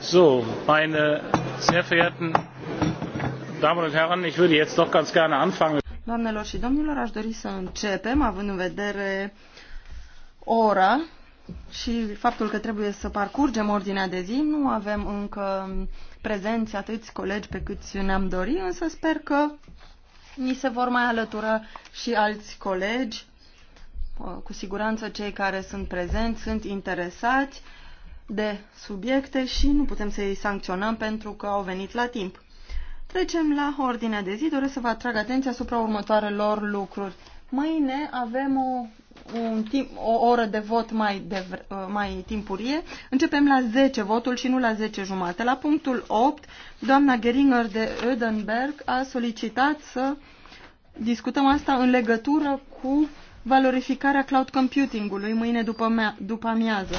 So, meine sehr verehrten Damen und Herren, ich würde jetzt doch ganz gerne anfangen. Doamnelor și domnilor, aș dori să începem, având în vedere ora și faptul că trebuie să parcurgem ordinea de zi. Nu avem încă prezenți atâți colegi pe cât ne-am dorit, însă sper că Ni se vor mai alătura și alți colegi. Cu siguranță cei care sunt prezenți sunt interesați de subiecte și nu putem să îi sancționăm pentru că au venit la timp. Trecem la ordinea de zi. Doresc să vă atrag atenția asupra următoarelor lucruri. Mâine avem o un timp, o oră de vot mai, de, uh, mai timpurie. Începem la 10 votul și nu la 10 jumate. La punctul 8, doamna Geringer de Ödenberg a solicitat să discutăm asta în legătură cu valorificarea cloud computing-ului mâine după, mea, după amiază.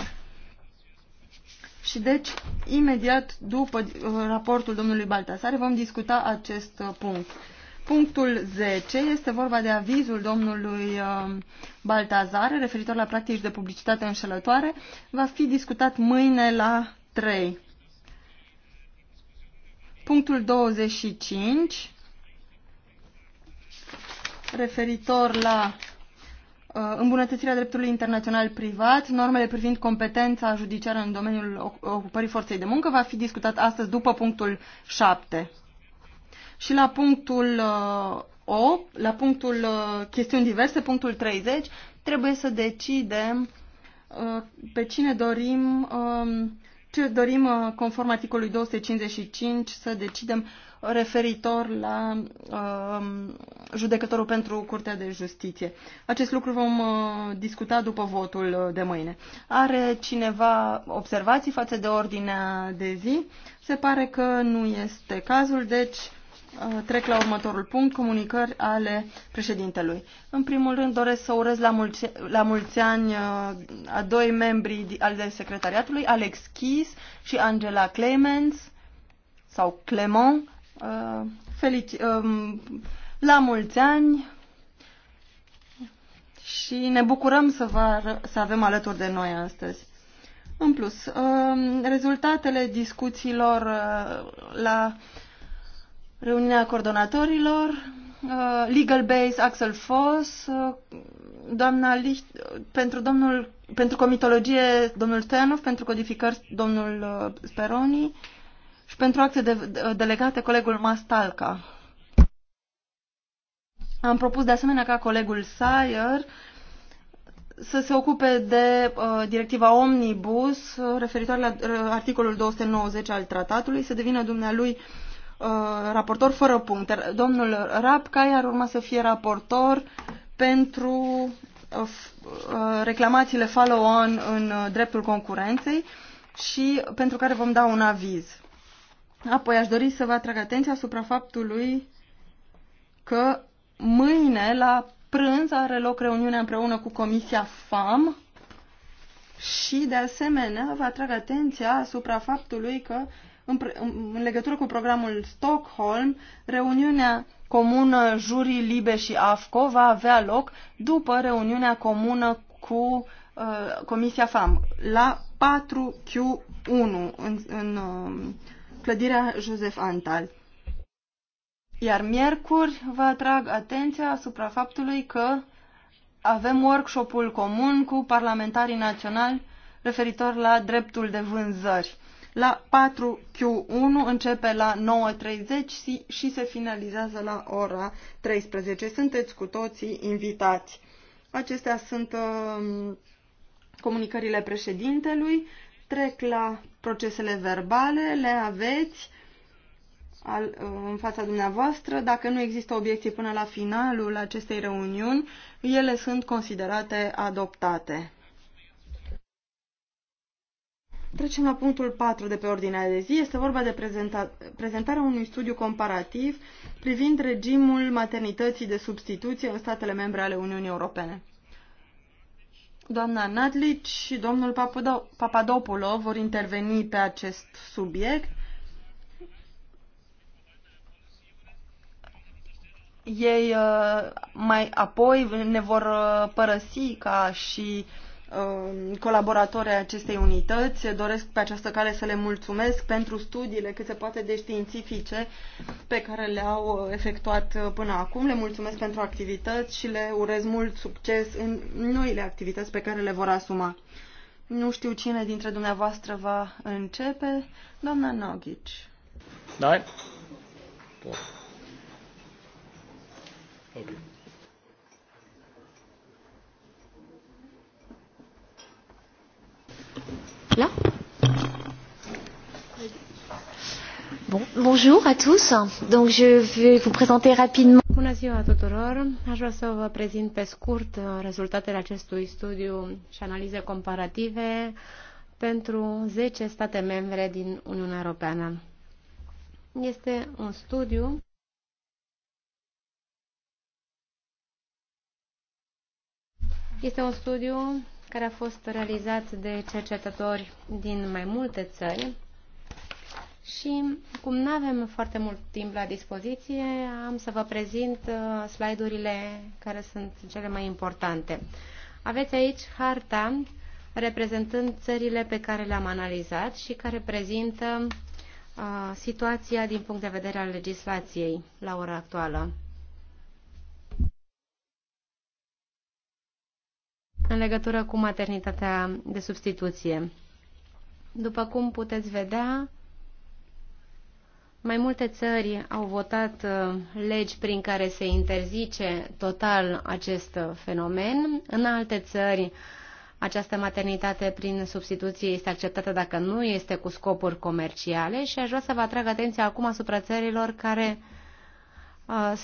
Și deci, imediat după uh, raportul domnului Baltasare, vom discuta acest uh, punct. Punctul 10 este vorba de avizul domnului uh, Baltazar referitor la practici de publicitate înșelătoare. Va fi discutat mâine la 3. Punctul 25 referitor la uh, îmbunătățirea dreptului internațional privat, normele privind competența judiciară în domeniul ocupării forței de muncă va fi discutat astăzi după punctul 7. Și la punctul uh, O, la punctul uh, chestiuni diverse, punctul 30, trebuie să decidem uh, pe cine dorim, um, ce dorim conform articolului 255 să decidem referitor la um, judecătorul pentru Curtea de Justiție. Acest lucru vom discuta după votul de mâine. Are cineva observații față de ordinea de zi? Se pare că nu este cazul, deci Uh, trec la următorul punct, comunicări ale președintelui. În primul rând doresc să urez la mulți, la mulți ani uh, a doi membri ale secretariatului, Alex Keys și Angela Clemens sau Clement. Uh, felici, um, la mulți ani și ne bucurăm să, vă, să avem alături de noi astăzi. În plus, um, rezultatele discuțiilor la reuniunea coordonatorilor, uh, Legal Base, Axel Foss, uh, doamna Licht, pentru, domnul, pentru comitologie, domnul Tenov, pentru codificări, domnul uh, Speroni și pentru acte de, de, delegate, colegul Mastalca. Am propus de asemenea ca colegul Sayer să se ocupe de uh, directiva Omnibus uh, referitoare la uh, articolul 290 al tratatului, să devină dumnealui uh, Uh, raportor fără puncte. Domnul Rapcai ar urma să fie raportor pentru uh, uh, reclamațiile follow-on în dreptul concurenței și pentru care vom da un aviz. Apoi aș dori să vă atrag atenția asupra faptului că mâine la prânz are loc reuniunea împreună cu Comisia FAM și de asemenea vă atrag atenția asupra faptului că uh, în legătură cu programul Stockholm, reuniunea comună Jurii Libe și AFCO va avea loc după reuniunea comună cu uh, Comisia FAM la 4Q1 în, în uh, clădirea Josef Antal. Iar miercuri vă atrag atenția asupra faptului că avem workshop-ul comun cu parlamentarii naționali referitor la dreptul de vânzări la 4Q1 începe la 9.30 și se finalizează la ora 13. Sunteți cu toții invitați. Acestea sunt uh, comunicările președintelui. Trec la procesele verbale, le aveți al, uh, în fața dumneavoastră. Dacă nu există obiecții până la finalul acestei reuniuni, ele sunt considerate adoptate. Trecem la punctul 4 de pe ordinea de zi. Este vorba de prezenta prezentarea unui studiu comparativ privind regimul maternității de substituție în statele membre ale Uniunii Europene. Doamna Nadlic și domnul Papadopoulos vor interveni pe acest subiect. Ei uh, mai apoi ne vor uh, părăsi ca și uh, Um, colaboratori ai acestei unități. Doresc pe această cale să le mulțumesc pentru studiile cât se poate de științifice pe care le-au uh, efectuat uh, până acum. Le mulțumesc pentru activități și le urez mult succes în noile activități pe care le vor asuma. Nu știu cine dintre dumneavoastră va începe. Doamna Nogici. Da. Okay. Là Bon, bonjour à tous. Donc je vais vous présenter rapidement. Bună ziua tuturor. Aș vrea să vă prezint pe scurt uh, rezultatele acestui studiu și analize comparative pentru 10 state membre din Uniunea Europeană. Este un studiu Este un studiu care a fost realizat de cercetători din mai multe țări. Și cum nu avem foarte mult timp la dispoziție, am să vă prezint uh, slide-urile care sunt cele mai importante. Aveți aici harta reprezentând țările pe care le-am analizat și care prezintă uh, situația din punct de vedere al legislației la ora actuală. în legătură cu maternitatea de substituție. După cum puteți vedea, mai multe țări au votat uh, legi prin care se interzice total acest uh, fenomen. În alte țări, această maternitate prin substituție este acceptată dacă nu este cu scopuri comerciale și aș vrea să vă atrag atenția acum asupra țărilor care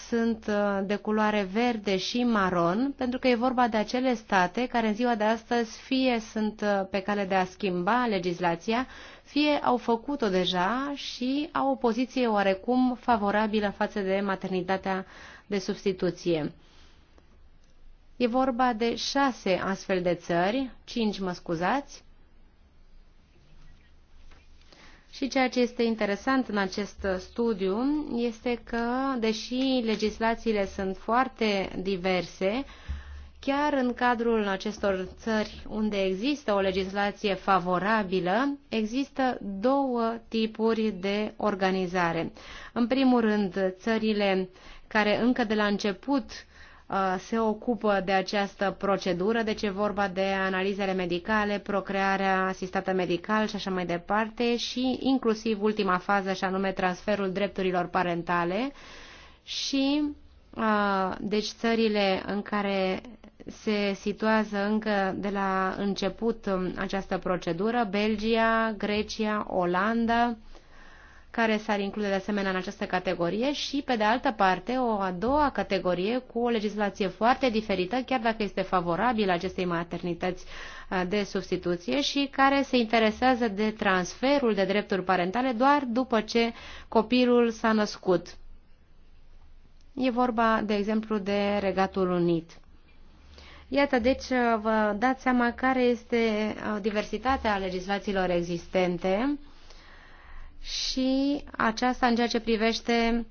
sunt de culoare verde și maron, pentru că e vorba de acele state care în ziua de astăzi fie sunt pe cale de a schimba legislația, fie au făcut-o deja și au o poziție oarecum favorabilă față de maternitatea de substituție. E vorba de șase astfel de țări, cinci mă scuzați, și ceea ce este interesant în acest studiu este că, deși legislațiile sunt foarte diverse, chiar în cadrul acestor țări unde există o legislație favorabilă, există două tipuri de organizare. În primul rând, țările care încă de la început Uh, se ocupă de această procedură, deci e vorba de analizele medicale, procrearea asistată medical și așa mai departe și inclusiv ultima fază și anume transferul drepturilor parentale și uh, deci țările în care se situează încă de la început această procedură, Belgia, Grecia, Olanda, care s-ar include de asemenea în această categorie și, pe de altă parte, o a doua categorie cu o legislație foarte diferită, chiar dacă este favorabilă acestei maternități de substituție și care se interesează de transferul de drepturi parentale doar după ce copilul s-a născut. E vorba, de exemplu, de Regatul Unit. Iată, deci vă dați seama care este diversitatea legislațiilor existente și aceasta în ceea ce privește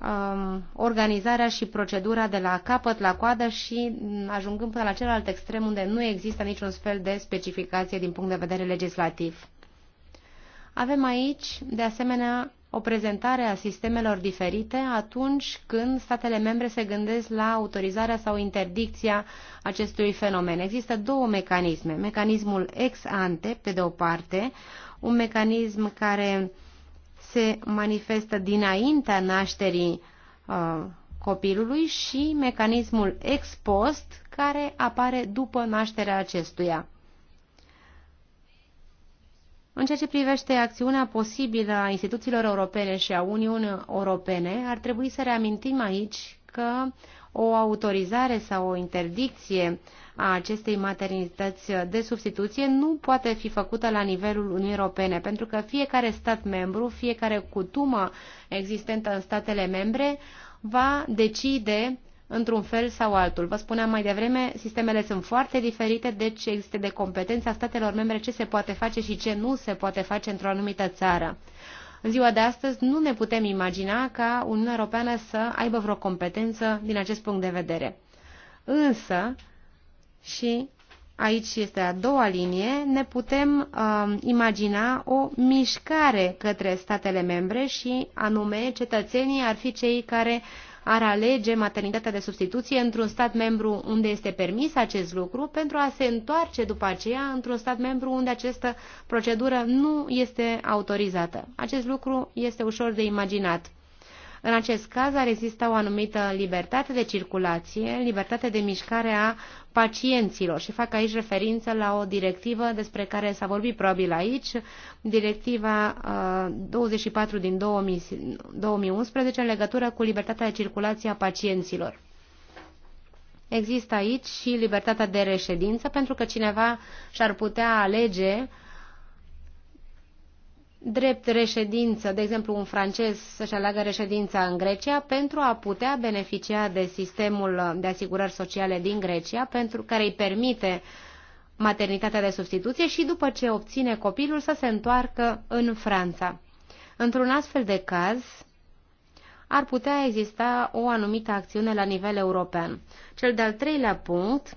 um, organizarea și procedura de la capăt la coadă și ajungând până la celălalt extrem unde nu există niciun fel de specificație din punct de vedere legislativ. Avem aici, de asemenea, o prezentare a sistemelor diferite atunci când statele membre se gândesc la autorizarea sau interdicția acestui fenomen. Există două mecanisme. Mecanismul ex ante, pe de o parte, un mecanism care uh, se manifestă dinaintea nașterii uh, copilului și mecanismul ex post care apare după nașterea acestuia. În ceea ce privește acțiunea posibilă a instituțiilor europene și a Uniunii Europene, ar trebui să reamintim aici că o autorizare sau o interdicție uh, a acestei maternități de substituție nu poate fi făcută la nivelul Uniunii Europene, pentru că fiecare stat membru, fiecare cutumă existentă în statele membre, va decide într-un fel sau altul. Vă spuneam mai devreme, sistemele sunt foarte diferite, deci există de competența statelor membre ce se poate face și ce nu se poate face într-o anumită țară. În ziua de astăzi nu ne putem imagina ca Uniunea Europeană să aibă vreo competență din acest punct de vedere. Însă, și aici este a doua linie, ne putem uh, imagina o mișcare către statele membre și anume cetățenii ar fi cei care ar alege maternitatea de substituție într-un stat membru unde este permis acest lucru pentru a se întoarce după aceea într-un stat membru unde această procedură nu este autorizată. Acest lucru este ușor de imaginat. În acest caz ar exista o anumită libertate de circulație, libertate de mișcare a pacienților și fac aici referință la o directivă despre care s-a vorbit probabil aici, directiva 24 uh, din 2011 în legătură cu libertatea de circulație a pacienților. Există aici și libertatea de reședință pentru că cineva și-ar putea alege uh, drept reședință, de exemplu un francez să-și aleagă reședința în Grecia pentru a putea beneficia de sistemul de asigurări sociale din Grecia, pentru care îi permite maternitatea de substituție și după ce obține copilul să se întoarcă în Franța. Într-un astfel de caz, ar putea exista o anumită acțiune la nivel european. Cel de-al treilea punct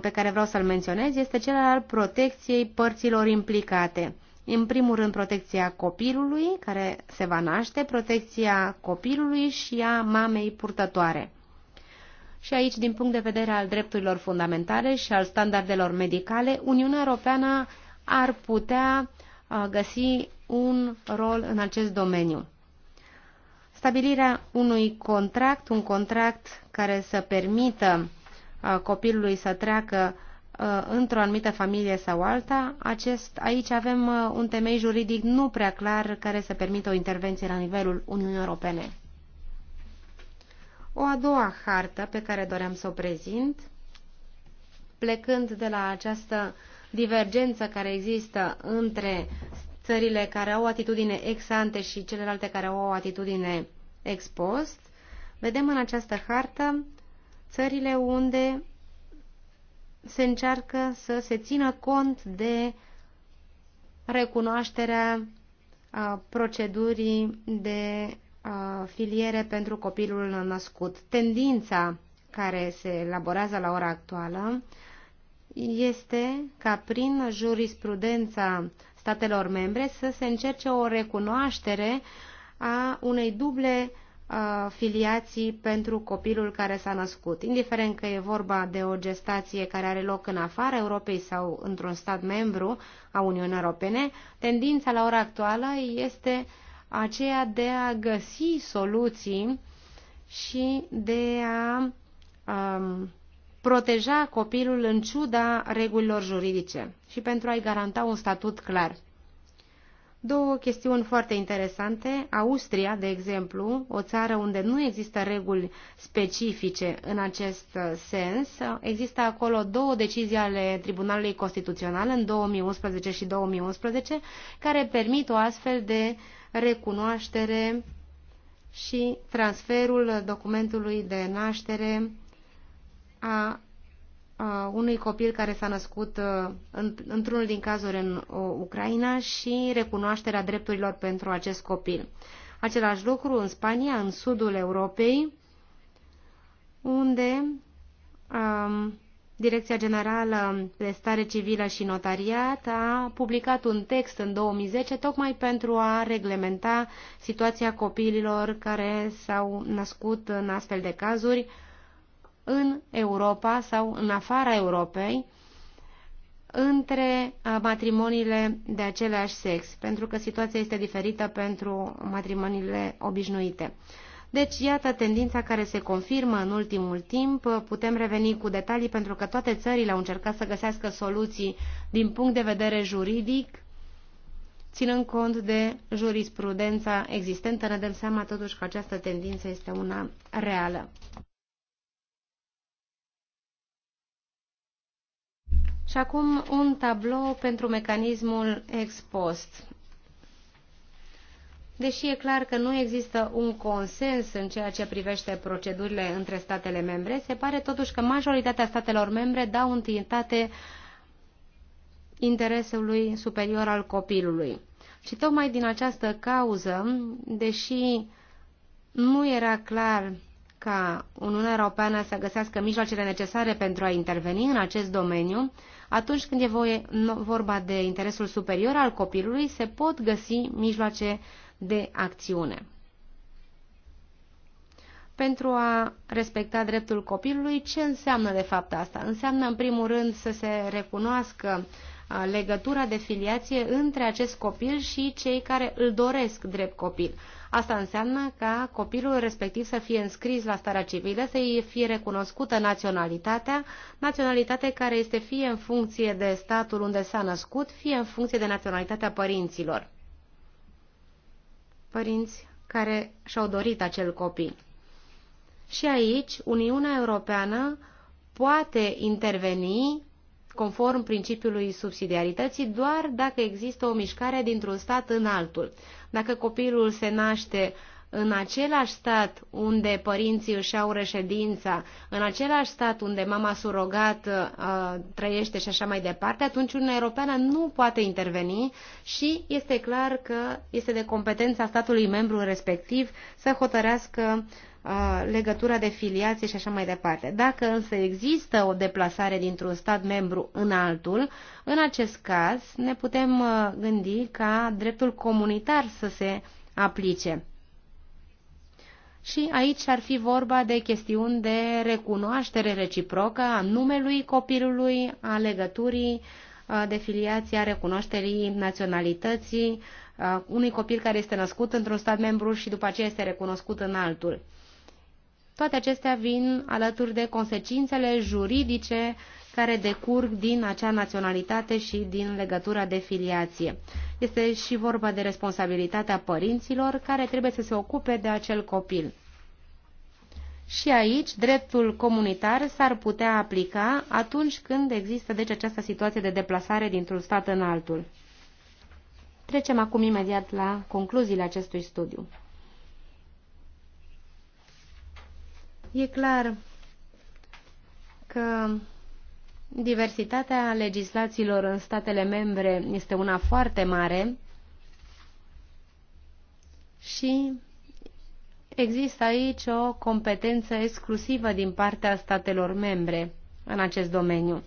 pe care vreau să-l menționez este cel al protecției părților implicate. În primul rând, protecția copilului care se va naște, protecția copilului și a mamei purtătoare. Și aici, din punct de vedere al drepturilor fundamentale și al standardelor medicale, Uniunea Europeană ar putea uh, găsi un rol în acest domeniu. Stabilirea unui contract, un contract care să permită uh, copilului să treacă Uh, într-o anumită familie sau alta, acest, aici avem uh, un temei juridic nu prea clar care să permită o intervenție la nivelul Uniunii Europene. O a doua hartă pe care doream să o prezint, plecând de la această divergență care există între țările care au o atitudine ex ante și celelalte care au o atitudine ex post, vedem în această hartă țările unde se încearcă să se țină cont de recunoașterea procedurii de filiere pentru copilul născut. Tendința care se elaborează la ora actuală este ca prin jurisprudența statelor membre să se încerce o recunoaștere a unei duble filiații pentru copilul care s-a născut, indiferent că e vorba de o gestație care are loc în afara Europei sau într-un stat membru a Uniunii Europene, tendința la ora actuală este aceea de a găsi soluții și de a um, proteja copilul în ciuda regulilor juridice și pentru a-i garanta un statut clar. Două chestiuni foarte interesante. Austria, de exemplu, o țară unde nu există reguli specifice în acest uh, sens, există acolo două decizii ale Tribunalului Constituțional în 2011 și 2011 care permit o astfel de recunoaștere și transferul documentului de naștere a uh, unui copil care s-a născut uh, într-unul din cazuri în uh, Ucraina și recunoașterea drepturilor pentru acest copil. Același lucru în Spania, în sudul Europei, unde Direcția Generală de Stare Civilă și Notariat a publicat un text în 2010 tocmai pentru a reglementa situația copiilor care s-au născut în astfel de cazuri, uh, în Europa sau în afara Europei între matrimoniile de același sex, pentru că situația este diferită pentru matrimoniile obișnuite. Deci, iată tendința care se confirmă în ultimul timp. Putem reveni cu detalii pentru că toate țările au încercat să găsească soluții din punct de vedere juridic, ținând cont de jurisprudența existentă. Ne dăm seama totuși că această tendință este una reală. Și acum un tablou pentru mecanismul expost. Deși e clar că nu există un consens în ceea ce privește procedurile între statele membre, se pare totuși că majoritatea statelor membre dau întâietate interesului superior al copilului. Și tocmai din această cauză, deși nu era clar ca Uniunea Europeană să găsească mijloacele necesare pentru a interveni în acest domeniu, atunci când e vorba de interesul superior al copilului, se pot găsi mijloace de acțiune. Pentru a respecta dreptul copilului, ce înseamnă de fapt asta? Înseamnă, în primul rând, să se recunoască uh, legătura de filiație între acest copil și cei care îl doresc drept copil. Asta înseamnă ca copilul respectiv să fie înscris la starea civilă, să-i fie recunoscută naționalitatea, naționalitate care este fie în funcție de statul unde s-a născut, fie în funcție de naționalitatea părinților. Părinți care și-au dorit acel copil. Și aici, Uniunea Europeană poate interveni conform principiului subsidiarității doar dacă există o mișcare dintr-un stat în altul. Dacă copilul se naște în același stat unde părinții își au reședința, în același stat unde mama surogat uh, trăiește și așa mai departe, atunci Uniunea Europeană nu poate interveni și este clar că este de competența statului membru respectiv să hotărească uh, legătura de filiație și așa mai departe. Dacă însă există o deplasare dintr-un stat membru în altul, în acest caz ne putem gândi ca dreptul comunitar să se aplice. Și aici ar fi vorba de chestiuni de recunoaștere reciprocă a numelui copilului, a legăturii de filiație, a recunoașterii naționalității unui copil care este născut într-un stat membru și după aceea este recunoscut în altul. Toate acestea vin alături de consecințele juridice care decurg din acea naționalitate și din legătura de filiație. Este și vorba de responsabilitatea părinților care trebuie să se ocupe de acel copil. Și aici, dreptul comunitar s-ar putea aplica atunci când există deci această situație de deplasare dintr-un stat în altul. Trecem acum imediat la concluziile acestui studiu. E clar că diversitatea legislațiilor în statele membre este una foarte mare și există aici o competență exclusivă din partea statelor membre în acest domeniu.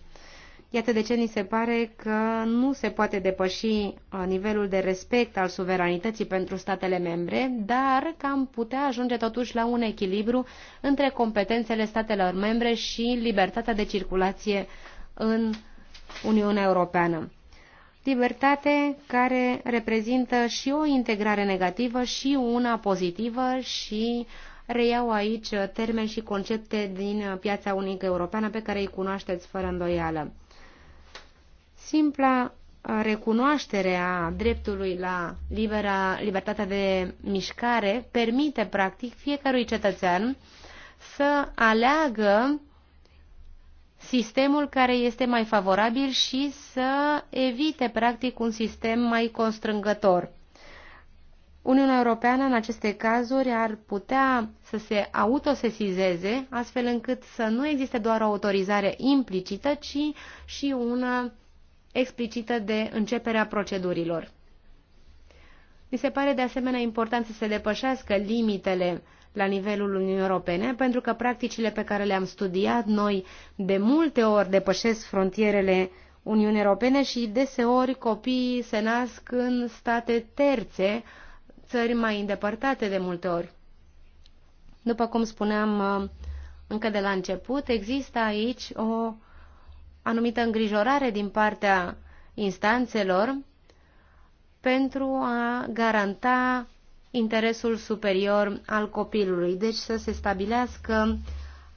Iată de ce ni se pare că nu se poate depăși uh, nivelul de respect al suveranității pentru statele membre, dar că am putea ajunge totuși la un echilibru între competențele statelor membre și libertatea de circulație în Uniunea Europeană. Libertate care reprezintă și o integrare negativă și una pozitivă și reiau aici termeni și concepte din uh, piața unică europeană pe care îi cunoașteți fără îndoială. Simpla recunoaștere a dreptului la libera, libertatea de mișcare permite, practic, fiecărui cetățean să aleagă sistemul care este mai favorabil și să evite, practic, un sistem mai constrângător. Uniunea Europeană, în aceste cazuri, ar putea să se autosesizeze, astfel încât să nu existe doar o autorizare implicită, ci și una explicită de începerea procedurilor. Mi se pare de asemenea important să se depășească limitele la nivelul Uniunii Europene, pentru că practicile pe care le-am studiat noi de multe ori depășesc frontierele Uniunii Europene și deseori copiii se nasc în state terțe, țări mai îndepărtate de multe ori. După cum spuneam uh, încă de la început, există aici o anumită îngrijorare din partea instanțelor pentru a garanta interesul superior al copilului, deci să se stabilească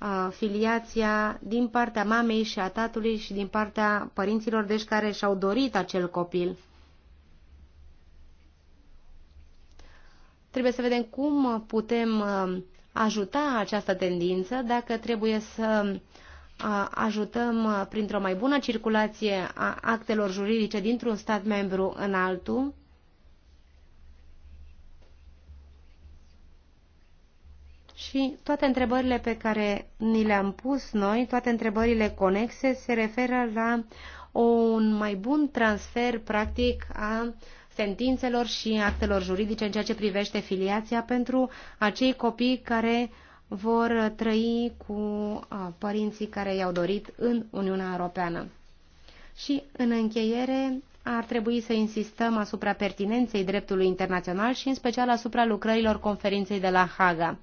uh, filiația din partea mamei și a tatălui și din partea părinților, deci care și-au dorit acel copil. Trebuie să vedem cum putem uh, ajuta această tendință, dacă trebuie să ajutăm printr-o mai bună circulație a actelor juridice dintr-un stat membru în altul, Și toate întrebările pe care ni le-am pus noi, toate întrebările conexe, se referă la un mai bun transfer, practic, a sentințelor și actelor juridice în ceea ce privește filiația pentru acei copii care vor trăi cu părinții care i-au dorit în Uniunea Europeană. Și, în încheiere, ar trebui să insistăm asupra pertinenței dreptului internațional și, în special, asupra lucrărilor conferinței de la Haga.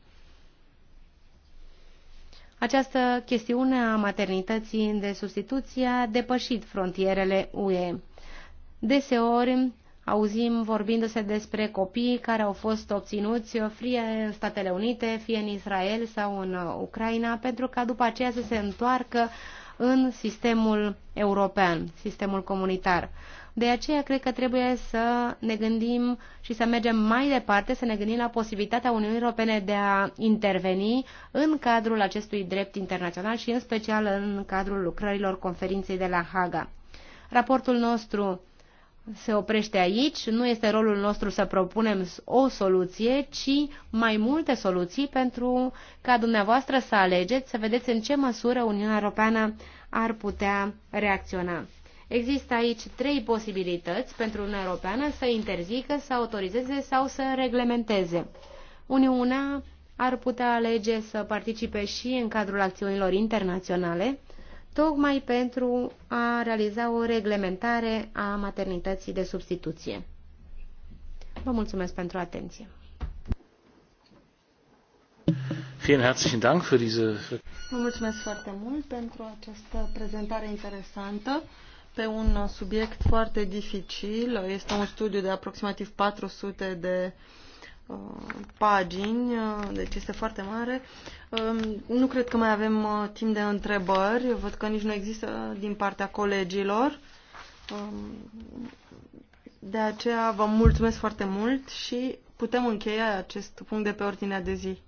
Această chestiune a maternității de substituție a depășit frontierele UE. Deseori, Auzim vorbindu-se despre copii care au fost obținuți fie în Statele Unite, fie în Israel sau în Ucraina, pentru ca după aceea să se întoarcă în sistemul european, sistemul comunitar. De aceea cred că trebuie să ne gândim și să mergem mai departe, să ne gândim la posibilitatea Uniunii Europene de a interveni în cadrul acestui drept internațional și în special în cadrul lucrărilor conferinței de la Haga. Raportul nostru se oprește aici, nu este rolul nostru să propunem o soluție, ci mai multe soluții pentru ca dumneavoastră să alegeți, să vedeți în ce măsură Uniunea Europeană ar putea reacționa. Există aici trei posibilități pentru Uniunea Europeană să interzică, să autorizeze sau să reglementeze. Uniunea ar putea alege să participe și în cadrul acțiunilor internaționale, tocmai pentru a realiza o reglementare a maternității de substituție. Vă mulțumesc pentru atenție. Vă mulțumesc foarte mult pentru această prezentare interesantă pe un subiect foarte dificil. Este un studiu de aproximativ 400 de Uh, pagini, uh, deci este foarte mare. Um, nu cred că mai avem uh, timp de întrebări. Văd că nici nu există din partea colegilor. Um, de aceea vă mulțumesc foarte mult și putem încheia acest punct de pe ordinea de zi.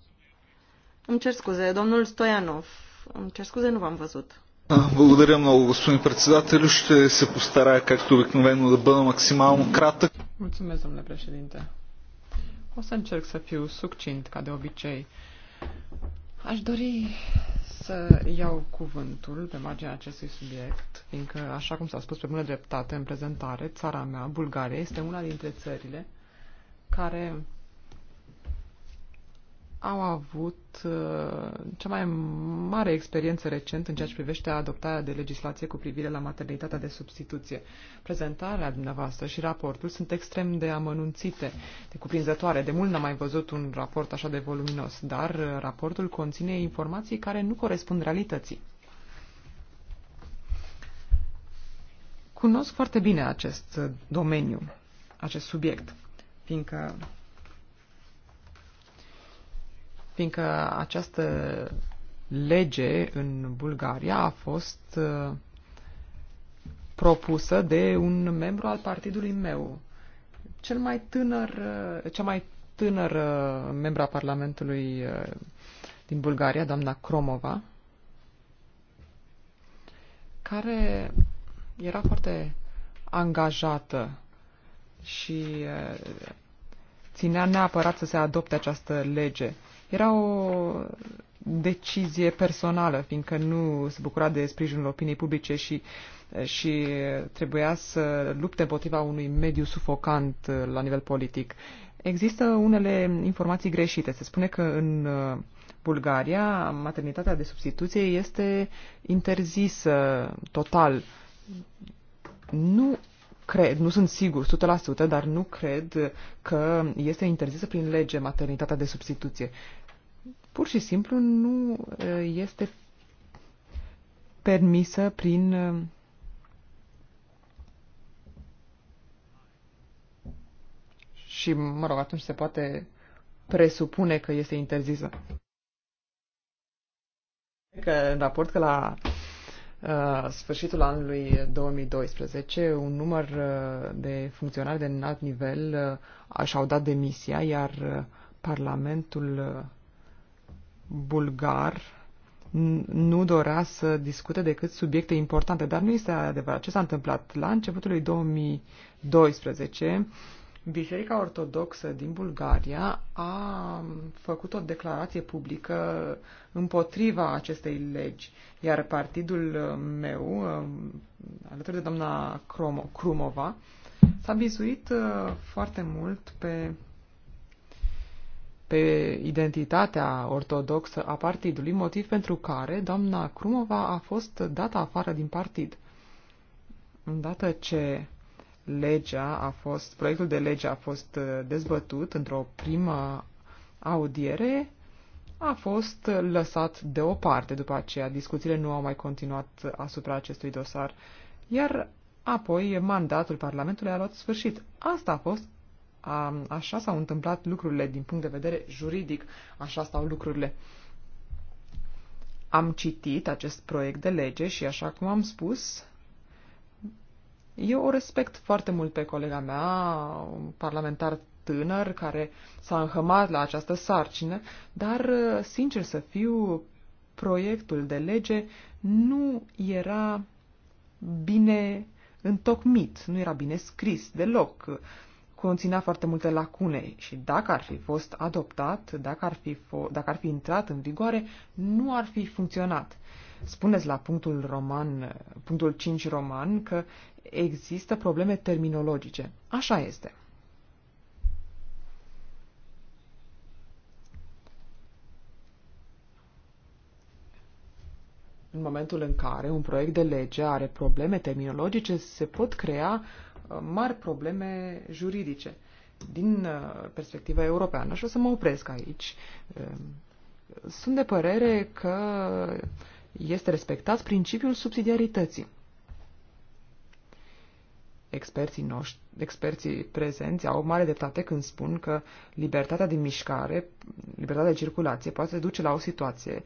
Îmi cer scuze, domnul Stoianov. Îmi cer scuze, nu v-am văzut. Da, благодаря много, господин председател. Ще се постарая, както обикновено, да бъда максимално кратък. Mulțumesc, domnule președinte. O să încerc să fiu succint, ca de obicei. Aș dori să iau cuvântul pe marginea acestui subiect, fiindcă, așa cum s-a spus pe bună dreptate în prezentare, țara mea, Bulgaria, este una dintre țările care au avut uh, cea mai mare experiență recent în ceea ce privește adoptarea de legislație cu privire la maternitatea de substituție. Prezentarea dumneavoastră și raportul sunt extrem de amănunțite, de cuprinzătoare. De mult n-am mai văzut un raport așa de voluminos, dar uh, raportul conține informații care nu corespund realității. Cunosc foarte bine acest uh, domeniu, acest subiect, fiindcă fiindcă această lege în Bulgaria a fost uh, propusă de un membru al partidului meu, cel mai tânăr, uh, cea mai tânără membra Parlamentului uh, din Bulgaria, doamna Cromova, care era foarte angajată și ținea neapărat să se adopte această lege. Era o decizie personală, fiindcă nu se bucura de sprijinul opiniei publice și, și trebuia să lupte împotriva unui mediu sufocant la nivel politic. Există unele informații greșite. Se spune că în uh, Bulgaria maternitatea de substituție este interzisă total. Nu cred, nu sunt sigur 100%, dar nu cred că este interzisă prin lege maternitatea de substituție. Pur și simplu nu este permisă prin și, mă rog, atunci se poate presupune că este interzisă. Că, în raport că la Uh, sfârșitul anului 2012, un număr uh, de funcționari de înalt nivel uh, și-au dat demisia, iar Parlamentul bulgar nu dorea să discute decât subiecte importante, dar nu este adevărat. Ce s-a întâmplat? La începutul lui 2012, Biserica Ortodoxă din Bulgaria a făcut o declarație publică împotriva acestei legi, iar partidul uh, meu, uh, alături de doamna Krumova, s-a bizuit uh, foarte mult pe, pe identitatea ortodoxă a partidului, motiv pentru care doamna Krumova a fost dată afară din partid. Îndată ce legea a fost, proiectul de lege a fost uh, dezbătut într-o primă audiere, a fost uh, lăsat deoparte după aceea. Discuțiile nu au mai continuat uh, asupra acestui dosar, iar apoi mandatul Parlamentului a luat sfârșit. Asta a fost, a, um, așa s-au întâmplat lucrurile din punct de vedere juridic, așa stau lucrurile. Am citit acest proiect de lege și, așa cum am spus, eu o respect foarte mult pe colega mea, un parlamentar tânăr care s-a înhămat la această sarcină, dar, sincer să fiu, proiectul de lege nu era bine întocmit, nu era bine scris deloc, conținea foarte multe lacune și dacă ar fi fost adoptat, dacă ar fi, fo- dacă ar fi intrat în vigoare, nu ar fi funcționat spuneți la punctul roman, punctul 5 roman, că există probleme terminologice. Așa este. În momentul în care un proiect de lege are probleme terminologice, se pot crea uh, mari probleme juridice din uh, perspectiva europeană. Și o să mă opresc aici. Uh, sunt de părere că este respectat principiul subsidiarității. Experții, noștri, experții prezenți au mare dreptate când spun că libertatea de mișcare, libertatea de circulație poate duce la o situație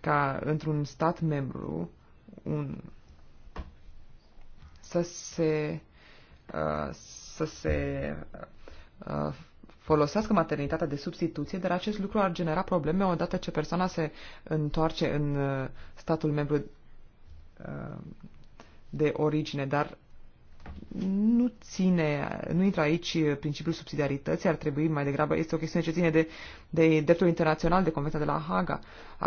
ca într-un stat membru un, să se, uh, să se uh, folosească maternitatea de substituție, dar acest lucru ar genera probleme odată ce persoana se întoarce în uh, statul membru uh, de origine, dar nu ține, nu intră aici principiul subsidiarității, ar trebui mai degrabă, este o chestiune ce ține de, de dreptul internațional, de Convenția de la Haga,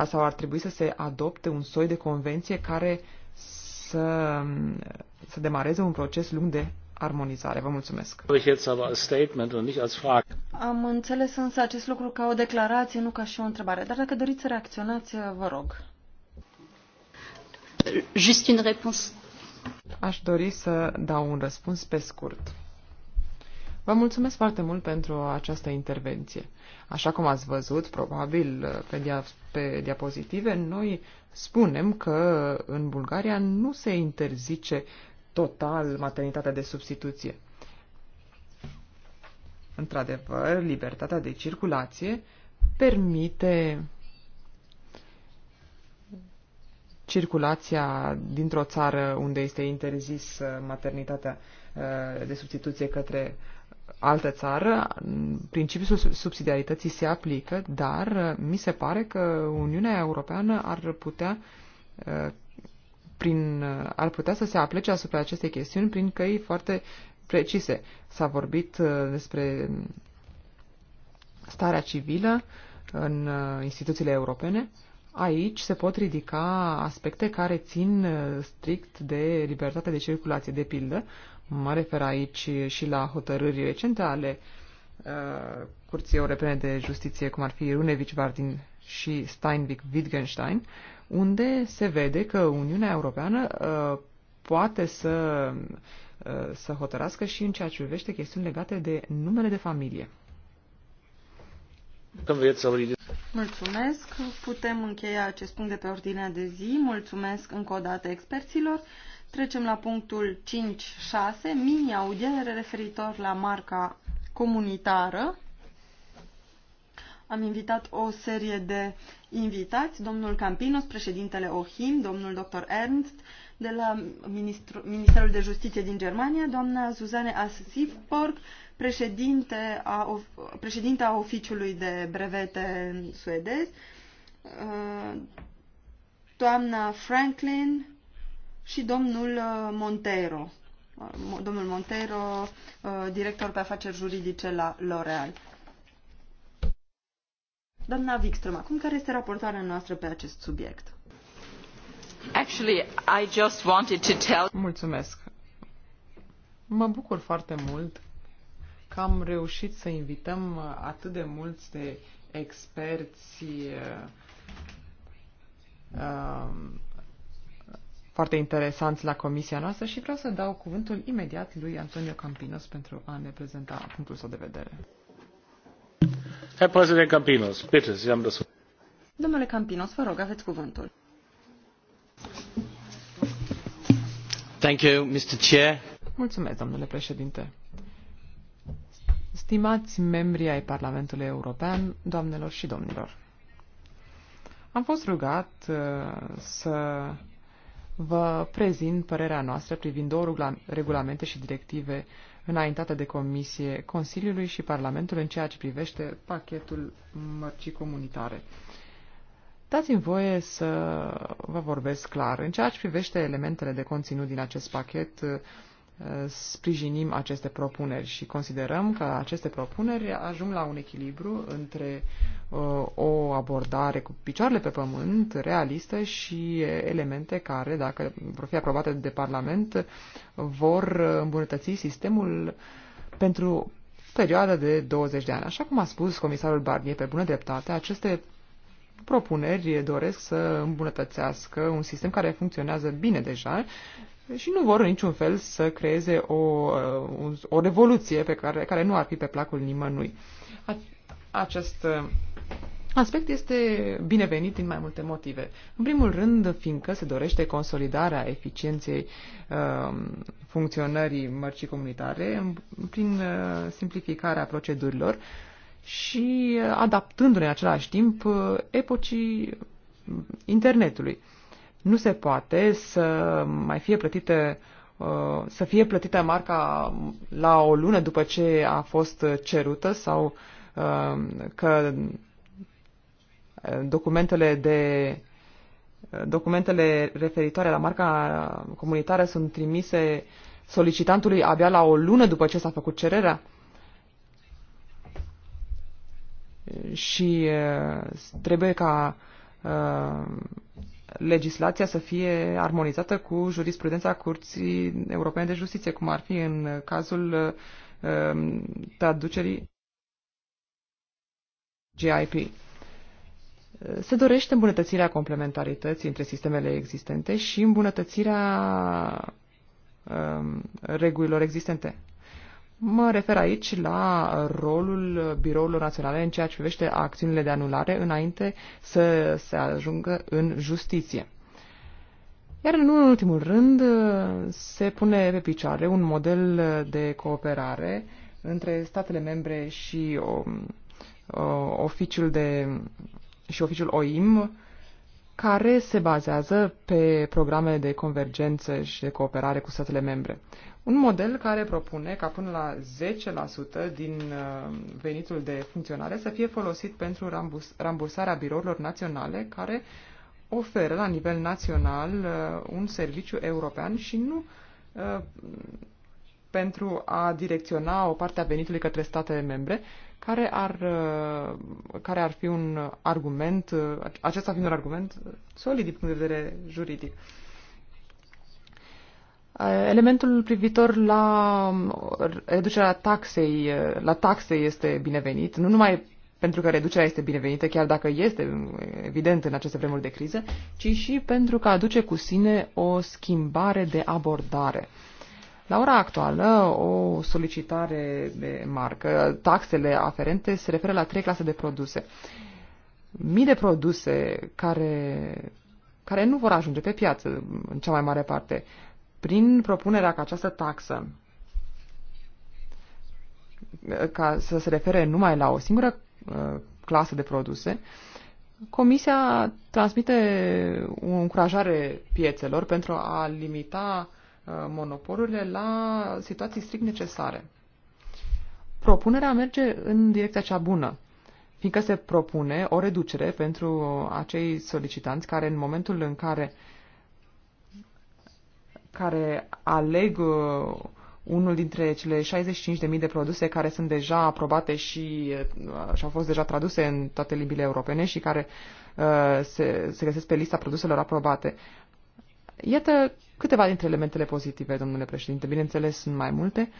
sau ar trebui să se adopte un soi de convenție care să, să demareze un proces lung de armonizare. Vă mulțumesc. Am înțeles însă acest lucru ca o declarație, nu ca și o întrebare. Dar dacă doriți să reacționați, vă rog. Just une réponse. Aș dori să dau un răspuns pe scurt. Vă mulțumesc foarte mult pentru această intervenție. Așa cum ați văzut, probabil, pe, dia- pe diapozitive, noi spunem că în Bulgaria nu se interzice total maternitatea de substituție. Într-adevăr, libertatea de circulație permite circulația dintr-o țară unde este interzis uh, maternitatea uh, de substituție către altă țară, principiul subsidiarității se aplică, dar uh, mi se pare că Uniunea Europeană ar putea prin, ar putea să se aplece asupra acestei chestiuni prin căi foarte precise. S-a vorbit uh, despre starea civilă în uh, instituțiile europene. Aici se pot ridica aspecte care țin uh, strict de libertatea de circulație. De pildă, mă refer aici și la hotărâri recente ale Curții Europene de Justiție, cum ar fi Runevich Vardin și Steinvik Wittgenstein, uh, unde se vede că Uniunea Europeană uh, poate să, uh, să hotărască și în ceea ce privește chestiuni legate de numele de familie. Mulțumesc. Putem încheia acest punct de pe ordinea de zi. Mulțumesc încă o dată experților. Trecem la punctul 5.6, mini-audiere referitor la marca comunitară. Am invitat o serie de invitați, domnul Campinos, președintele OHIM, domnul dr. Ernst, de la Ministru, Ministerul de Justiție din Germania, doamna Suzanne Asifborg, președinte a, președinte a oficiului de brevete suedez, uh, doamna Franklin și domnul uh, Monteiro, uh, domnul Monteiro, director pe afaceri juridice la L'Oreal. Doamna Wikström, acum care este raportarea noastră pe acest subiect? Actually, I just wanted to tell... Mulțumesc. Mă bucur foarte mult că am reușit să invităm atât de mulți de experți uh, foarte interesanți la comisia noastră și vreau să dau cuvântul imediat lui Antonio Campinos pentru a ne prezenta punctul său de vedere. Domnule Campinos, vă rog, aveți cuvântul. domnule președinte. Stimați membri ai Parlamentului European, doamnelor și domnilor. Am fost rugat uh, să vă prezint părerea noastră privind două regulamente și directive înaintată de Comisie Consiliului și Parlamentului în ceea ce privește pachetul mărcii comunitare. Dați-mi voie să vă vorbesc clar. În ceea ce privește elementele de conținut din acest pachet, sprijinim aceste propuneri și considerăm că aceste propuneri ajung la un echilibru între uh, o abordare cu picioarele pe pământ, realistă și elemente care, dacă vor fi aprobate de Parlament, vor îmbunătăți sistemul pentru perioada de 20 de ani. Așa cum a spus comisarul Barnier pe bună dreptate, aceste propuneri doresc să îmbunătățească un sistem care funcționează bine deja și nu vor în niciun fel să creeze o, uh, o revoluție pe care, care nu ar fi pe placul nimănui. Acest uh, aspect este binevenit din mai multe motive. În primul rând, fiindcă se dorește consolidarea eficienței uh, funcționării mărcii comunitare prin simplificarea procedurilor și adaptându-ne în același timp epocii internetului. Uh, nu se poate să mai fie plătite uh, să fie plătită marca la o lună după ce a fost cerută sau uh, că documentele de documentele referitoare la marca comunitară sunt trimise solicitantului abia la o lună după ce s-a făcut cererea și uh, trebuie ca legislația să fie armonizată cu jurisprudența Curții Europene de Justiție, cum ar fi în cazul um, traducerii GIP. Se dorește îmbunătățirea complementarității între sistemele existente și îmbunătățirea um, regulilor existente. Mă refer aici la rolul birourilor naționale în ceea ce privește acțiunile de anulare înainte să se ajungă în justiție. Iar în ultimul rând se pune pe picioare un model de cooperare între statele membre și o, o, oficiul de și oficiul OIM care se bazează pe programe de convergență și de cooperare cu statele membre. Un model care propune ca până la 10% din uh, venitul de funcționare să fie folosit pentru rambursarea birourilor naționale care oferă la nivel național uh, un serviciu european și nu uh, pentru a direcționa o parte a venitului către statele membre, care ar, care ar fi un argument, acesta fiind un argument solid din punct de vedere juridic. Elementul privitor la um, reducerea taxei, uh, la taxe este binevenit, nu numai pentru că reducerea este binevenită, chiar dacă este um, evident în aceste vremuri de criză, ci și pentru că aduce cu sine o schimbare de abordare. La ora actuală, o solicitare de marcă, taxele aferente se referă la trei clase de produse. Mii de produse care, care nu vor ajunge pe piață în cea mai mare parte. Prin propunerea că această taxă ca să se refere numai la o singură uh, clasă de produse, Comisia transmite o încurajare piețelor pentru a limita uh, monopolurile la situații strict necesare. Propunerea merge în direcția cea bună, fiindcă se propune o reducere pentru acei solicitanți care în momentul în care care aleg uh, unul dintre cele 65.000 de produse care sunt deja aprobate și, uh, și au fost deja traduse în toate limbile europene și care uh, se, se găsesc pe lista produselor aprobate. Iată câteva dintre elementele pozitive, domnule președinte. Bineînțeles, sunt mai multe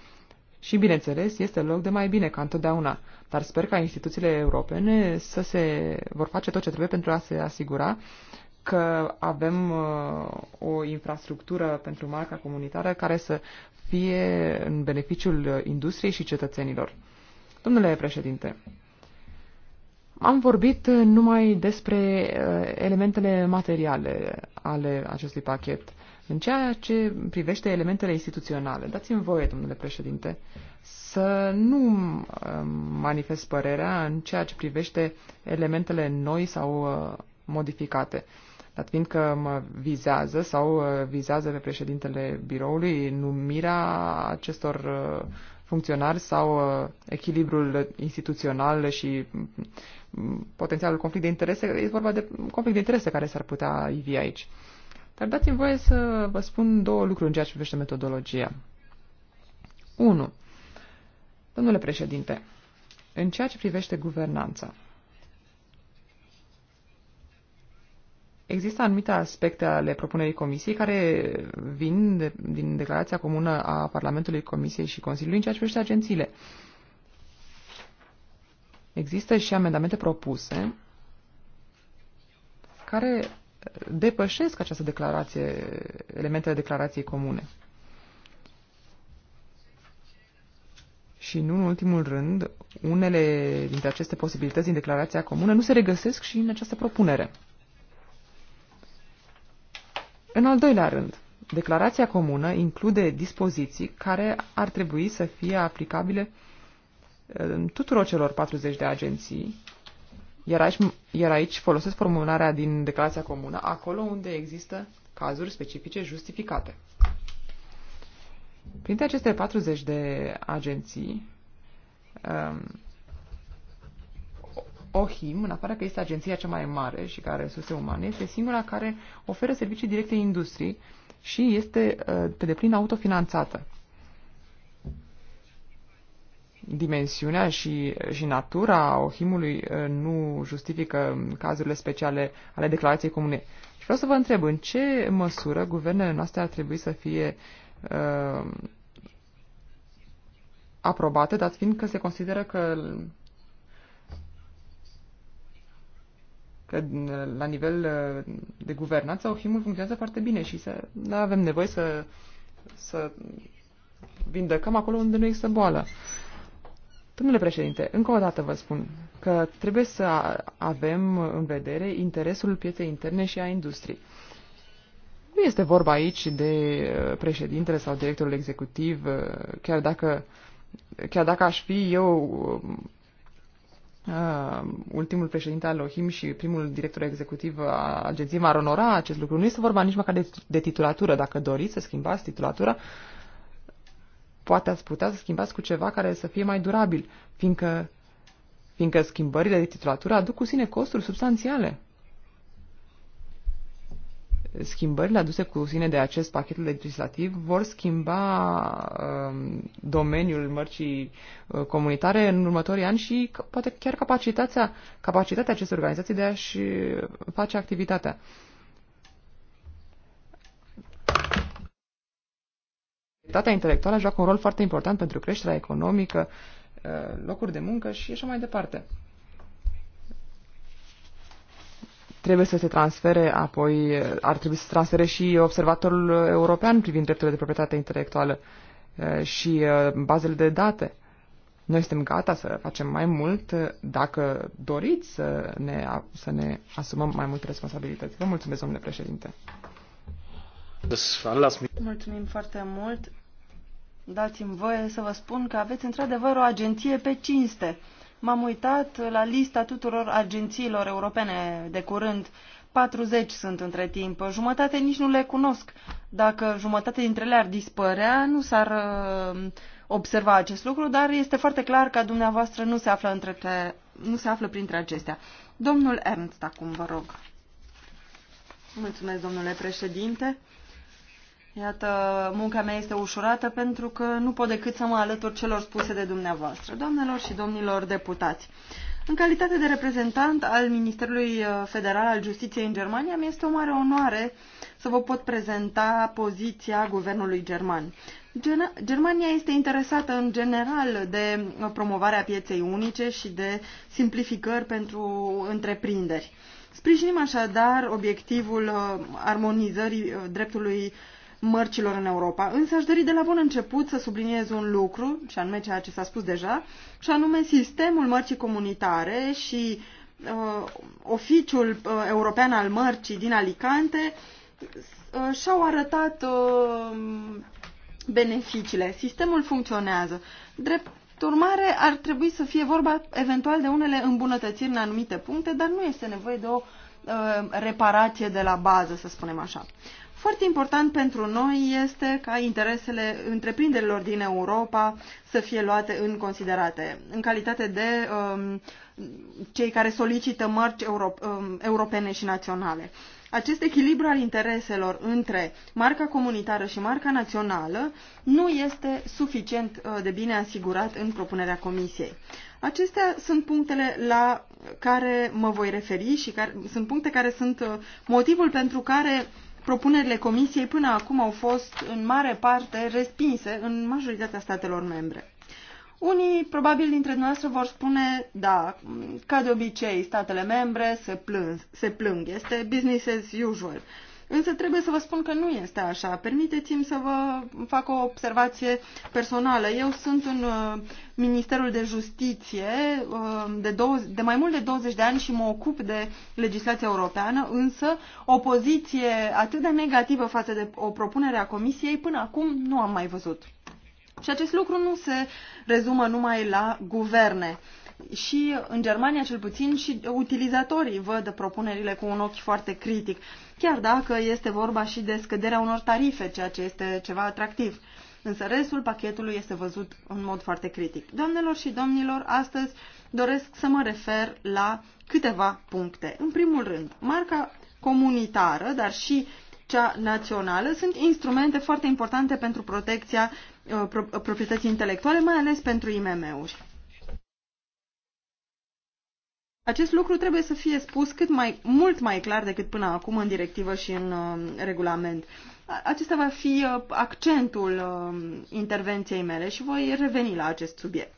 și, bineînțeles, este loc de mai bine ca întotdeauna, dar sper ca instituțiile europene să se vor face tot ce trebuie pentru a se asigura uh, că avem uh, o infrastructură pentru marca comunitară care să fie în beneficiul industriei și cetățenilor. Domnule președinte, am vorbit numai despre uh, elementele materiale ale acestui pachet. În ceea ce privește elementele instituționale, dați-mi voie, domnule președinte, să nu uh, manifest părerea în ceea ce privește elementele noi sau modificate dat fiind că mă vizează sau uh, vizează pe președintele biroului numirea acestor uh, funcționari sau uh, echilibrul instituțional și mm, potențialul conflict de interese, e vorba de conflict de interese care s-ar putea ivi aici. Dar dați-mi voie să vă spun două lucruri în ceea ce privește metodologia. 1. Domnule președinte, în ceea ce privește guvernanța, Există anumite aspecte ale propunerii Comisiei care vin de, din declarația comună a Parlamentului, Comisiei și Consiliului în ceea ce privește agențiile. Există și amendamente propuse care depășesc această declarație, elementele declarației comune. Și nu în ultimul rând, unele dintre aceste posibilități din declarația comună nu se regăsesc și în această propunere. În al doilea rând, declarația comună include dispoziții care ar trebui să fie aplicabile uh, tuturor celor 40 de agenții, iar aici, iar aici folosesc formularea din declarația comună acolo unde există cazuri specifice justificate. Printre aceste 40 de agenții, um, OHIM, în afară că este agenția cea mai mare și care resurse umane, este singura care oferă servicii directe industriei și este uh, pe deplin autofinanțată. Dimensiunea și, și natura OHIM-ului uh, nu justifică cazurile speciale ale declarației comune. Și vreau să vă întreb, în ce măsură guvernele noastre ar trebui să fie uh, aprobate, dat fiind că se consideră că că uh, la nivel uh, de guvernanță OHIM-ul funcționează foarte bine și să nu da, avem nevoie să, să vindecăm acolo unde nu există boală. Domnule președinte, încă o dată vă spun că trebuie să avem în vedere interesul pieței interne și a industriei. Nu este vorba aici de uh, președintele sau directorul executiv, chiar dacă, chiar dacă aș fi eu um, Uh, ultimul președinte al Lohim și primul director executiv al agenției m-ar onora acest lucru. Nu este vorba nici măcar de, de titulatură. Dacă doriți să schimbați titulatura, poate ați putea să schimbați cu ceva care să fie mai durabil, fiindcă, fiindcă schimbările de titulatură aduc cu sine costuri substanțiale schimbările aduse cu sine de acest pachet legislativ vor schimba um, domeniul mărcii uh, comunitare în următorii ani și poate chiar capacitatea, capacitatea acestei organizații de a-și uh, face activitatea. Activitatea intelectuală joacă un rol foarte important pentru creșterea economică, uh, locuri de muncă și așa mai departe. trebuie să se transfere apoi, ar trebui să se transfere și observatorul european privind drepturile de proprietate intelectuală eh, și eh, bazele de date. Noi suntem gata să facem mai mult eh, dacă doriți să ne, să ne asumăm mai multe responsabilități. Vă mulțumesc, domnule președinte. Mulțumim foarte mult. Dați-mi voie să vă spun că aveți într-adevăr o agenție pe cinste. M-am uitat la lista tuturor agențiilor europene de curând. 40 sunt între timp. Jumătate nici nu le cunosc. Dacă jumătate dintre ele ar dispărea, nu s-ar uh, observa acest lucru, dar este foarte clar că dumneavoastră nu se află, între, nu se află printre acestea. Domnul Ernst, acum vă rog. Mulțumesc, domnule președinte. Iată, munca mea este ușurată pentru că nu pot decât să mă alătur celor spuse de dumneavoastră, doamnelor și domnilor deputați. În calitate de reprezentant al Ministerului uh, Federal al Justiției în Germania, mi este o mare onoare să vă pot prezenta poziția guvernului german. Germania este interesată în general de promovarea pieței unice și de simplificări pentru întreprinderi. Sprijinim așadar obiectivul uh, armonizării uh, dreptului mărcilor în Europa. Însă aș dori de la bun început să subliniez un lucru, și anume ceea ce s-a spus deja, și anume sistemul mărcii comunitare și uh, oficiul uh, european al mărcii din Alicante uh, și-au arătat uh, beneficiile. Sistemul funcționează. Drept urmare, ar trebui să fie vorba eventual de unele îmbunătățiri în anumite puncte, dar nu este nevoie de o uh, reparație de la bază, să spunem așa. Foarte important pentru noi este ca interesele întreprinderilor din Europa să fie luate în considerate. În calitate de um, cei care solicită mărci euro, um, europene și naționale. Acest echilibru al intereselor între marca comunitară și marca națională nu este suficient uh, de bine asigurat în propunerea Comisiei. Acestea sunt punctele la care mă voi referi și care, sunt puncte care sunt uh, motivul pentru care propunerile Comisiei până acum au fost în mare parte respinse în majoritatea statelor membre. Unii, probabil dintre dumneavoastră, vor spune, da, ca de obicei, statele membre se plâng, se plâng este business as usual. Uh, Însă trebuie să vă spun că nu este așa. Permiteți-mi să vă fac o observație personală. Eu sunt în uh, Ministerul de Justiție uh, de, 20, de mai mult de 20 de ani și mă ocup de legislația europeană, însă o poziție atât de negativă față de o propunere a Comisiei până acum nu am mai văzut. Și acest lucru nu se rezumă numai la guverne și în Germania cel puțin și utilizatorii văd propunerile cu un ochi foarte critic chiar dacă este vorba și de scăderea unor tarife, ceea ce este ceva atractiv. Însă restul pachetului este văzut în mod foarte critic. Doamnelor și domnilor, astăzi doresc să mă refer la câteva puncte. În primul rând, marca comunitară, dar și cea națională, sunt instrumente foarte importante pentru protecția uh, proprietății intelectuale, mai ales pentru IMM-uri. Acest lucru trebuie să fie spus cât mai, mult mai clar decât până acum în directivă și în uh, regulament. Acesta va fi uh, accentul uh, intervenției mele și voi reveni la acest subiect.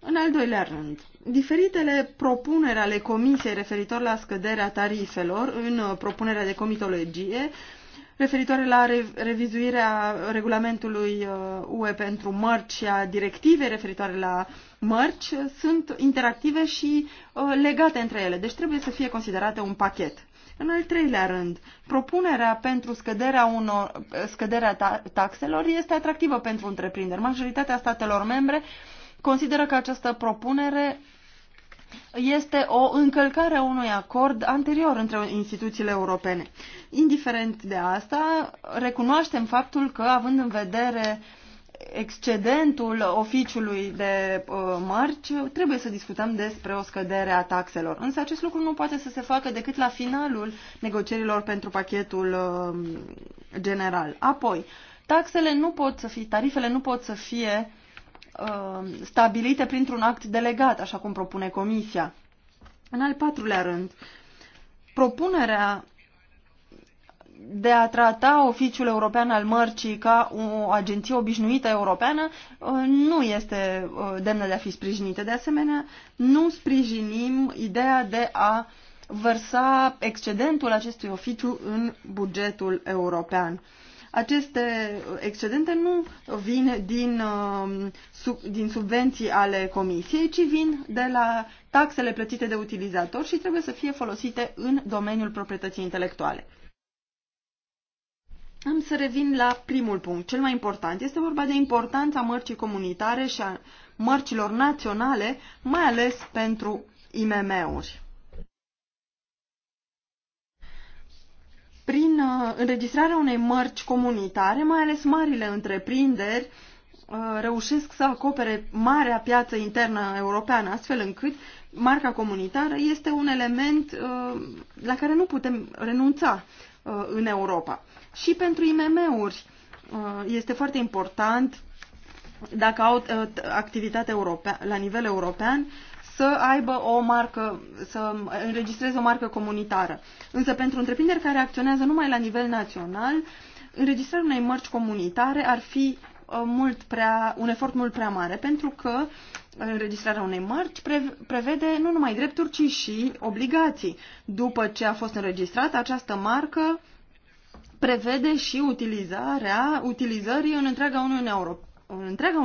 În al doilea rând, diferitele propuneri ale Comisiei referitor la scăderea tarifelor în uh, propunerea de comitologie uh, referitoare la revizuirea regulamentului uh, UE pentru mărci și a directivei referitoare la mărci uh, sunt interactive și uh, legate între ele, deci trebuie să fie considerate un pachet. În al treilea rând, propunerea pentru scăderea, unor, scăderea ta, taxelor este atractivă pentru întreprinderi. Majoritatea statelor membre consideră că această propunere este o încălcare a unui acord anterior între instituțiile europene. Indiferent de asta, recunoaștem faptul că, având în vedere excedentul oficiului de uh, marci, trebuie să discutăm despre o scădere a taxelor. Însă acest lucru nu poate să se facă decât la finalul negocierilor pentru pachetul uh, general. Apoi, taxele nu pot să fie, tarifele nu pot să fie Uh, stabilite printr-un act delegat, așa cum propune Comisia. În al patrulea rând, propunerea de a trata oficiul european al mărcii ca o agenție obișnuită europeană uh, nu este uh, demnă de a fi sprijinită. De asemenea, nu sprijinim ideea de a vărsa excedentul acestui oficiu în bugetul european. Aceste excedente nu vin din, uh, din subvenții ale comisiei, ci vin de la taxele plătite de utilizator și trebuie să fie folosite în domeniul proprietății intelectuale. Am să revin la primul punct, cel mai important. Este vorba de importanța mărcii comunitare și a mărcilor naționale, mai ales pentru IMM-uri. prin uh, înregistrarea unei mărci comunitare, mai ales marile întreprinderi uh, reușesc să acopere marea piață internă europeană, astfel încât marca comunitară este un element uh, la care nu putem renunța în Europa. Și pentru IMM-uri este foarte important dacă au activitate europea, la nivel european, să aibă o marcă, să înregistreze o marcă comunitară. Însă pentru întreprinderi care acționează numai la nivel național, înregistrarea unei mărci comunitare ar fi uh, mult prea, un efort mult prea mare, pentru că uh, înregistrarea unei mărci prevede nu numai drepturi, ci și obligații. După ce a fost înregistrată, această marcă prevede și utilizarea, utilizării în întreaga Uniunea Europeană în întreaga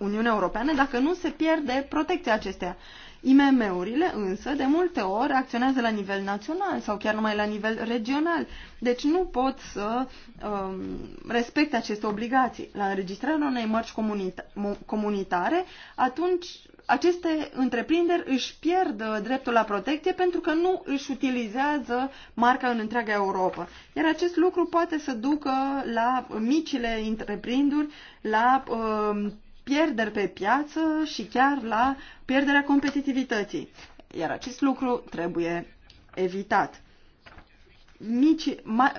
Uniunea Europeană dacă nu se pierde protecția acesteia. IMM-urile însă de multe ori acționează la nivel național sau chiar numai la nivel regional, deci nu pot să um, respecte aceste obligații. La înregistrarea unei mărci comunita comunitare, atunci aceste întreprinderi își pierd uh, dreptul la protecție pentru că nu își utilizează marca în întreaga Europa. Iar acest lucru poate să ducă la micile întreprinderi, la uh, um, pierderi pe piață și chiar la pierderea competitivității. Iar acest lucru trebuie evitat. Mici, ma,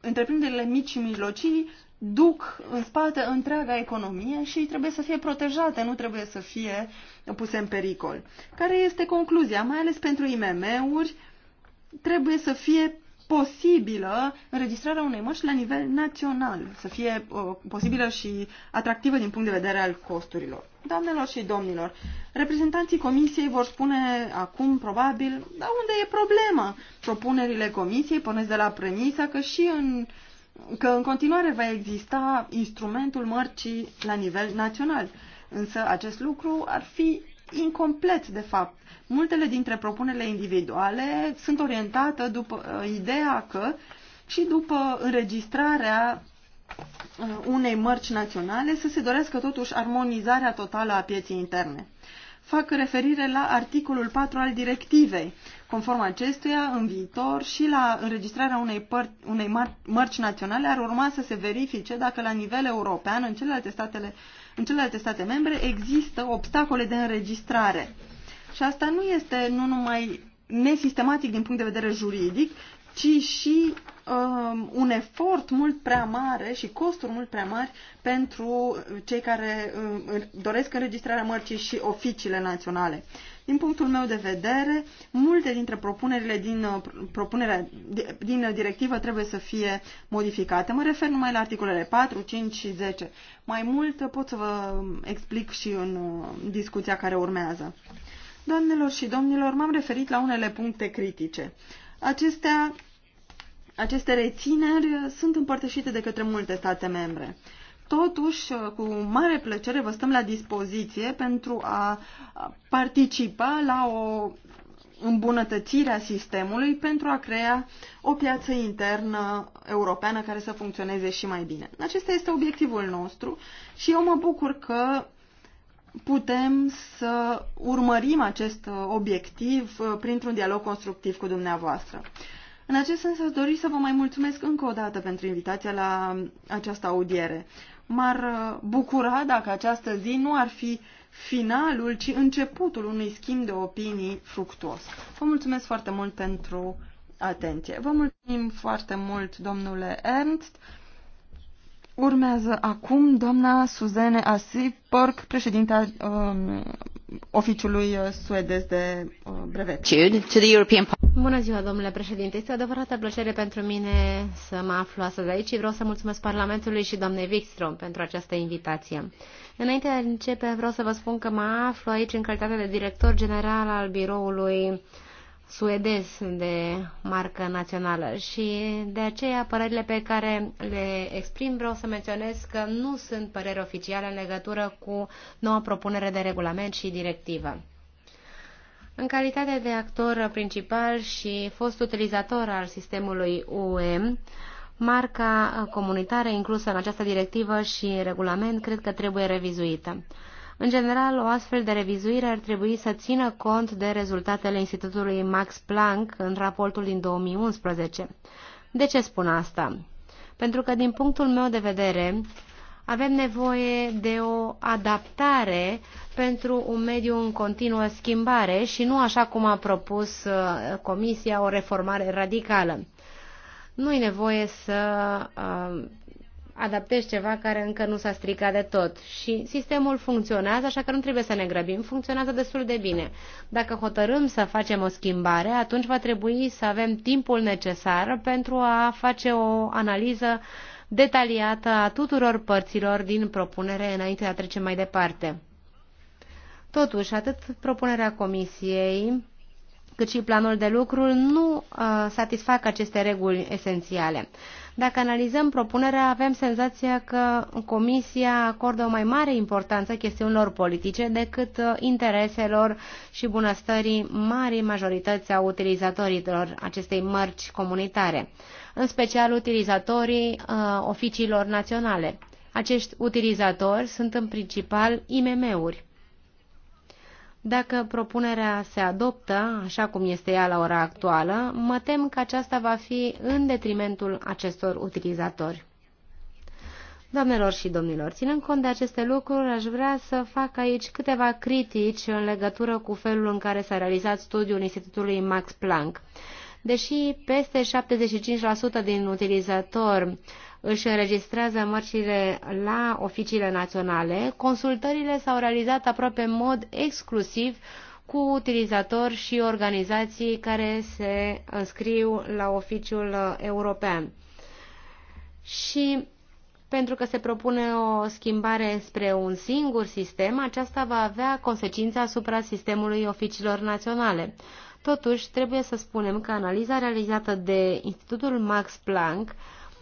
întreprinderile mici și mijlocii duc în spate întreaga economie și trebuie să fie protejate, nu trebuie să fie puse în pericol. Care este concluzia? Mai ales pentru IMM-uri, trebuie să fie posibilă înregistrarea unei mărci la nivel național, să fie uh, posibilă și atractivă din punct de vedere al costurilor. Doamnelor și domnilor, reprezentanții comisiei vor spune acum, probabil, da, unde e problema? Propunerile comisiei pornesc de la premisa că și în că în continuare va exista instrumentul mărcii la nivel național. Însă acest lucru ar fi incomplet, de fapt. Multele dintre propunerile individuale sunt orientate după uh, ideea că și după înregistrarea uh, unei mărci naționale să se dorească totuși armonizarea totală a pieții interne. Fac referire la articolul 4 al directivei, Conform acestuia, în viitor și la înregistrarea unei, păr- unei mar- mărci naționale ar urma să se verifice dacă la nivel european, în celelalte statele în celelalte state membre există obstacole de înregistrare. Și asta nu este nu numai nesistematic din punct de vedere juridic, ci și um, un efort mult prea mare și costuri mult prea mari pentru cei care um, doresc înregistrarea mărcii și oficiile naționale. Din punctul meu de vedere, multe dintre propunerile din, uh, propunerea, din uh, directivă trebuie să fie modificate. Mă refer numai la articolele 4, 5 și 10. Mai mult uh, pot să vă explic și în discuția care urmează. Doamnelor și domnilor, m-am referit la unele puncte critice. Acestea, aceste rețineri sunt împărtășite de către multe state membre. Totuși, cu mare plăcere vă stăm la dispoziție pentru a participa la o îmbunătățire a sistemului pentru a crea o piață internă europeană care să funcționeze și mai bine. Acesta este obiectivul nostru și eu mă bucur că putem să urmărim acest obiectiv uh, printr-un dialog constructiv cu dumneavoastră. În acest sens, aș dori să vă mai mulțumesc încă o dată pentru invitația la această audiere. M-ar uh, bucura dacă această zi nu ar fi finalul, ci începutul unui schimb de opinii fructuos. Vă mulțumesc foarte mult pentru atenție. Vă mulțumim foarte mult, domnule Ernst. Urmează acum doamna Suzene Asiporc, președinta um, oficiului uh, suedez de uh, brevet. Bună ziua, domnule președinte. Este o adevărată plăcere pentru mine să mă aflu astăzi aici și vreau să mulțumesc Parlamentului și doamnei Wikström pentru această invitație. Înainte de a începe, vreau să vă spun că mă aflu aici în calitate de director general al biroului uh, suedez de marcă națională și de aceea părerile pe care le exprim vreau să menționez că nu sunt păreri oficiale în legătură cu noua propunere de regulament și directivă. În calitate de actor principal și fost utilizator al sistemului UEM, marca comunitară inclusă în această directivă și regulament cred că trebuie revizuită. În general, o astfel de revizuire ar trebui să țină cont de rezultatele Institutului Max Planck în raportul din 2011. De ce spun asta? Pentru că, din punctul meu de vedere, avem nevoie de o adaptare pentru un mediu în continuă schimbare și nu așa cum a propus uh, Comisia o reformare radicală. Nu e nevoie să uh, adaptezi ceva care încă nu s-a stricat de tot. Și sistemul funcționează, așa că nu trebuie să ne grăbim, funcționează destul de bine. Dacă hotărâm să facem o schimbare, atunci va trebui să avem timpul necesar pentru a face o analiză detaliată a tuturor părților din propunere înainte de a trece mai departe. Totuși, atât propunerea Comisiei, cât și planul de lucru nu uh, satisfac aceste reguli esențiale. Dacă analizăm propunerea, avem senzația că Comisia acordă o mai mare importanță chestiunilor politice decât uh, intereselor și bunăstării marii majorități a utilizatorilor acestei mărci comunitare, în special utilizatorii uh, oficiilor naționale. Acești utilizatori sunt în principal IMM-uri. Dacă propunerea se adoptă, așa cum este ea la ora actuală, mă tem că aceasta va fi în detrimentul acestor utilizatori. Doamnelor și domnilor, ținând cont de aceste lucruri, aș vrea să fac aici câteva critici în legătură cu felul în care s-a realizat studiul Institutului Max Planck. Deși peste 75% din utilizatori își înregistrează mărcile la oficiile naționale, consultările s-au realizat aproape în mod exclusiv cu utilizatori și organizații care se înscriu la oficiul european. Și pentru că se propune o schimbare spre un singur sistem, aceasta va avea consecințe asupra sistemului oficiilor naționale. Totuși, trebuie să spunem că analiza realizată de Institutul Max Planck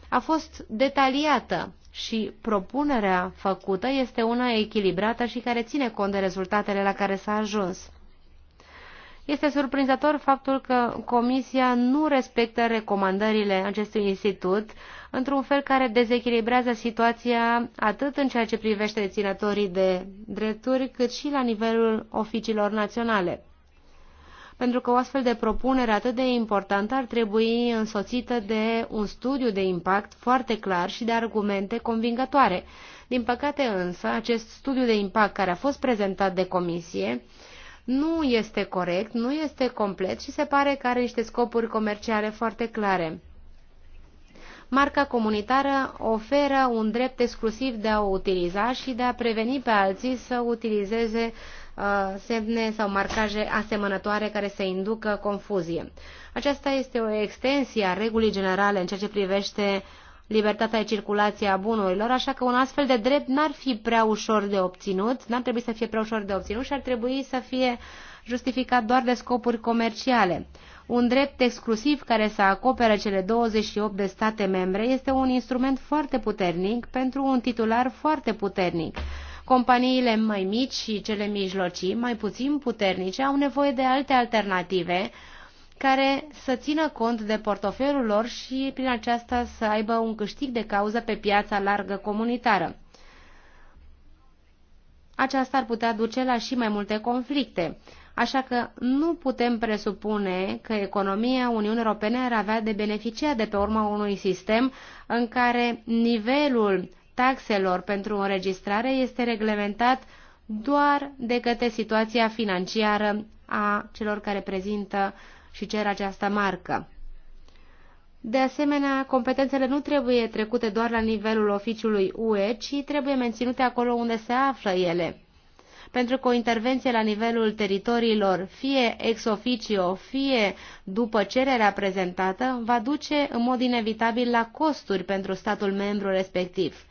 a fost detaliată și propunerea făcută este una echilibrată și care ține cont de rezultatele la care s-a ajuns. Este surprinzător faptul că Comisia nu respectă recomandările acestui institut într-un fel care dezechilibrează situația atât în ceea ce privește deținătorii de drepturi, cât și la nivelul oficiilor naționale pentru că o astfel de propunere atât de importantă ar trebui însoțită de un studiu de impact foarte clar și de argumente convingătoare. Din păcate însă, acest studiu de impact care a fost prezentat de comisie nu este corect, nu este complet și se pare că are niște scopuri comerciale foarte clare. Marca comunitară oferă un drept exclusiv de a o utiliza și de a preveni pe alții să utilizeze Uh, semne sau marcaje asemănătoare care să inducă confuzie. Aceasta este o extensie a regulii generale în ceea ce privește libertatea de circulație a bunurilor, așa că un astfel de drept n-ar fi prea ușor de obținut, n-ar trebui să fie prea ușor de obținut și ar trebui să fie justificat doar de scopuri comerciale. Un drept exclusiv care să acopere cele 28 de state membre este un instrument foarte puternic pentru un titular foarte puternic Companiile mai mici și cele mijlocii, mai puțin puternice, au nevoie de alte alternative care să țină cont de portofelul lor și prin aceasta să aibă un câștig de cauză pe piața largă comunitară. Aceasta ar putea duce la și mai multe conflicte, așa că nu putem presupune că economia Uniunii Europene ar avea de beneficiat de pe urma unui sistem în care nivelul taxelor pentru înregistrare este reglementat doar de către situația financiară a celor care prezintă și cer această marcă. De asemenea, competențele nu trebuie trecute doar la nivelul oficiului UE, ci trebuie menținute acolo unde se află ele. Pentru că o intervenție la nivelul teritoriilor, fie ex officio, fie după cererea prezentată, va duce în mod inevitabil la costuri pentru statul membru respectiv.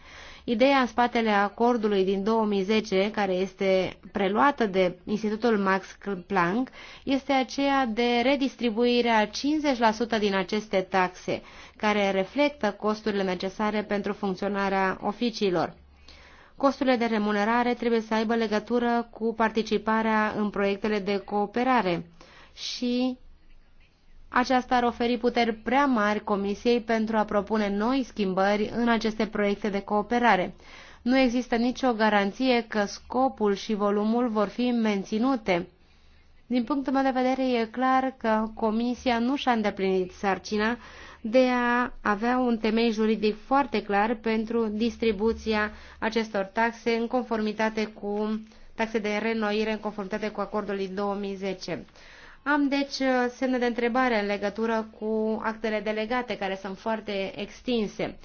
Ideea în spatele acordului din 2010, care este preluată de Institutul Max Planck, este aceea de redistribuire a 50% din aceste taxe, care reflectă costurile necesare pentru funcționarea oficiilor. Costurile de remunerare trebuie să aibă legătură cu participarea în proiectele de cooperare și aceasta ar oferi puteri prea mari Comisiei pentru a propune noi schimbări în aceste proiecte de cooperare. Nu există nicio garanție că scopul și volumul vor fi menținute. Din punctul meu de vedere, e clar că Comisia nu și-a îndeplinit sarcina de a avea un temei juridic foarte clar pentru distribuția acestor taxe în conformitate cu taxe de renoire în conformitate cu acordul din 2010. Am deci uh, semne de întrebare în legătură cu actele delegate, care sunt foarte extinse.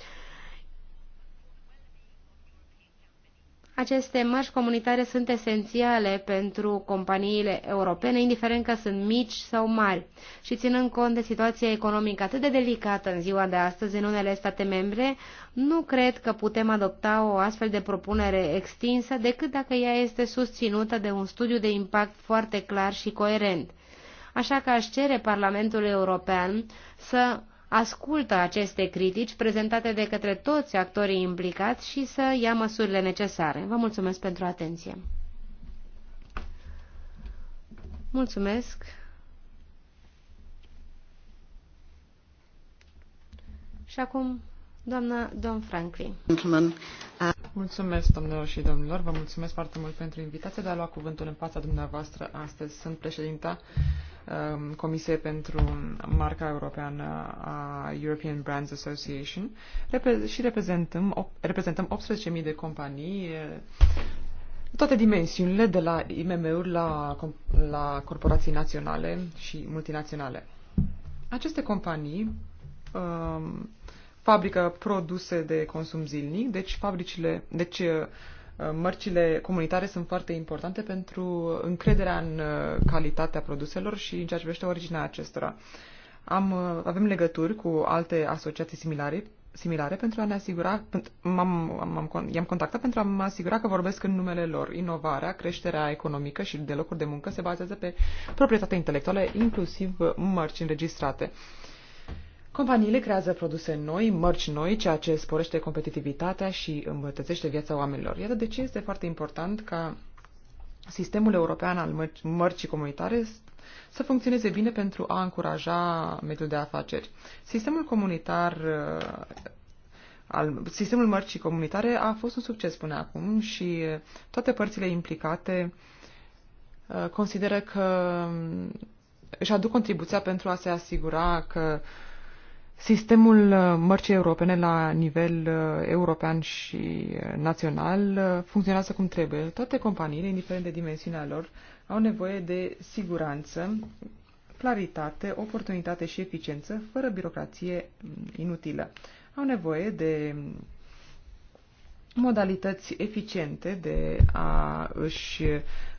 Aceste mărci comunitare sunt esențiale pentru companiile europene, indiferent că sunt mici sau mari. Și ținând cont de situația economică atât de delicată în ziua de astăzi în unele state membre, nu cred că putem adopta o astfel de propunere extinsă decât dacă ea este susținută de un studiu de impact foarte clar și coerent. Așa că aș cere Parlamentul European să ascultă aceste critici prezentate de către toți actorii implicați și să ia măsurile necesare. Vă mulțumesc pentru atenție. Mulțumesc. Și acum Doamna Don Franklin. Uh, mulțumesc, domnilor și domnilor. Vă mulțumesc foarte mult pentru invitația de a lua cuvântul în fața dumneavoastră astăzi. Sunt președinta um, Comisiei pentru Marca Europeană a European Brands Association Repre și reprezentăm, reprezentăm 18.000 de companii toate dimensiunile, de la IMM-uri la, la corporații naționale și multinaționale. Aceste companii um, fabrică produse de consum zilnic, deci fabricile, deci uh, mărcile comunitare sunt foarte importante pentru încrederea în uh, calitatea produselor și în ceea ce privește originea acestora. Am, uh, avem legături cu alte asociații similare, similare pentru a ne asigura, m-am, i-am contactat pentru a mă asigura că vorbesc în numele lor. Inovarea, creșterea economică și de locuri de muncă se bazează pe proprietatea intelectuală, inclusiv mărci înregistrate. Companiile creează produse noi, mărci noi, ceea ce sporește competitivitatea și îmbătățește viața oamenilor. Iată de ce este foarte important ca sistemul european al măr mărcii comunitare să funcționeze bine pentru a încuraja mediul de afaceri. Sistemul comunitar uh, al, sistemul mărcii comunitare a fost un succes până acum și toate părțile implicate uh, consideră că um, își aduc contribuția pentru a se asigura că uh, Sistemul uh, mărcii europene la nivel uh, european și uh, național funcționează cum trebuie. Toate companiile, indiferent de dimensiunea lor, au nevoie de siguranță, claritate, oportunitate și eficiență, fără birocrație mm, inutilă. Au nevoie de modalități eficiente de a își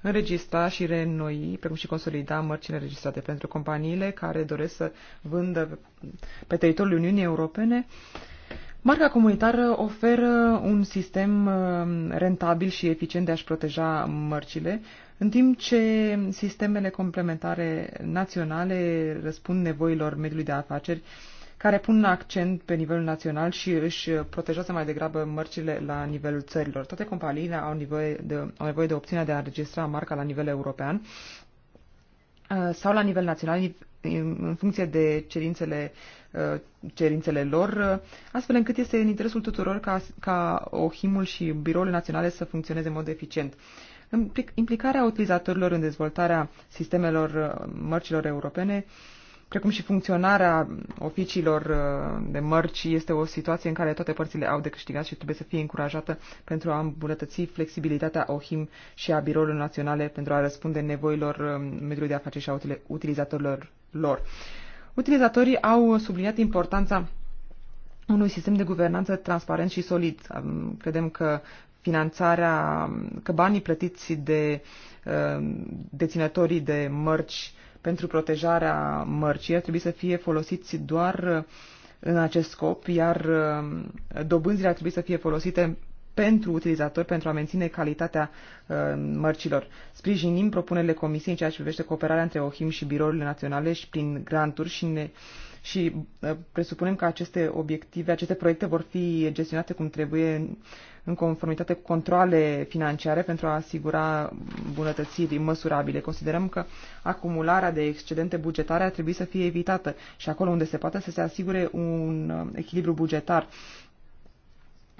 înregistra și reînnoi, precum și consolida mărcile înregistrate pentru companiile care doresc să vândă pe teritoriul Uniunii Europene. Marca comunitară oferă un sistem uh, rentabil și eficient de a-și proteja mărcile, în timp ce sistemele complementare naționale răspund nevoilor mediului de afaceri care pun accent pe nivelul național și își protejează mai degrabă mărcile la nivelul țărilor. Toate companiile au nevoie de, au nevoie de opțiunea de a registra marca la nivel european uh, sau la nivel național în funcție de cerințele, uh, cerințele lor, uh, astfel încât este în interesul tuturor ca, ca OHIM-ul și birourile naționale să funcționeze în mod eficient. Implicarea utilizatorilor în dezvoltarea sistemelor mărcilor europene uh, precum și funcționarea oficiilor uh, de mărci, este o situație în care toate părțile au de câștigat și trebuie să fie încurajată pentru a îmbunătăți flexibilitatea OHIM și a birourilor naționale pentru a răspunde nevoilor uh, mediului de afaceri și a utilizatorilor lor. Utilizatorii au subliniat importanța unui sistem de guvernanță transparent și solid. Credem că finanțarea, că banii plătiți de uh, deținătorii de mărci pentru protejarea mărcii ar trebui să fie folosiți doar uh, în acest scop, iar uh, dobânzile ar trebui să fie folosite pentru utilizatori pentru a menține calitatea uh, mărcilor. Sprijinim propunerile Comisiei în ceea ce privește cooperarea între OHIM și birourile naționale și prin granturi și, ne, și uh, presupunem că aceste obiective, aceste proiecte vor fi gestionate cum trebuie în conformitate cu controle financiare pentru a asigura bunătățiri măsurabile. Considerăm că acumularea de excedente bugetare ar trebui să fie evitată și acolo unde se poate să se asigure un um, echilibru bugetar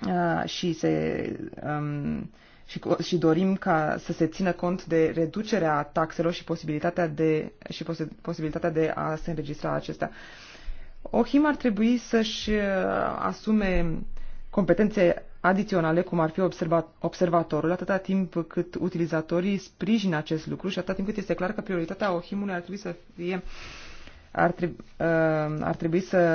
uh, și se um, și, și dorim ca să se țină cont de reducerea taxelor și posibilitatea de, și pos, posibilitatea de a se înregistra acestea. OHIM ar trebui să-și uh, asume competențe adiționale, cum ar fi observa- observatorul, atâta timp cât utilizatorii sprijină acest lucru și atâta timp cât este clar că prioritatea ohimului ar trebui să fie ar, trebui, uh, ar trebui să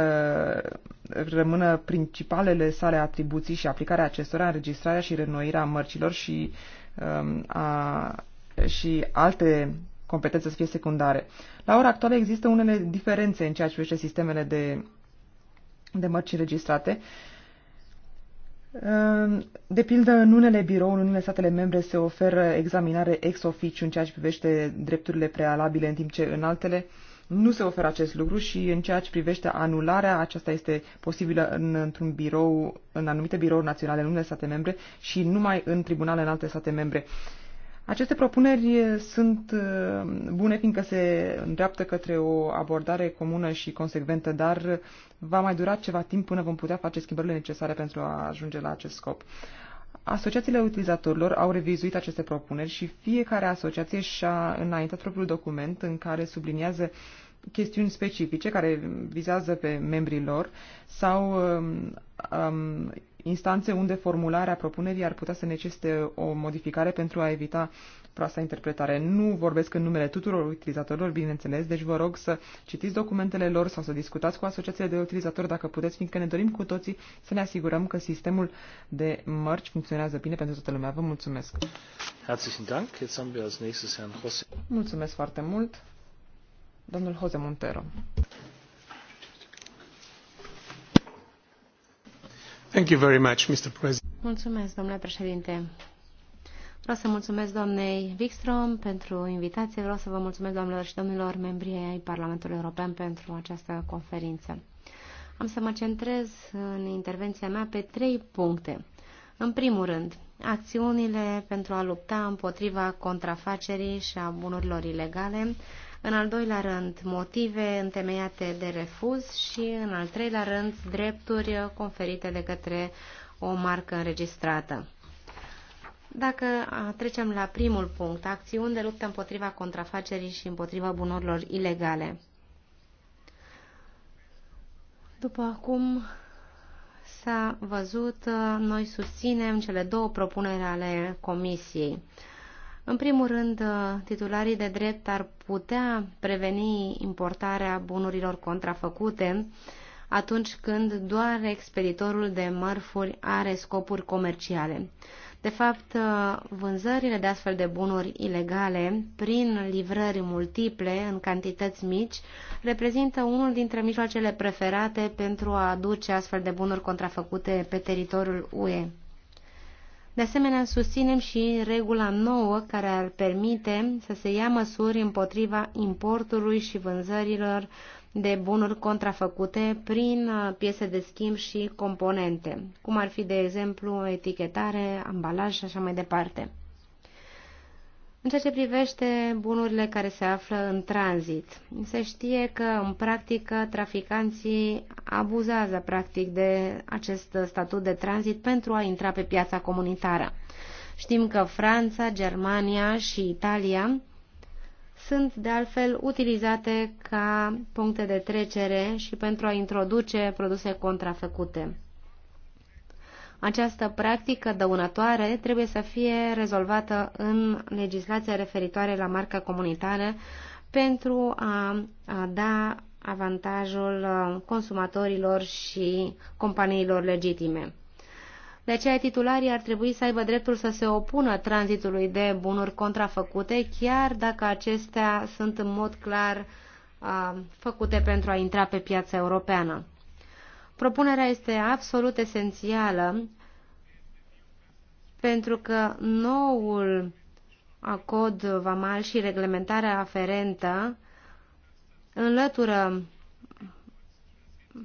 rămână principalele sale atribuții și aplicarea acestora, înregistrarea și renoirea mărcilor și, um, a, și alte competențe să fie secundare. La ora actuală există unele diferențe în ceea ce privește sistemele de, de mărci înregistrate. Uh, de pildă, în unele birouri, în unele statele membre se oferă examinare ex officiu în ceea ce privește drepturile prealabile, în timp ce în altele nu se oferă acest lucru și în ceea ce privește anularea, aceasta este posibilă în, într-un birou, în anumite birouri naționale, în unele state membre și numai în tribunale în alte state membre. Uh, aceste propuneri eh, sunt eh, bune fiindcă se îndreaptă către o abordare comună și consecventă, dar va mai dura ceva timp până vom putea face schimbările necesare pentru a ajunge la acest scop. Asociațiile utilizatorilor au revizuit aceste propuneri și fiecare asociație și-a înaintat propriul document în care subliniază chestiuni specifice care vizează pe membrii lor sau um, um instanțe unde formularea propunerii ar putea să necesite o modificare pentru a evita proasta interpretare. Nu vorbesc în numele tuturor utilizatorilor, bineînțeles, deci vă rog să citiți documentele lor sau să discutați cu asociațiile de utilizatori dacă puteți, fiindcă ne dorim cu toții să ne asigurăm că sistemul de mărci funcționează bine pentru toată lumea. Vă mulțumesc! Herzlichen Dank. Jetzt haben wir als nächstes Herrn Jose. Mulțumesc foarte mult, domnul Jose Montero. Mulțumesc, președinte. Vreau să mulțumesc doamnei Wikström pentru invitație, vreau să vă mulțumesc doamnelor și domnilor membri ai Parlamentului European pentru această conferință. Am să mă centrez în intervenția mea pe trei puncte. În primul rând, acțiunile pentru a lupta împotriva contrafacerii și a bunurilor ilegale, în al doilea rând motive întemeiate de refuz și în al treilea rând drepturi conferite de către o marcă înregistrată. Dacă trecem la primul punct, acțiuni de luptă împotriva contrafacerii și împotriva bunurilor ilegale. După cum s-a văzut, noi susținem cele două propuneri ale Comisiei. În primul rând, uh, titularii de drept ar putea preveni importarea bunurilor contrafăcute atunci când doar expeditorul de mărfuri are scopuri comerciale. De fapt, uh, vânzările de astfel de bunuri ilegale, prin livrări multiple, în cantități mici, reprezintă unul dintre mijloacele preferate pentru a aduce astfel de bunuri contrafăcute pe teritoriul UE. De asemenea, susținem și regula nouă care ar permite să se ia măsuri împotriva importului și vânzărilor de bunuri contrafăcute prin uh, piese de schimb și componente, cum ar fi, de exemplu, etichetare, ambalaj și așa mai departe. În ceea ce privește bunurile care se află în tranzit, se știe că, în practică, traficanții abuzează, practic, de acest statut de tranzit pentru a intra pe piața comunitară. Știm că Franța, Germania și Italia sunt, de altfel, utilizate ca puncte de trecere și pentru a introduce produse contrafăcute. Această practică dăunătoare trebuie să fie rezolvată în legislația referitoare la marca comunitară pentru a da avantajul consumatorilor și companiilor legitime. De aceea, titularii ar trebui să aibă dreptul să se opună tranzitului de bunuri contrafăcute, chiar dacă acestea sunt în mod clar făcute pentru a intra pe piața europeană. Propunerea este absolut esențială pentru că noul cod vamal și reglementarea aferentă înlătură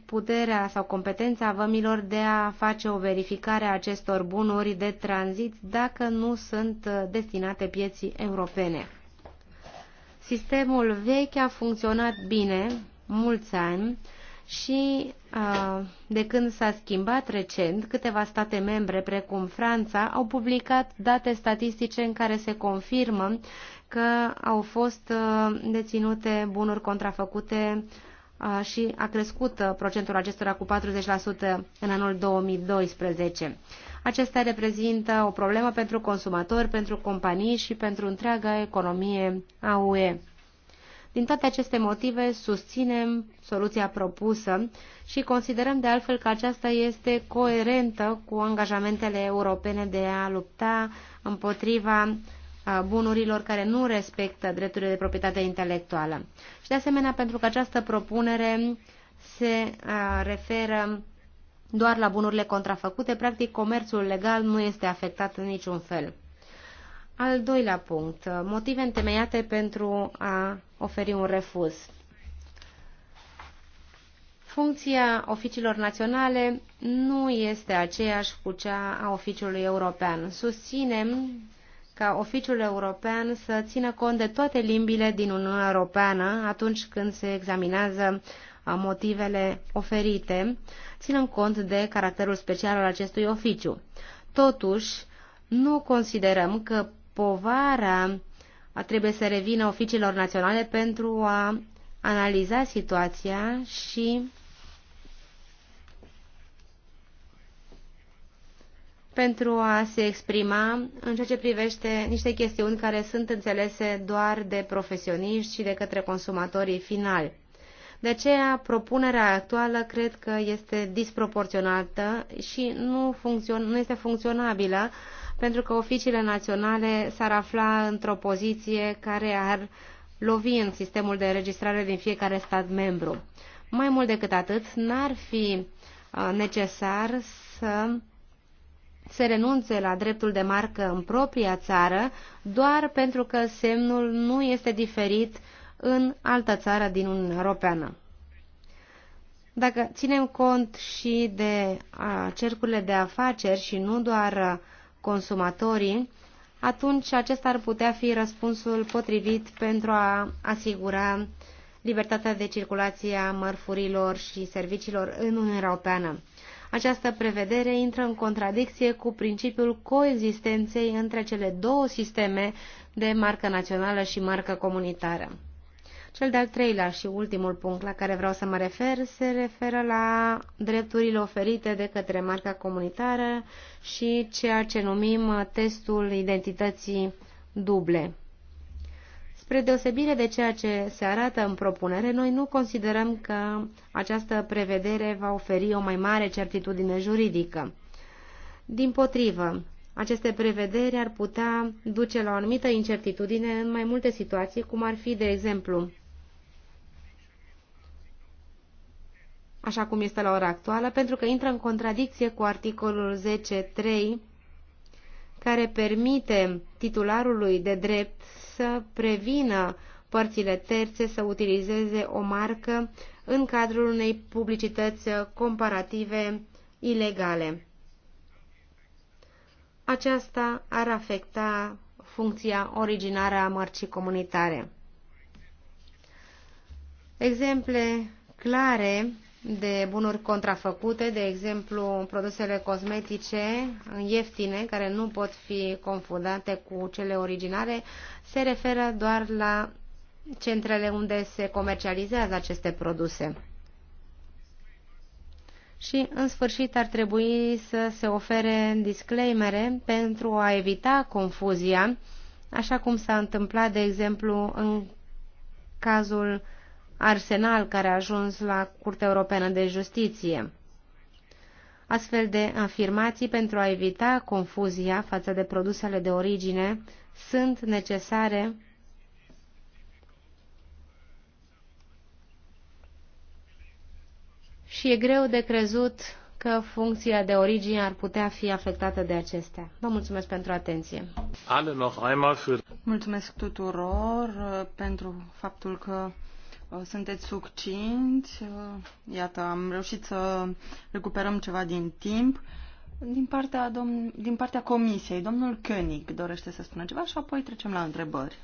puterea sau competența vămilor de a face o verificare a acestor bunuri de tranzit dacă nu sunt destinate pieții europene. Sistemul vechi a funcționat bine mulți ani și de când s-a schimbat recent, câteva state membre, precum Franța, au publicat date statistice în care se confirmă că au fost deținute bunuri contrafăcute și a crescut procentul acestora cu 40% în anul 2012. Acestea reprezintă o problemă pentru consumatori, pentru companii și pentru întreaga economie a UE. Din toate aceste motive, susținem soluția propusă și considerăm de altfel că aceasta este coerentă cu angajamentele europene de a lupta împotriva uh, bunurilor care nu respectă drepturile de proprietate intelectuală. Și de asemenea, pentru că această propunere se uh, referă doar la bunurile contrafăcute, practic comerțul legal nu este afectat în niciun fel. Al doilea punct, uh, motive întemeiate pentru a oferi un refuz. Funcția oficiilor naționale nu este aceeași cu cea a oficiului european. Susținem ca oficiul european să țină cont de toate limbile din Uniunea Europeană atunci când se examinează motivele oferite, ținând cont de caracterul special al acestui oficiu. Totuși, nu considerăm că povara trebuie să revină oficiilor naționale pentru a analiza situația și pentru a se exprima în ceea ce privește niște chestiuni care sunt înțelese doar de profesioniști și de către consumatorii finali. De aceea, propunerea actuală cred că este disproporționată și nu, funcțion- nu este funcționabilă pentru că oficiile naționale s-ar afla într-o poziție care ar lovi în sistemul de înregistrare din fiecare stat membru. Mai mult decât atât, n-ar fi uh, necesar să se renunțe la dreptul de marcă în propria țară doar pentru că semnul nu este diferit în altă țară din Uniunea Europeană. Dacă ținem cont și de uh, cercurile de afaceri și nu doar uh, consumatorii, atunci acesta ar putea fi răspunsul potrivit pentru a asigura libertatea de circulație a mărfurilor și serviciilor în Uniunea Europeană. Această prevedere intră în contradicție cu principiul coexistenței între cele două sisteme de marcă națională și marcă comunitară. Cel de-al treilea și ultimul punct la care vreau să mă refer se referă la drepturile oferite de către marca comunitară și ceea ce numim testul identității duble. Spre deosebire de ceea ce se arată în propunere, noi nu considerăm că această prevedere va oferi o mai mare certitudine juridică. Din potrivă, aceste prevederi ar putea duce la o anumită incertitudine în mai multe situații, cum ar fi, de exemplu, așa cum este la ora actuală, pentru că intră în contradicție cu articolul 10.3, care permite titularului de drept să prevină părțile terțe să utilizeze o marcă în cadrul unei publicități comparative ilegale. Aceasta ar afecta funcția originară a mărcii comunitare. Exemple clare de bunuri contrafăcute, de exemplu produsele cosmetice ieftine, care nu pot fi confundate cu cele originale, se referă doar la centrele unde se comercializează aceste produse. Și, în sfârșit, ar trebui să se ofere disclaimere pentru a evita confuzia, așa cum s-a întâmplat, de exemplu, în cazul uh, arsenal care a ajuns la Curtea Europeană de Justiție. Astfel de afirmații pentru a evita confuzia față de produsele de origine sunt necesare și e greu de crezut că funcția de origine ar putea fi afectată de acestea. Vă mulțumesc pentru atenție. Mulțumesc tuturor uh, pentru faptul că Uh, sunteți succinți. Uh, iată, am reușit să recuperăm ceva din timp. Din partea, domn... din partea comisiei, domnul König dorește să spună ceva și apoi trecem la întrebări.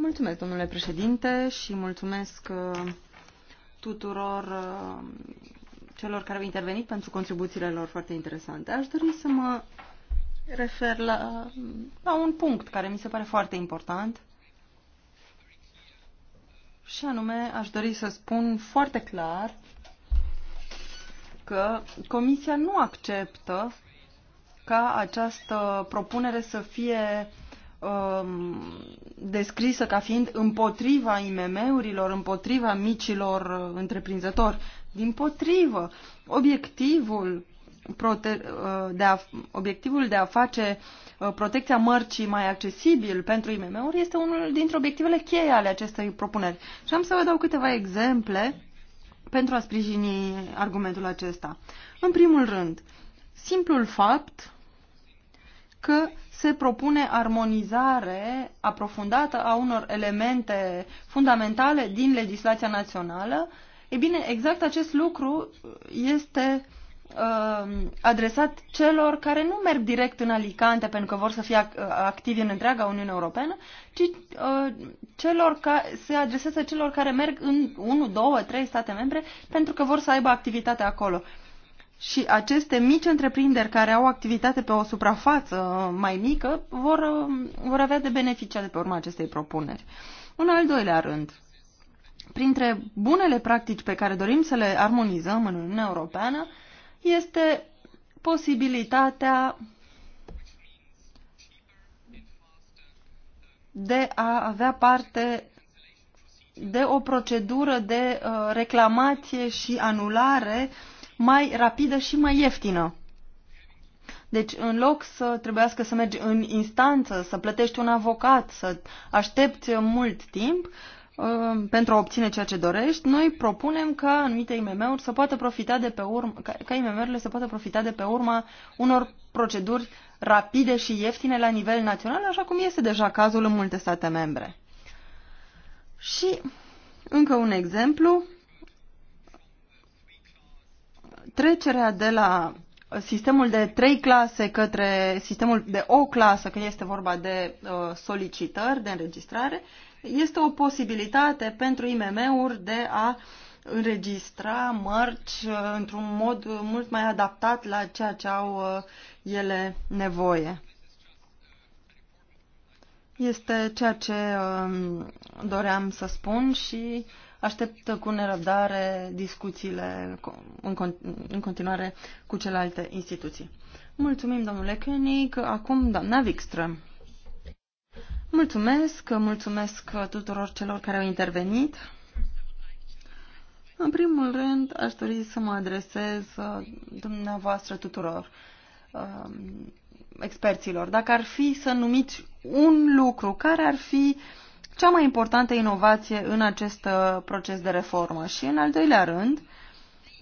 Mulțumesc, domnule președinte, și mulțumesc uh, tuturor celor care au intervenit pentru contribuțiile lor foarte interesante. Aș dori să mă refer la, la un punct care mi se pare foarte important și anume, aș dori să spun foarte clar că Comisia nu acceptă ca această propunere să fie um, descrisă ca fiind împotriva IMM-urilor, împotriva micilor uh, întreprinzători. Din potrivă, obiectivul prote- uh, de a, obiectivul de a face uh, protecția mărcii mai accesibil pentru IMM-uri este unul dintre obiectivele cheie ale acestei propuneri. Și am să vă dau câteva exemple pentru a sprijini argumentul acesta. În primul rând, simplul fapt că se propune armonizare aprofundată a unor elemente fundamentale din legislația națională. E bine, exact acest lucru este Uh, adresat celor care nu merg direct în Alicante pentru că vor să fie activi în întreaga Uniune Europeană, ci uh, celor ca, se adresează celor care merg în 1, 2, 3 state membre pentru că vor să aibă activitate acolo. Și aceste mici întreprinderi care au activitate pe o suprafață mai mică vor, uh, vor avea de beneficiat de pe urma acestei propuneri. Un al doilea rând, printre bunele practici pe care dorim să le armonizăm în Uniunea Europeană, este posibilitatea de a avea parte de o procedură de uh, reclamație și anulare mai rapidă și mai ieftină. Deci, în loc să trebuiască să mergi în instanță, să plătești un avocat, să aștepți mult timp, Um, pentru a obține ceea ce dorești, noi propunem ca anumite IMM-uri să poată profita de pe urmă, ca, ca IMM-urile să poată profita de pe urma unor proceduri rapide și ieftine la nivel național, așa cum este deja cazul în multe state membre. Și încă un exemplu, trecerea de la sistemul de trei clase către sistemul de o clasă, când este vorba de uh, solicitări, de înregistrare, este o posibilitate pentru IMM-uri de a înregistra mărci uh, într-un mod mult mai adaptat la ceea ce au uh, ele nevoie. Este ceea ce um, doream să spun și aștept cu nerăbdare discuțiile în continuare cu celelalte instituții. Mulțumim, domnule König. Acum, doamna Wikström. Mulțumesc, mulțumesc tuturor celor care au intervenit. În primul rând, aș dori să mă adresez uh, dumneavoastră tuturor um, experților. Dacă ar fi să numiți un lucru, care ar fi cea mai importantă inovație în acest uh, proces de reformă? Și în al doilea rând,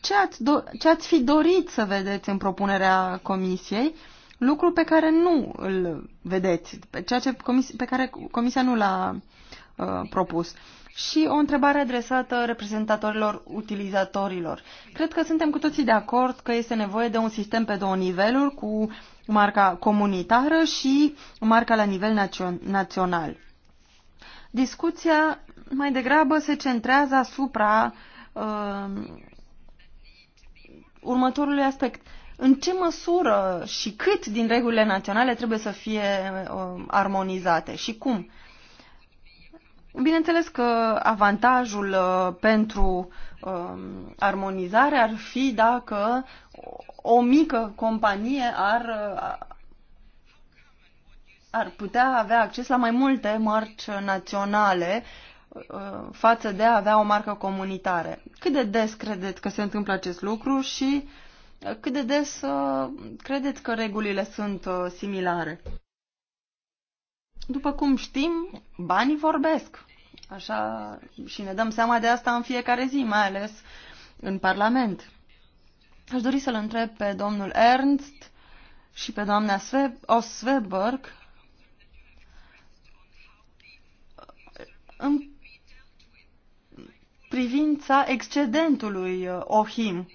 ce ați, do- ce ați fi dorit să vedeți în propunerea Comisiei lucru pe care nu îl vedeți, pe, ceea ce comis- pe care Comisia nu l-a uh, propus. Și o întrebare adresată reprezentatorilor utilizatorilor. Cred că suntem cu toții de acord că este nevoie de un sistem pe două niveluri, cu marca comunitară și marca la nivel națio- național. Discuția mai degrabă se centrează asupra uh, următorului aspect. Uh, în ce măsură și cât din regulile naționale trebuie să fie uh, armonizate și cum? Bineînțeles că avantajul uh, pentru uh, armonizare ar fi dacă o mică companie ar, uh, ar putea avea acces la mai multe mărci naționale uh, față de a avea o marcă comunitară. Cât de des credeți că se întâmplă acest lucru și uh, cât de des uh, credeți că regulile sunt uh, similare? După cum știm, banii vorbesc. Așa, și ne dăm seama de asta în fiecare zi, mai ales în Parlament. Aș dori să-l întreb pe domnul Ernst și pe doamna Osweberg în privința excedentului uh, OHIM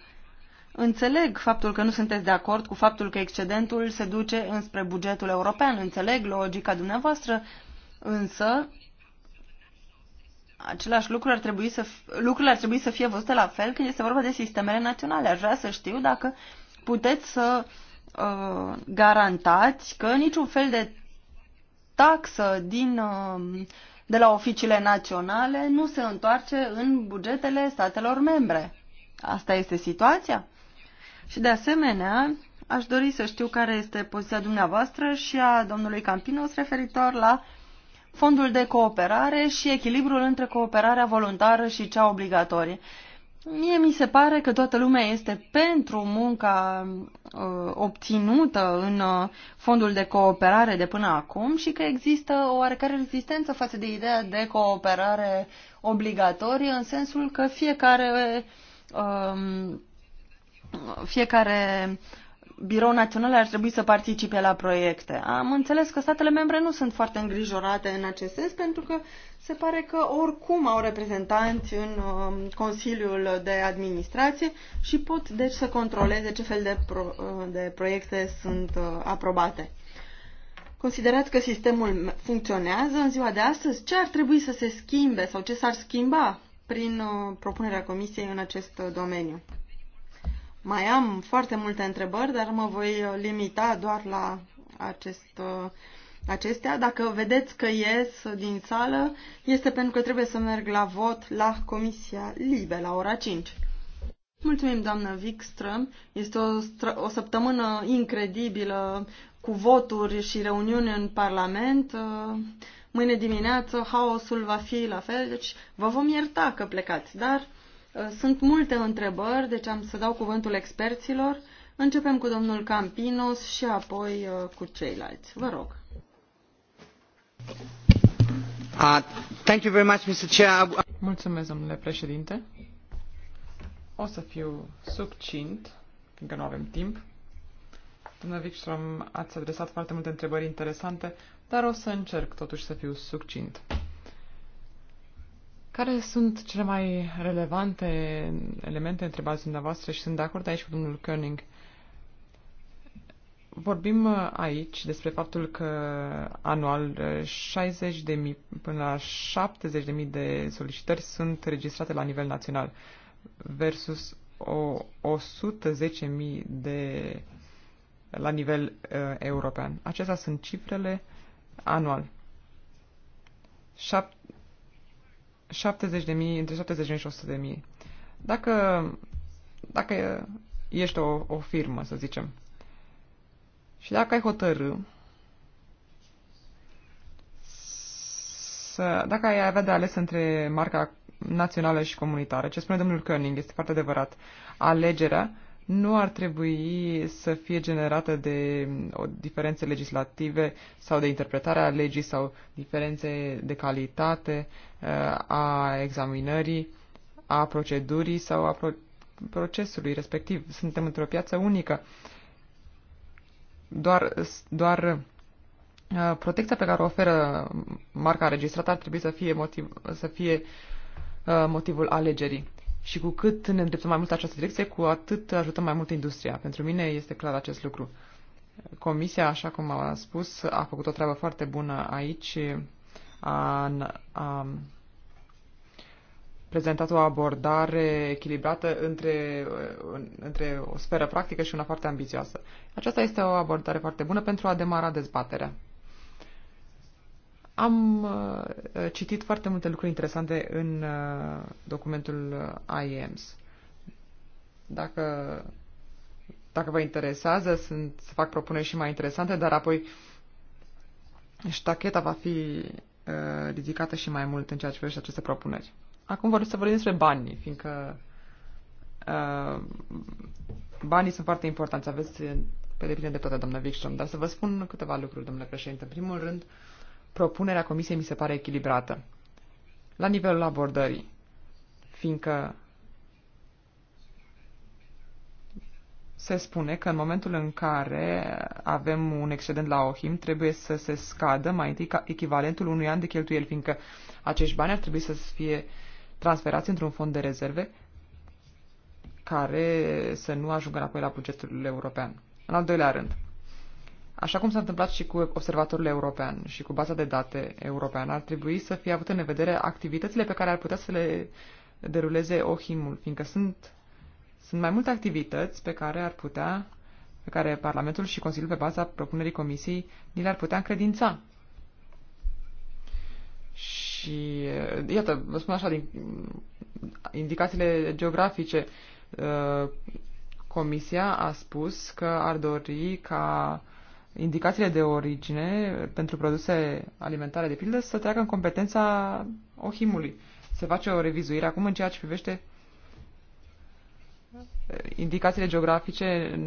Înțeleg faptul că nu sunteți de acord cu faptul că excedentul se duce înspre bugetul european, înțeleg logica dumneavoastră, însă același lucru ar trebui să, lucrurile ar trebui să fie văzute la fel când este vorba de sistemele naționale. Aș vrea să știu dacă puteți să uh, garantați că niciun fel de taxă din, uh, de la oficiile naționale nu se întoarce în bugetele statelor membre. Asta este situația? Și de asemenea, aș dori să știu care este poziția dumneavoastră și a domnului Campinos referitor la fondul de cooperare și echilibrul între cooperarea voluntară și cea obligatorie. Mie mi se pare că toată lumea este pentru munca uh, obținută în uh, fondul de cooperare de până acum și că există o oarecare rezistență față de ideea de cooperare obligatorie în sensul că fiecare uh, fiecare birou național ar trebui să participe la proiecte. Am înțeles că statele membre nu sunt foarte îngrijorate în acest sens pentru că se pare că oricum au reprezentanți în um, Consiliul de Administrație și pot deci să controleze ce fel de, pro, uh, de proiecte sunt uh, aprobate. Considerați că sistemul funcționează în ziua de astăzi? Ce ar trebui să se schimbe sau ce s-ar schimba prin uh, propunerea Comisiei în acest domeniu? Mai am foarte multe întrebări, dar mă voi limita doar la acest, acestea. Dacă vedeți că ies din sală, este pentru că trebuie să merg la vot la Comisia Libe la ora 5. Mulțumim, doamnă Wikström. Este o, o săptămână incredibilă cu voturi și reuniuni în Parlament. Mâine dimineață haosul va fi la fel, deci vă vom ierta că plecați, dar Uh, sunt multe întrebări, deci am să dau cuvântul experților. Începem cu domnul Campinos și apoi uh, cu ceilalți. Vă rog. Uh, much, Mulțumesc, domnule președinte. O să fiu succint, fiindcă nu avem timp. Domnule Wikström, ați adresat foarte multe întrebări interesante, dar o să încerc totuși să fiu succint. Care sunt cele mai relevante elemente întrebați dumneavoastră și sunt de acord aici cu domnul Koenig? Vorbim aici despre faptul că anual 60.000 până la 70.000 de solicitări sunt registrate la nivel național versus o 110.000 de la nivel uh, european. Acestea sunt cifrele anual. 7, 70 de mii, între 70 și 100.000. de mii. Dacă, dacă ești o, o firmă, să zicem, și dacă ai hotărâ să, dacă ai avea de ales între marca națională și comunitară, ce spune domnul Koenig este foarte adevărat, alegerea nu ar trebui să fie generată de o diferențe legislative sau de interpretarea legii sau diferențe de calitate uh, a examinării, a procedurii sau a pro procesului respectiv. Suntem într-o piață unică. Doar, doar uh, protecția pe care o oferă marca registrată ar trebui să fie, motiv, să fie uh, motivul alegerii. Și cu cât ne îndreptăm mai mult în această direcție, cu atât ajutăm mai mult industria. Pentru mine este clar acest lucru. Comisia, așa cum am spus, a făcut o treabă foarte bună aici. A, a prezentat o abordare echilibrată între, între o sferă practică și una foarte ambițioasă. Aceasta este o abordare foarte bună pentru a demara dezbaterea. Am uh, citit foarte multe lucruri interesante în uh, documentul uh, IEMS. Dacă, dacă vă interesează, sunt, să fac propuneri și mai interesante, dar apoi ștacheta va fi ridicată și mai mult în ceea ce privește aceste propuneri. Acum vorbim să vorbim despre bani, fiindcă uh, banii sunt foarte importanți. Aveți pe deplin de toate, doamnă Wikström, dar să vă spun câteva lucruri, domnule președinte. În primul rând, uh, propunerea comisiei mi se pare echilibrată la nivelul abordării, fiindcă se spune că în momentul în care avem un excedent la OHIM, trebuie să se scadă mai întâi ca echivalentul unui an de cheltuieli, fiindcă acești bani ar trebui să fie transferați într-un fond de rezerve care să nu ajungă înapoi la bugetul european. În al doilea rând, Așa cum s-a întâmplat și cu observatorul european și cu baza de date europeană, ar trebui să fie avut în vedere activitățile pe care ar putea să le deruleze OHIM-ul, fiindcă sunt, sunt mai multe activități pe care ar putea, pe care Parlamentul și Consiliul pe baza propunerii Comisiei ni le-ar putea încredința. Și, iată, vă spun așa, din indicațiile geografice, uh, Comisia a spus că ar dori ca indicațiile de origine pentru produse alimentare, de pildă, să treacă în competența ohimului. Se face o revizuire acum în ceea ce privește eh, indicațiile geografice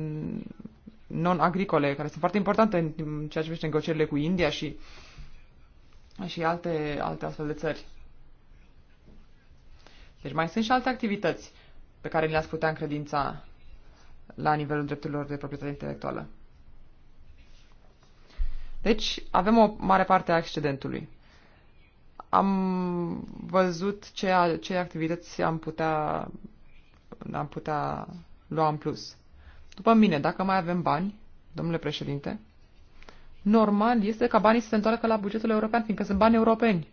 non-agricole, care sunt foarte importante în ceea ce privește negocierile cu India și, și alte, alte astfel de țări. Deci mai sunt și alte activități pe care le-ați putea încredința la nivelul drepturilor de proprietate intelectuală. Deci avem o mare parte a accidentului. Am văzut ce, ce activități am putea, am putea lua în plus. După mine, dacă mai avem bani, domnule președinte, normal este ca banii să se întoarcă la bugetul european, fiindcă sunt bani europeni.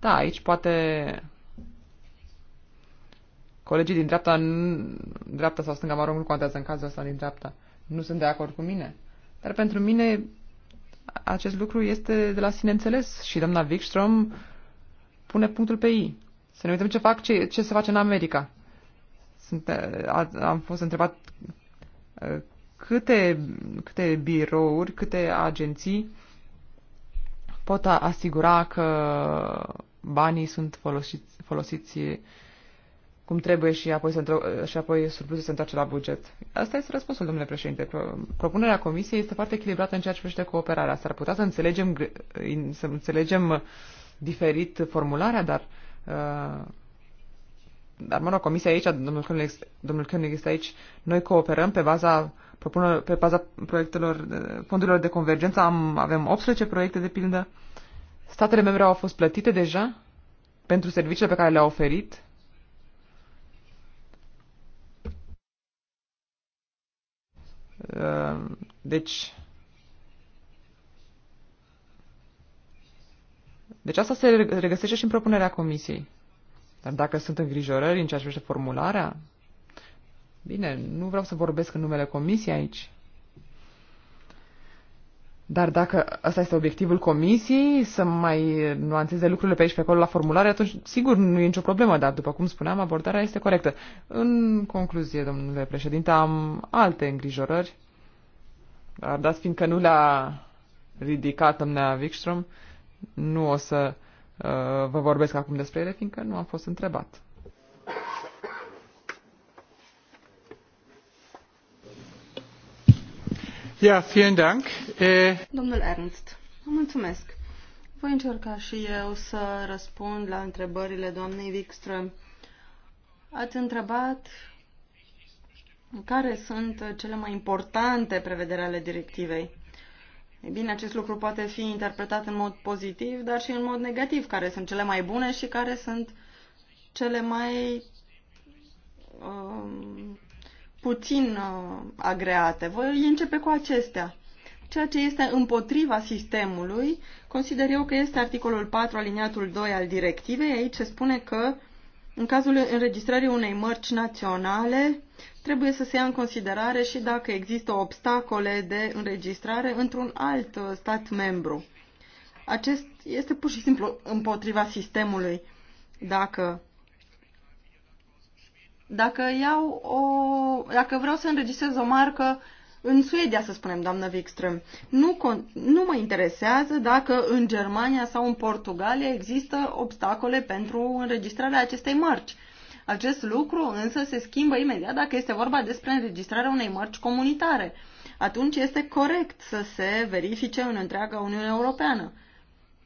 Da, aici poate colegii din dreapta, dreapta sau stânga, mă rog, nu contează în cazul ăsta din dreapta, nu sunt de acord cu mine. Dar pentru mine acest lucru este de la sine înțeles și doamna Wikström pune punctul pe I. Să ne uităm ce, fac, ce, ce se face în America. Sunt, a, am fost întrebat uh, câte, câte birouri, câte agenții pot asigura că banii sunt folosiți, folosiți cum trebuie și apoi, se și apoi surplusul se întoarce la buget. Asta este răspunsul, domnule președinte. Propunerea comisiei este foarte echilibrată în ceea ce privește cooperarea. S-ar putea să înțelegem, să înțelegem diferit formularea, dar uh, dar, mă rog, comisia aici, domnul Koenig, domnul Koenig este aici, noi cooperăm pe baza, pe baza proiectelor, uh, fondurilor de convergență, am, avem 18 proiecte de pildă, statele membre au fost plătite deja pentru serviciile pe care le-au oferit Uh, deci, deci asta se regăsește și în propunerea comisiei. Dar dacă sunt îngrijorări în ceea ce privește formularea, bine, nu vreau să vorbesc în numele comisiei aici. Dar dacă ăsta este obiectivul comisiei, să mai nuanțeze lucrurile pe aici pe acolo la formulare, atunci sigur nu e nicio problemă, dar după cum spuneam, abordarea este corectă. În concluzie, domnule președinte, am alte îngrijorări, dar dați fiindcă nu le-a ridicat domnea Wikström, nu o să uh, vă vorbesc acum despre ele, fiindcă nu am fost întrebat. Ja, eh, Domnul Ernst, mulțumesc. Voi încerca și eu să răspund la întrebările doamnei Wikström. Ați întrebat care sunt cele mai importante prevederi ale directivei. Ei bine, acest lucru poate fi interpretat în mod pozitiv, dar și în mod negativ, care sunt cele mai bune și care sunt cele mai um, puțin uh, agreate. Voi începe cu acestea. Ceea ce este împotriva sistemului, consider eu că este articolul 4 aliniatul 2 al directivei. Aici se spune că în cazul înregistrării unei mărci naționale trebuie să se ia în considerare și dacă există obstacole de înregistrare într-un alt uh, stat membru. Acest este pur și simplu împotriva sistemului. Dacă dacă, iau o, dacă vreau să înregistrez o marcă în Suedia, să spunem, doamnă Wikström, nu, nu mă interesează dacă în Germania sau în Portugalia există obstacole pentru înregistrarea acestei mărci. Acest lucru însă se schimbă imediat dacă este vorba despre înregistrarea unei mărci comunitare. Atunci este corect să se verifice în întreaga Uniune Europeană.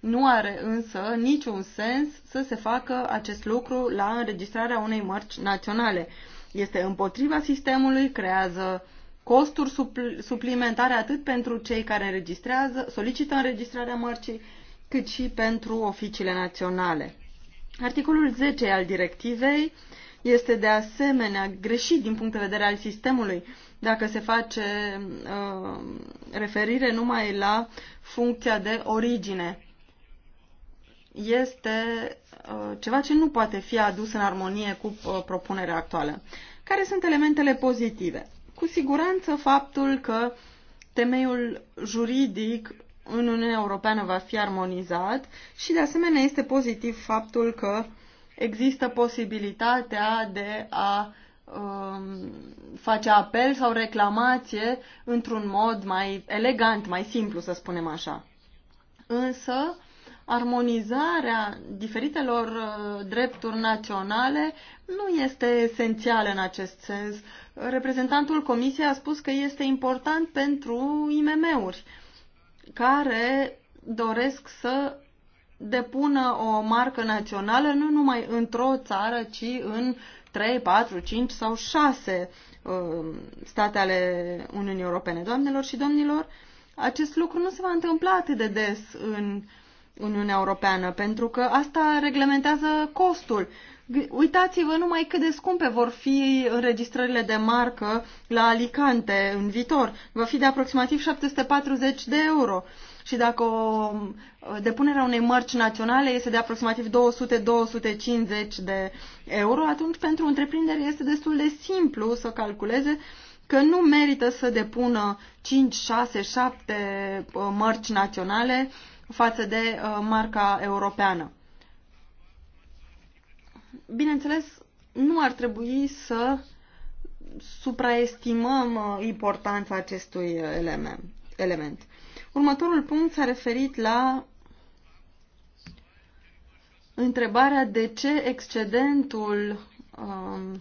Nu are însă niciun sens să se facă acest lucru la înregistrarea unei mărci naționale. Este împotriva sistemului, creează costuri suplimentare atât pentru cei care înregistrează, solicită înregistrarea mărcii, cât și pentru oficiile naționale. Articolul 10 al directivei este de asemenea greșit din punct de vedere al sistemului dacă se face uh, referire numai la funcția de origine este uh, ceva ce nu poate fi adus în armonie cu uh, propunerea actuală. Care sunt elementele pozitive? Cu siguranță faptul că temeiul juridic în Uniunea Europeană va fi armonizat și de asemenea este pozitiv faptul că există posibilitatea de a um, face apel sau reclamație într-un mod mai elegant, mai simplu, să spunem așa. Însă, armonizarea diferitelor uh, drepturi naționale nu este esențială în acest sens. Reprezentantul Comisiei a spus că este important pentru IMM-uri care doresc să depună o marcă națională nu numai într-o țară, ci în 3, 4, 5 sau 6 uh, state ale Uniunii Europene. Doamnelor și domnilor, acest lucru nu se va întâmpla atât de des în Uniunea Europeană, pentru că asta reglementează costul. Uitați-vă numai cât de scumpe vor fi înregistrările de marcă la Alicante în viitor. Va fi de aproximativ 740 de euro. Și dacă o depunerea unei mărci naționale este de aproximativ 200-250 de euro, atunci pentru întreprinderi este destul de simplu să calculeze că nu merită să depună 5, 6, 7 mărci naționale față de uh, marca europeană. Bineînțeles, nu ar trebui să supraestimăm uh, importanța acestui uh, element. Următorul punct s-a referit la întrebarea de ce excedentul um,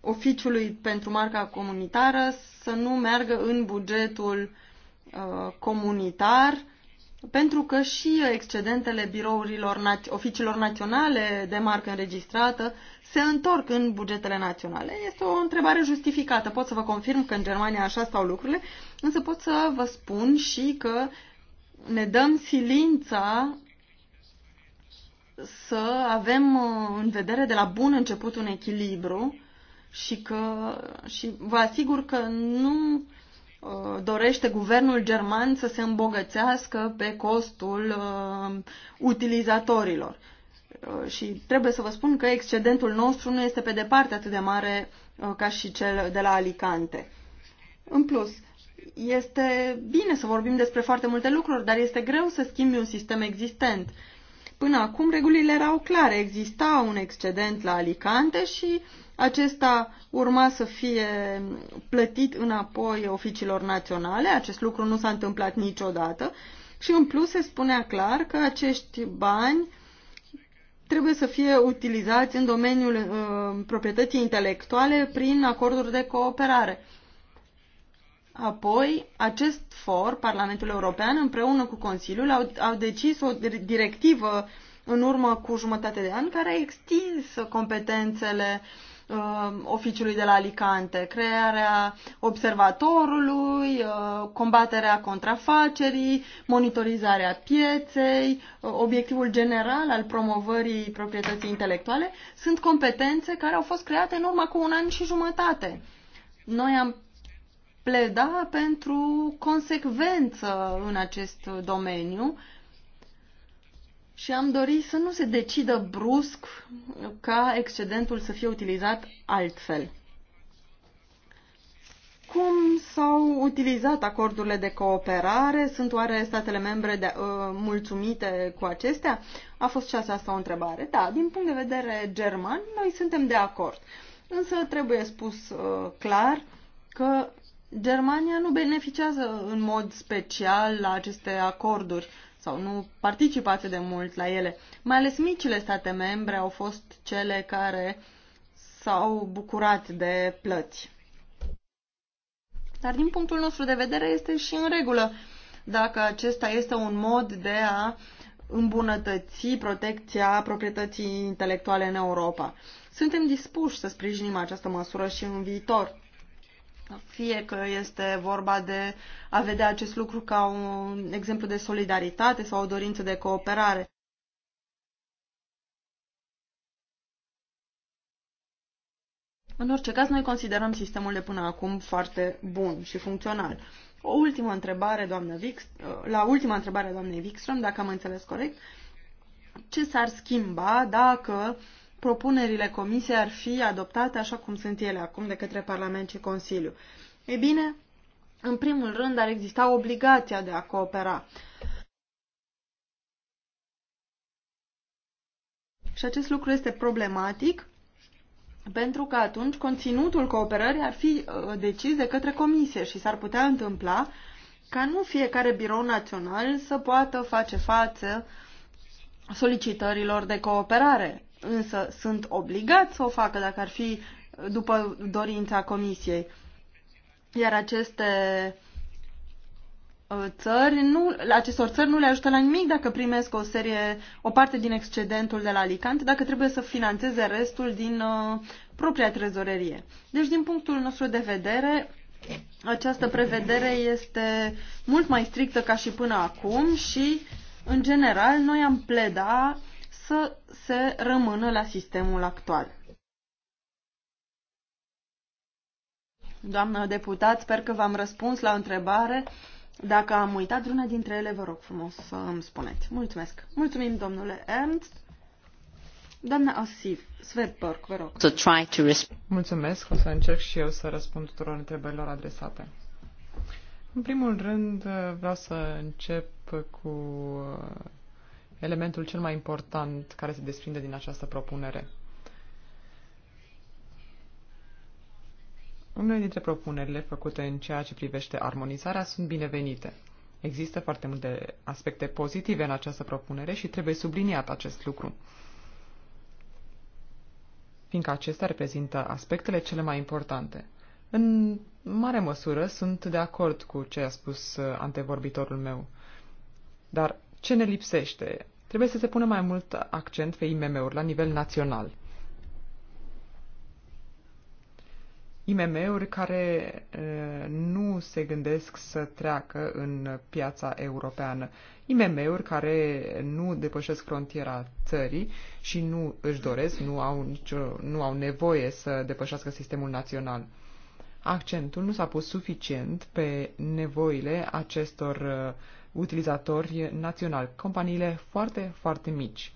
oficiului pentru marca comunitară să nu meargă în bugetul uh, comunitar pentru că și excedentele birourilor oficiilor naționale de marcă înregistrată se întorc în bugetele naționale. Este o întrebare justificată. Pot să vă confirm că în Germania așa stau lucrurile, însă pot să vă spun și că ne dăm silința să avem uh, în vedere de la bun început un echilibru și că și vă asigur că nu Uh, dorește guvernul german să se îmbogățească pe costul uh, utilizatorilor. Uh, și trebuie să vă spun că excedentul nostru nu este pe departe atât de mare ca și cel de la Alicante. În plus, este bine să vorbim despre foarte multe lucruri, dar este greu să schimbi un sistem existent. Până acum regulile erau clare, exista un excedent la Alicante și acesta urma să fie plătit înapoi oficiilor naționale, acest lucru nu s-a întâmplat niciodată și în plus se spunea clar că acești bani trebuie să fie utilizați în domeniul uh, proprietății intelectuale prin acorduri de cooperare. Apoi, acest for, Parlamentul European, împreună cu Consiliul, au, au decis o directivă în urmă cu jumătate de an care a extins competențele uh, Um, oficiului de la Alicante, crearea observatorului, uh, combaterea contrafacerii, monitorizarea pieței, uh, obiectivul general al promovării proprietății intelectuale, sunt competențe care au fost create în urmă cu un an și jumătate. Noi am pleda pentru consecvență în acest domeniu și am dorit să nu se decidă brusc ca excedentul să fie utilizat altfel. Cum s-au utilizat acordurile de cooperare? Sunt oare statele membre de, uh, mulțumite cu acestea? A fost și asta o întrebare. Da, din punct de vedere german, noi suntem de acord. Însă trebuie spus uh, clar că Germania nu beneficiază în mod special la aceste acorduri. Uh, sau nu participă atât de mult la ele. Mai ales micile state membre au fost cele care s-au bucurat de plăți. Dar din punctul nostru de vedere este și în regulă dacă acesta este un mod de a îmbunătăți protecția proprietății intelectuale în Europa. Suntem dispuși să sprijinim această măsură și în viitor. Fie că este vorba de a vedea acest lucru ca un exemplu de solidaritate sau o dorință de cooperare. În orice caz, noi considerăm sistemul de până acum foarte bun și funcțional. O ultimă întrebare, doamnă Vix, la ultima întrebare a doamnei Wikström, dacă am înțeles corect, ce s-ar schimba dacă uh, propunerile Comisiei ar fi adoptate așa cum sunt ele acum de către Parlament și Consiliu. Ei bine, în primul rând ar exista obligația de a coopera. Și acest lucru este problematic pentru că atunci conținutul cooperării ar fi uh, decis de către comisie și s-ar putea întâmpla ca nu fiecare birou național să poată face față solicitărilor de cooperare însă sunt obligați să o facă dacă ar fi după dorința Comisiei. Iar aceste uh, țări, nu, acestor țări nu le ajută la nimic dacă primesc o serie, o parte din excedentul de la Alicante, dacă trebuie să financeze restul din uh, propria trezorerie. Deci, din punctul nostru de vedere, această prevedere este mult mai strictă ca și până acum și, în general, noi am pleda să se rămână la sistemul actual. Doamnă deputat, sper că v-am răspuns la întrebare. Dacă am uitat vreuna dintre ele, vă rog frumos să îmi spuneți. Mulțumesc. Mulțumim, domnule Ernst. Doamna Osif, Svetborg, vă rog. Mulțumesc, o să încerc și eu să răspund tuturor întrebărilor adresate. În primul rând, vreau să încep cu elementul cel mai important care se desprinde din această propunere. Unele dintre propunerile făcute în ceea ce privește armonizarea sunt binevenite. Există foarte multe aspecte pozitive în această propunere și trebuie subliniat acest lucru, fiindcă acestea reprezintă aspectele cele mai importante. În mare măsură sunt de acord cu ce a spus uh, antevorbitorul meu, dar ce ne lipsește? Trebuie să se pună mai mult accent pe IMM-uri la nivel național. IMM-uri care nu se gândesc să treacă în piața europeană. IMM-uri care nu depășesc frontiera țării și nu își doresc, nu au, nicio, nu au nevoie să depășească sistemul național. Accentul nu s-a pus suficient pe nevoile acestor uh, utilizatori naționali, companiile foarte, foarte mici.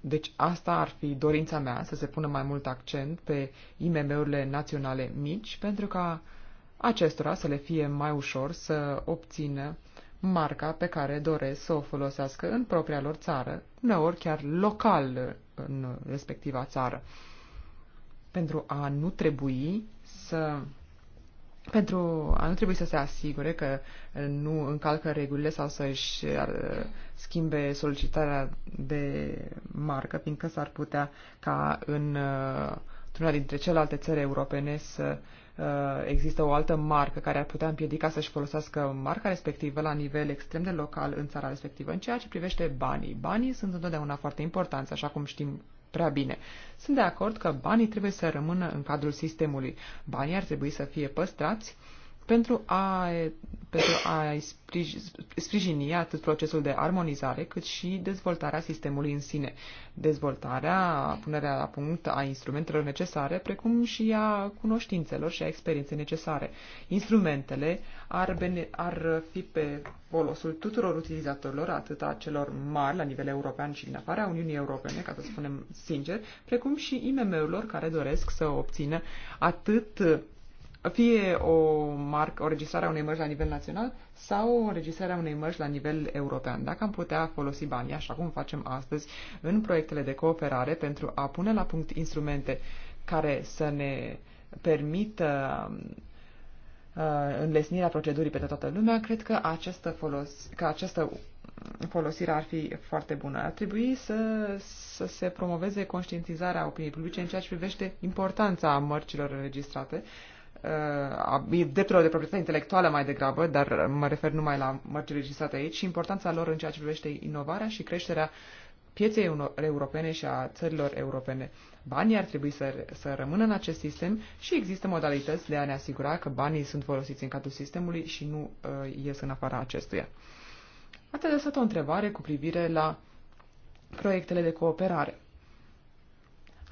Deci asta ar fi dorința mea, să se pună mai mult accent pe IMM-urile naționale mici, pentru ca acestora să le fie mai ușor să obțină marca pe care doresc să o folosească în propria lor țară, uneori chiar local în respectiva țară, pentru a nu trebui să pentru a nu trebui să se asigure că nu încalcă regulile sau să-și uh, schimbe solicitarea de marcă, fiindcă s-ar putea ca în uh, una dintre celelalte țări europene să uh, există o altă marcă care ar putea împiedica să-și folosească marca respectivă la nivel extrem de local în țara respectivă. În ceea ce privește banii, banii sunt întotdeauna foarte importanți, așa cum știm prea bine. Sunt de acord că banii trebuie să rămână în cadrul sistemului. Banii ar trebui să fie păstrați pentru a, pentru a sprijini atât procesul de armonizare, cât și dezvoltarea sistemului în sine, dezvoltarea, punerea la punct a instrumentelor necesare, precum și a cunoștințelor și a experienței necesare. Instrumentele ar, bene, ar fi pe folosul tuturor utilizatorilor, atât a celor mari la nivel european și din afara Uniunii Europene, ca să spunem sincer, precum și IMM-urilor care doresc să obțină atât fie o marcă, o registrare a unei mărci la nivel național sau o registrare a unei mărci la nivel european. Dacă am putea folosi banii, așa cum facem astăzi, în proiectele de cooperare pentru a pune la punct instrumente care să ne permită uh, înlesnirea procedurii pe toată lumea, cred că această, folos, că această folosire ar fi foarte bună. Ar trebui să, să se promoveze conștientizarea opiniei publice în ceea ce privește importanța mărcilor înregistrate, Uh, drepturilor de proprietate intelectuală mai degrabă, dar mă refer numai la mărcile registrate aici, și importanța lor în ceea ce privește inovarea și creșterea pieței europene și a țărilor europene. Banii ar trebui să, să rămână în acest sistem și există modalități de a ne asigura că banii sunt folosiți în cadrul sistemului și nu uh, ies în afara acestuia. Ați adresat o întrebare cu privire la proiectele de cooperare.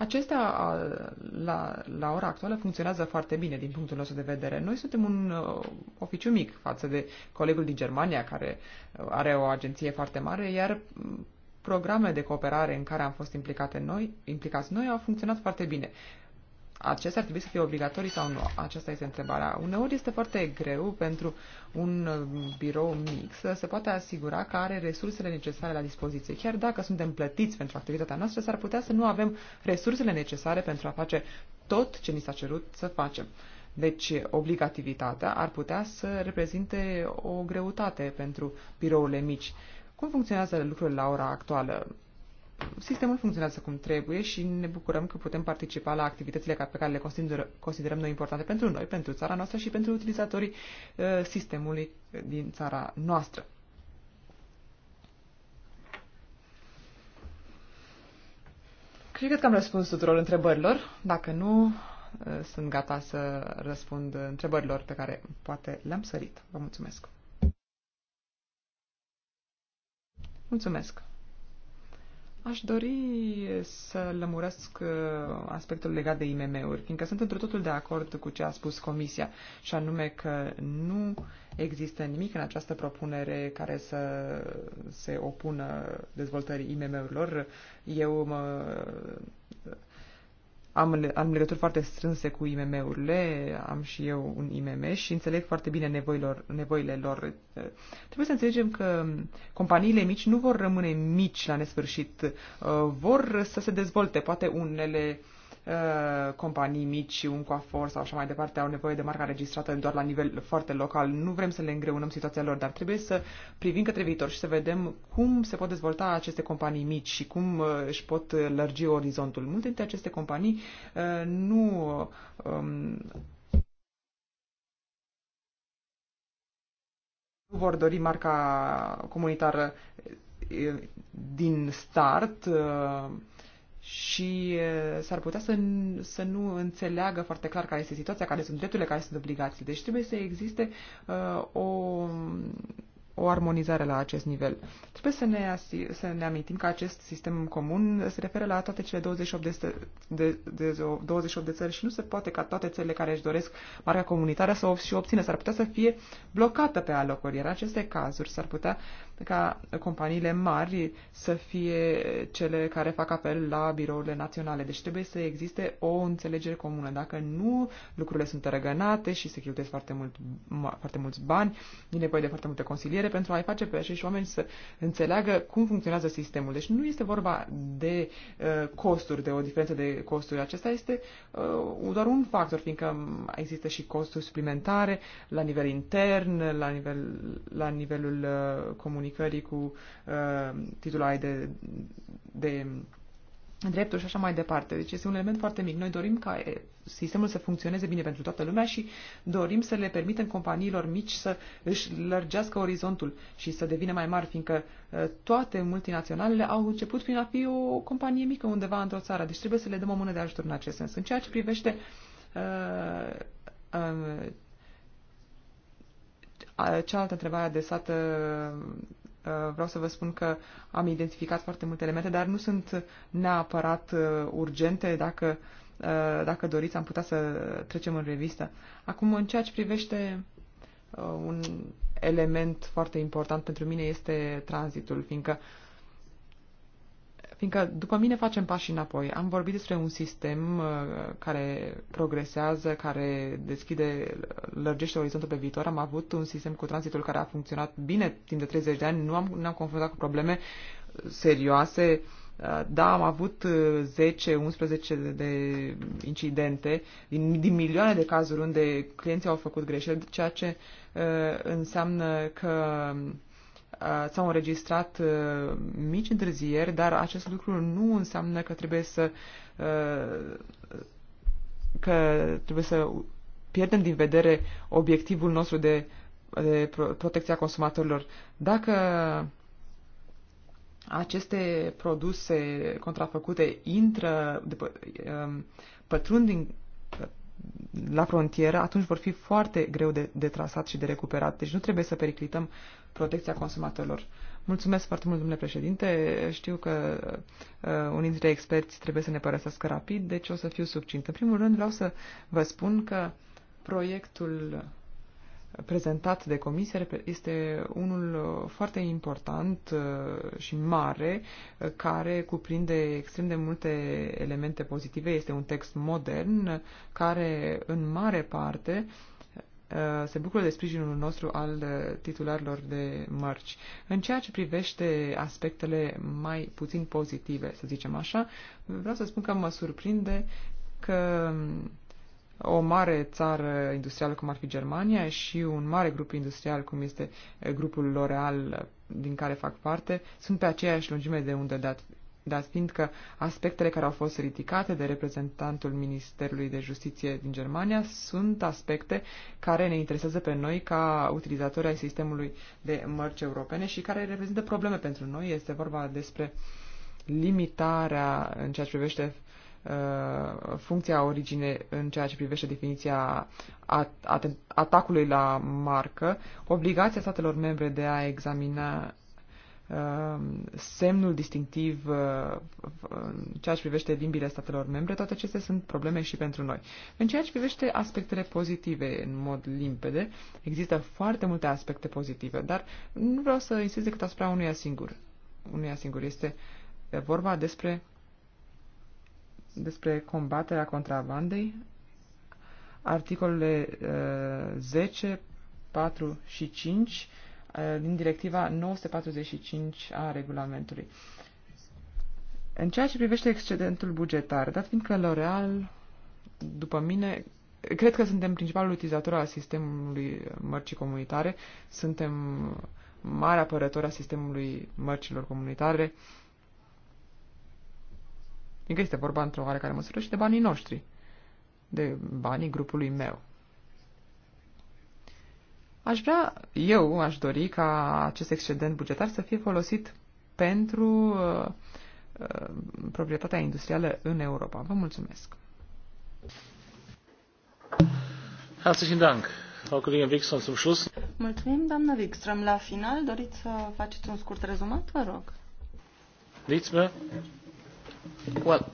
Acestea, la, la ora actuală, funcționează foarte bine din punctul nostru de vedere. Noi suntem un uh, oficiu mic față de colegul din Germania, care uh, are o agenție foarte mare, iar mm, programele de cooperare în care am fost implicate noi, implicați noi au funcționat foarte bine acestea ar trebui să fie obligatorii sau nu? Aceasta este întrebarea. Uneori este foarte greu pentru un uh, birou mic să se poată asigura că are resursele necesare la dispoziție. Chiar dacă suntem plătiți pentru activitatea noastră, s-ar putea să nu avem resursele necesare pentru a face tot ce ni s-a cerut să facem. Deci, obligativitatea ar putea să reprezinte o greutate pentru birourile mici. Cum funcționează lucrurile la ora actuală? sistemul funcționează cum trebuie și ne bucurăm că putem participa la activitățile pe care le considerăm noi importante pentru noi, pentru țara noastră și pentru utilizatorii uh, sistemului din țara noastră. Cred că am răspuns tuturor întrebărilor. Dacă nu, uh, sunt gata să răspund întrebărilor pe care poate le-am sărit. Vă mulțumesc! Mulțumesc! Aș dori să lămuresc uh, aspectul legat de IMM-uri, fiindcă sunt într totul de acord cu ce a spus Comisia, și anume că nu există nimic în această propunere care să se opună dezvoltării IMM-urilor. Eu mă am, am legături foarte strânse cu IMM-urile, am și eu un IMM și înțeleg foarte bine nevoilor, nevoile lor. Trebuie să înțelegem că companiile mici nu vor rămâne mici la nesfârșit, vor să se dezvolte. Poate unele uh, Uh, companii mici, un coafor sau așa mai departe, au nevoie de marca registrată doar la nivel foarte local. Nu vrem să le îngreunăm situația lor, dar trebuie să privim către viitor și să vedem cum se pot dezvolta aceste companii mici și cum uh, își pot uh, lărgi orizontul. Multe dintre aceste companii nu. Um, nu vor dori marca comunitară din start, și s-ar putea să, să nu înțeleagă foarte clar care este situația, care sunt drepturile, care sunt obligațiile. Deci trebuie să existe uh, o, o armonizare la acest nivel. Trebuie să ne, să ne amintim că acest sistem comun se referă la toate cele 28 de, de, de, 28 de țări și nu se poate ca toate țările care își doresc marca comunitară să o și obțină. S-ar putea să fie blocată pe alocuri, iar în aceste cazuri s-ar putea uh, ca companiile mari să fie cele care fac apel la birourile naționale. Deci trebuie să existe o înțelegere comună. Dacă nu, lucrurile sunt răgănate și se cheltuiesc foarte, mult, foarte mulți bani, e nevoie de foarte multe consiliere pentru a-i face pe acești oameni să înțeleagă cum funcționează sistemul. Deci nu este vorba de uh, costuri, de o diferență de costuri. Acesta este uh, doar un factor, fiindcă există și costuri suplimentare la nivel intern, la, nivel, la nivelul uh, comunicării cu uh, titulari de, de drepturi și așa mai departe. Deci este un element foarte mic. Noi dorim ca sistemul să funcționeze bine pentru toată lumea și dorim să le permitem companiilor mici să își lărgească orizontul și să devină mai mari, fiindcă uh, toate multinaționalele au început prin a fi o companie mică undeva într-o țară. Deci trebuie să le dăm o mână de ajutor în acest sens. În ceea ce privește uh, uh, cealaltă întrebare adresată uh, Uh, vreau să vă spun că am identificat foarte multe elemente, dar nu sunt neapărat uh, urgente. Dacă, uh, dacă doriți, am putea să trecem în revistă. Acum, în ceea ce privește un element foarte important pentru mine este tranzitul, fiindcă uh, fiindcă după mine facem pași înapoi. Am vorbit despre un sistem uh, care progresează, care deschide, lărgește orizontul pe viitor. Am avut un sistem cu tranzitul care a funcționat bine timp de 30 de ani, nu am, ne-am confruntat cu probleme serioase. Uh, da, am avut 10-11 uh, de incidente din, din milioane de cazuri unde clienții au făcut greșeli, ceea ce uh, înseamnă că Uh, s-au înregistrat uh, mici întârzieri, dar acest lucru nu înseamnă că trebuie să uh, că trebuie să pierdem din vedere obiectivul nostru de, de protecția consumatorilor. Dacă aceste produse contrafăcute intră, după, um, pătrund din, la frontieră, atunci vor fi foarte greu de, de trasat și de recuperat. Deci nu trebuie să periclităm protecția consumatorilor. Mulțumesc foarte mult, domnule președinte. Știu că uh, unii dintre experți trebuie să ne părăsească rapid, deci o să fiu succint. În primul rând vreau să vă spun că proiectul prezentat de comisie este unul uh, foarte important uh, și mare, uh, care cuprinde extrem de multe elemente pozitive. Este un text modern care, în mare parte, Uh, se bucură de sprijinul nostru al uh, titularilor de mărci. În ceea ce privește aspectele mai puțin pozitive, să zicem așa, vreau să spun că mă surprinde că o mare țară industrială cum ar fi Germania și un mare grup industrial cum este uh, grupul L'Oreal din care fac parte sunt pe aceeași lungime de undă dat fiindcă aspectele care au fost ridicate de reprezentantul Ministerului de Justiție din Germania sunt aspecte care ne interesează pe noi ca utilizatori ai sistemului de mărci europene și care reprezintă probleme pentru noi. Este vorba despre limitarea în ceea ce privește uh, funcția origine în ceea ce privește definiția atacului la marcă, obligația statelor membre de a examina Uh, semnul distinctiv uh, în ceea ce privește limbile statelor membre, toate acestea sunt probleme și pentru noi. În ceea ce privește aspectele pozitive, în mod limpede, există foarte multe aspecte pozitive, dar nu vreau să insist decât asupra unuia singur. Unuia singur este vorba despre despre combaterea contrabandei, articolele uh, 10, 4 și 5 Uh, din directiva 945 a regulamentului. În ceea ce privește excedentul bugetar, dat fiindcă L'Oreal, după mine, cred că suntem principalul utilizator al sistemului mărcii comunitare, suntem mari apărători a sistemului mărcilor comunitare, fiindcă este vorba într-o oarecare măsură și de banii noștri, de banii grupului meu. Aș vrea, eu aș dori ca acest excedent bugetar să fie folosit pentru uh, uh, proprietatea industrială în Europa. Vă mulțumesc. Herzlichen Dank. Frau Kollegin Wikström, zum Schluss. Mulțumim, doamnă Wikström. La final, doriți să faceți un scurt rezumat, vă rog. Nichts mehr? Well,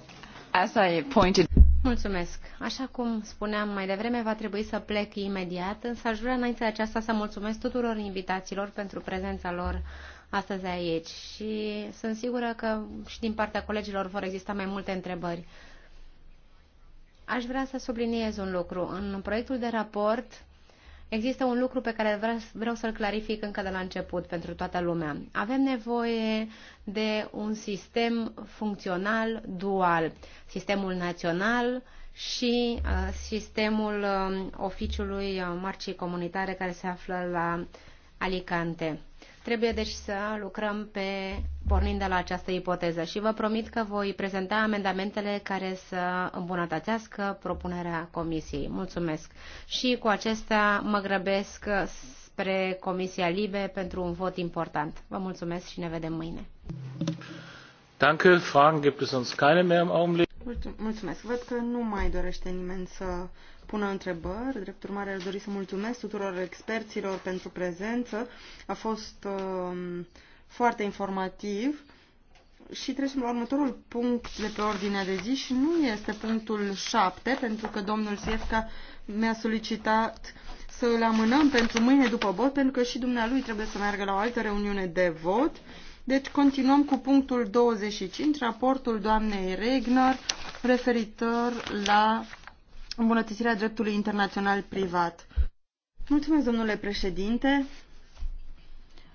as I pointed Mulțumesc. Așa cum spuneam mai devreme, va trebui să plec imediat, însă aș vrea înainte de aceasta să mulțumesc tuturor invitațiilor pentru prezența lor astăzi aici și sunt sigură că și din partea colegilor vor exista mai multe întrebări. Aș vrea să subliniez un lucru. În proiectul de raport Există un lucru pe care vreau, vreau să-l clarific încă de la început pentru toată lumea. Avem nevoie de un sistem funcțional dual, sistemul național și uh, sistemul uh, oficiului uh, marcii comunitare care se află la Alicante. Trebuie deci să lucrăm pe pornind de la această ipoteză și vă promit că voi prezenta amendamentele care să îmbunătățească propunerea comisiei. Mulțumesc. Și cu acesta mă grăbesc spre Comisia Libe pentru un vot important. Vă mulțumesc și ne vedem mâine. Danke, Fragen gibt es sonst keine mehr im Augenblick. Mulțumesc. Văd că nu mai dorește nimeni să pună întrebări. Drept urmare, aș dori să mulțumesc tuturor experților pentru prezență. A fost uh, foarte informativ. Și trecem la următorul punct de pe ordinea de zi și nu este punctul 7, pentru că domnul Siefca mi-a solicitat să îl amânăm pentru mâine după vot, pentru că și dumnealui trebuie să meargă la o altă reuniune de vot. Deci continuăm cu punctul 25, raportul doamnei Regner referitor la îmbunătățirea dreptului internațional privat. Mulțumesc, domnule președinte.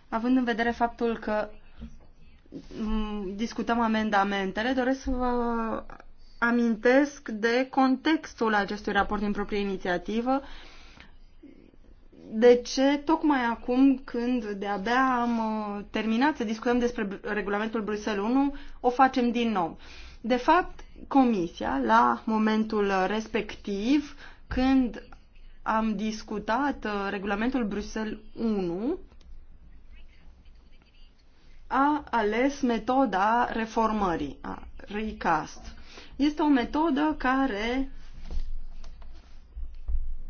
Având în vedere faptul că mm, discutăm amendamentele, doresc să vă amintesc de contextul acestui raport din proprie inițiativă. De ce tocmai acum, când de-abia am uh, terminat să discutăm despre regulamentul Bruxelles 1, o facem din nou? De fapt, Comisia, la momentul respectiv, când am discutat uh, regulamentul Bruxelles 1, a ales metoda reformării, a recast. Este o metodă care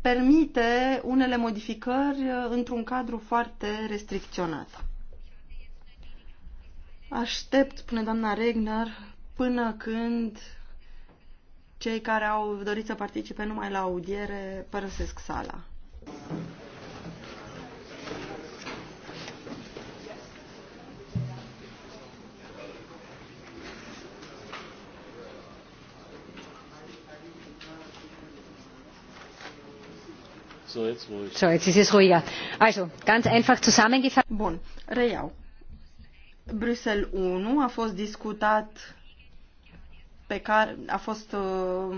permite unele modificări uh, într-un cadru foarte restricționat. Aștept, spune doamna Regner, până când cei care au dorit să participe numai la audiere părăsesc sala. So, jetzt ist es ruhiger. Also, ganz einfach zusammengefasst. Bun, reiau. Brüssel 1 a fost discutat pe care a fost uh,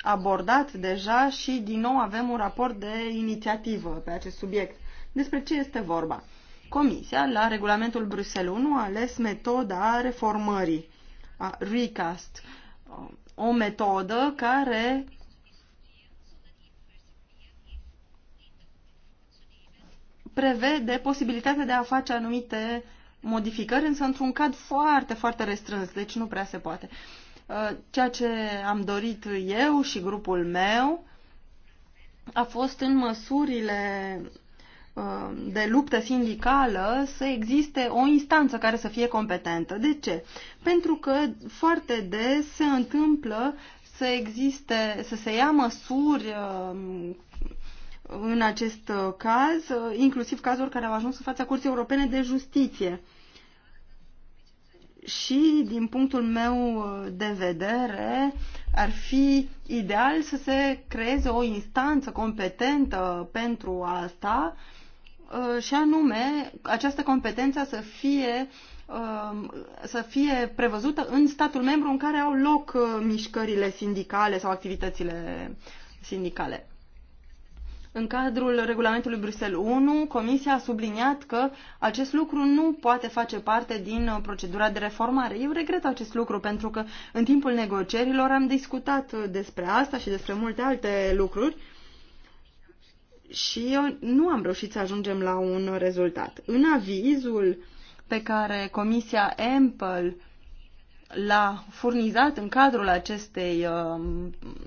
abordat deja și din nou avem un raport de inițiativă pe acest subiect. Despre ce este vorba? Comisia, la regulamentul Bruxelles 1, a ales metoda reformării, a recast, uh, o metodă care prevede posibilitatea de a face anumite modificări, însă într-un cad foarte, foarte restrâns, deci nu prea se poate. Uh, ceea ce am dorit eu și grupul meu a fost în măsurile uh, de luptă sindicală să existe o instanță care să fie competentă. De ce? Pentru că foarte des se întâmplă să existe, să se ia măsuri uh, în acest uh, caz, uh, inclusiv cazuri care au ajuns în fața Curții Europene de Justiție. Și, din punctul meu uh, de vedere, ar fi ideal să se creeze o instanță competentă pentru asta și anume această competență să fie să fie prevăzută în statul membru în care au loc mișcările sindicale sau activitățile sindicale. În cadrul regulamentului Bruxelles 1, Comisia a subliniat că acest lucru nu poate face parte din uh, procedura de reformare. Eu regret acest lucru pentru că în timpul negocierilor am discutat uh, despre asta și despre multe alte lucruri și eu nu am reușit să ajungem la un rezultat. În avizul pe care Comisia Ample l-a furnizat în cadrul acestei, uh,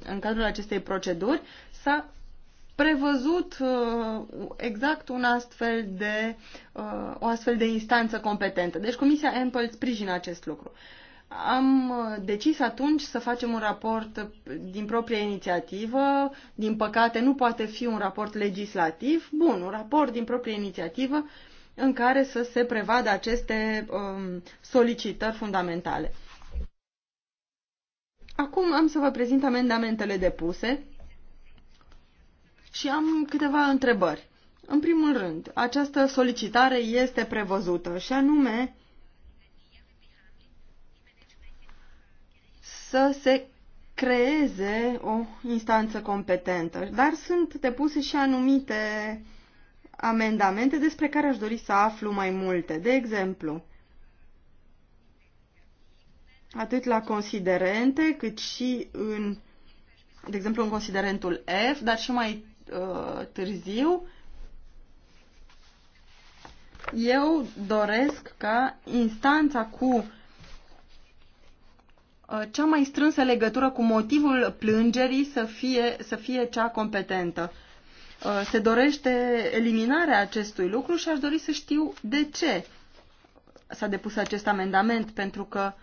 în cadrul acestei proceduri, s-a prevăzut uh, exact un astfel de, uh, o astfel de instanță competentă. Deci Comisia Ample sprijină acest lucru. Am uh, decis atunci să facem un raport din proprie inițiativă. Din păcate, nu poate fi un raport legislativ. Bun, un raport din proprie inițiativă în care să se prevadă aceste um, solicitări fundamentale. Acum am să vă prezint amendamentele depuse. Și am câteva întrebări. În primul rând, această solicitare este prevăzută și anume să se creeze o instanță competentă, dar sunt depuse și anumite amendamente despre care aș dori să aflu mai multe. De exemplu, atât la considerente, cât și în, de exemplu, în considerentul F, dar și mai Uh, târziu, eu doresc ca instanța cu uh, cea mai strânsă legătură cu motivul plângerii să fie, să fie cea competentă. Uh, se dorește eliminarea acestui lucru și aș dori să știu de ce s-a depus acest amendament, pentru că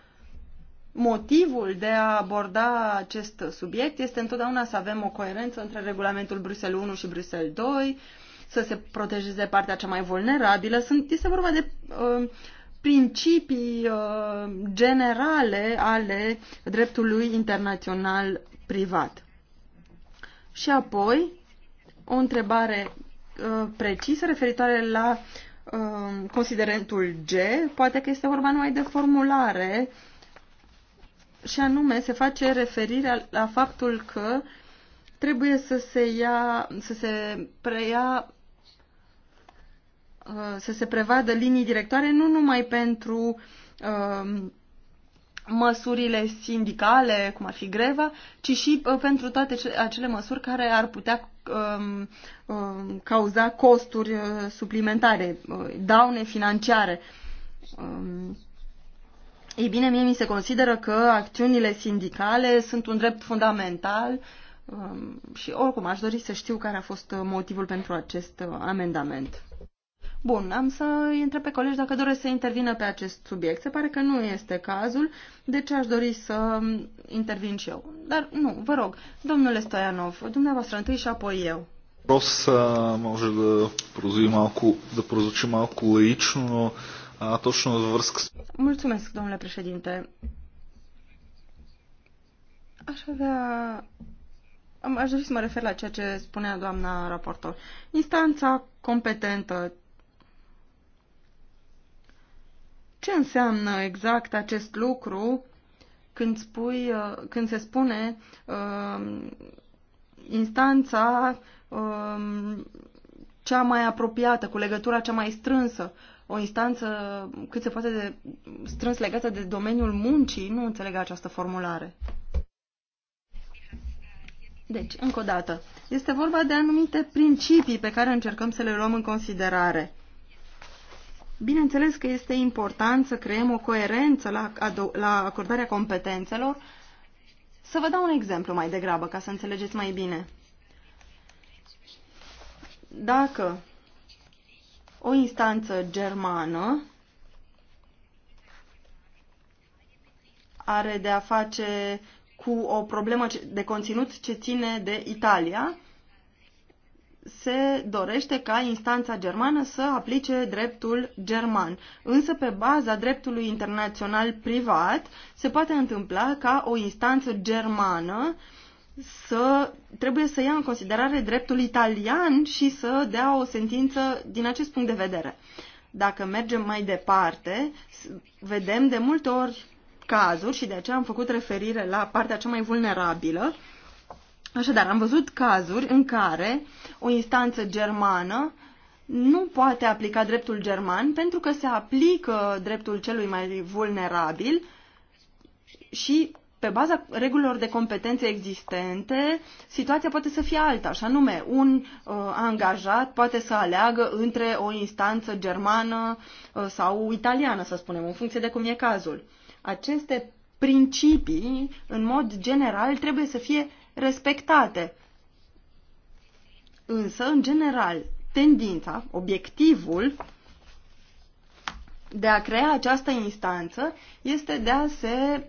motivul de a aborda acest subiect este întotdeauna să avem o coerență între regulamentul Bruxelles 1 și Bruxelles 2, să se protejeze partea cea mai vulnerabilă. Sunt, este vorba de uh, principii uh, generale ale dreptului internațional privat. Și apoi, o întrebare uh, precisă referitoare la uh, considerentul G. Poate că este vorba numai de formulare uh, și anume se face referire la faptul că trebuie să se ia, să se preia uh, să se prevadă linii directoare nu numai pentru uh, măsurile sindicale, cum ar fi greva, ci și uh, pentru toate acele măsuri care ar putea um, um, cauza costuri suplimentare, daune financiare. Um, ei bine, mie mi se consideră că acțiunile sindicale sunt un drept fundamental um, și oricum aș dori să știu care a fost motivul pentru acest uh, amendament. Bun, am să întreb pe colegi dacă doresc să intervină pe acest subiect. Se pare că nu este cazul, De deci aș dori să um, intervin și eu. Dar nu, vă rog, domnule Stoianov, dumneavoastră întâi și apoi eu. Vreau să mă ajut de prozucim прозвучи малко Mulțumesc, domnule președinte. Aș avea... Aș dori să mă refer la ceea ce spunea doamna raportor. Instanța competentă. Ce înseamnă exact acest lucru când, spui, când se spune uh, instanța uh, cea mai apropiată, cu legătura cea mai strânsă? o instanță cât se poate de strâns legată de domeniul muncii, nu înțeleg această formulare. Deci, încă o dată, este vorba de anumite principii pe care încercăm să le luăm în considerare. Bineînțeles că este important să creăm o coerență la, la acordarea competențelor. Să vă dau un exemplu mai degrabă, ca să înțelegeți mai bine. Dacă o instanță germană are de a face cu o problemă de conținut ce ține de Italia, se dorește ca instanța germană să aplice dreptul german. Însă, pe baza dreptului internațional privat, se poate întâmpla ca o instanță germană să trebuie să ia în considerare dreptul italian și să dea o sentință din acest punct de vedere. Dacă mergem mai departe, vedem de multe ori cazuri și de aceea am făcut referire la partea cea mai vulnerabilă. Așadar, am văzut cazuri în care o instanță germană nu poate aplica dreptul german pentru că se aplică dreptul celui mai vulnerabil și pe baza regulilor de competențe existente, situația poate să fie alta, și anume un uh, angajat poate să aleagă între o instanță germană uh, sau italiană, să spunem, în funcție de cum e cazul. Aceste principii, în mod general, trebuie să fie respectate. Însă, în general, tendința, obiectivul de a crea această instanță este de a se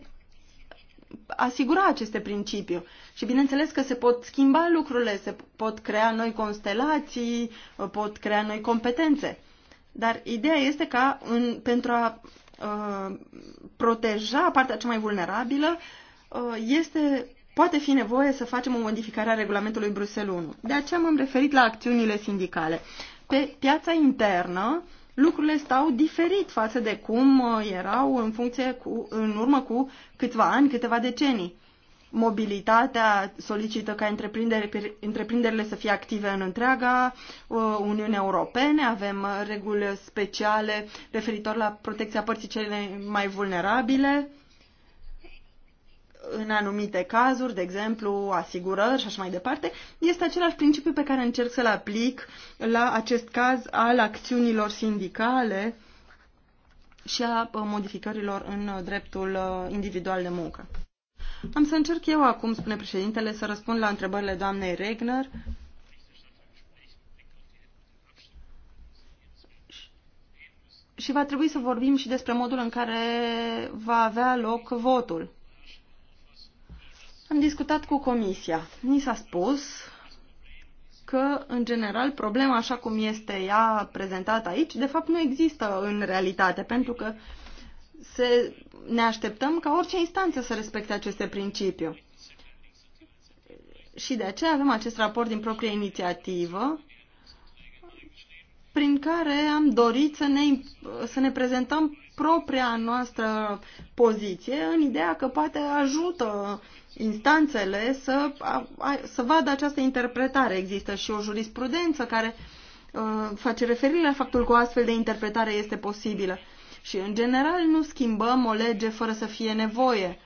asigura aceste principiu Și bineînțeles că se pot schimba lucrurile, se pot crea noi constelații, pot crea noi competențe. Dar ideea este ca în, pentru a uh, proteja partea cea mai vulnerabilă, uh, este, poate fi nevoie să facem o modificare a regulamentului Bruxelles 1. De aceea m-am referit la acțiunile sindicale. Pe piața internă, uh, lucrurile stau diferit față de cum uh, erau în funcție cu, în urmă cu câțiva ani, câteva decenii. Mobilitatea solicită ca întreprinderi, întreprinderile să fie active în întreaga uh, Uniune Europene, avem uh, reguli speciale referitor la protecția părții cele mai vulnerabile în anumite cazuri, de exemplu asigurări și așa mai departe, este același principiu pe care încerc să-l aplic la acest caz al acțiunilor sindicale și a modificărilor în dreptul individual de muncă. Am să încerc eu acum, spune președintele, să răspund la întrebările doamnei Regner. Și va trebui să vorbim și despre modul în care va avea loc votul. Am discutat cu Comisia. Ni s-a spus că, în general, problema așa cum este ea prezentată aici, de fapt nu există în realitate, pentru că se, ne așteptăm ca orice instanță să respecte aceste principii. Și de aceea avem acest raport din proprie inițiativă, prin care am dorit să ne, să ne prezentăm propria noastră poziție în ideea că poate ajută instanțele să, să vadă această interpretare. Există și o jurisprudență care uh, face referire la faptul că o astfel de interpretare este posibilă. Și, în general, nu schimbăm o lege fără să fie nevoie.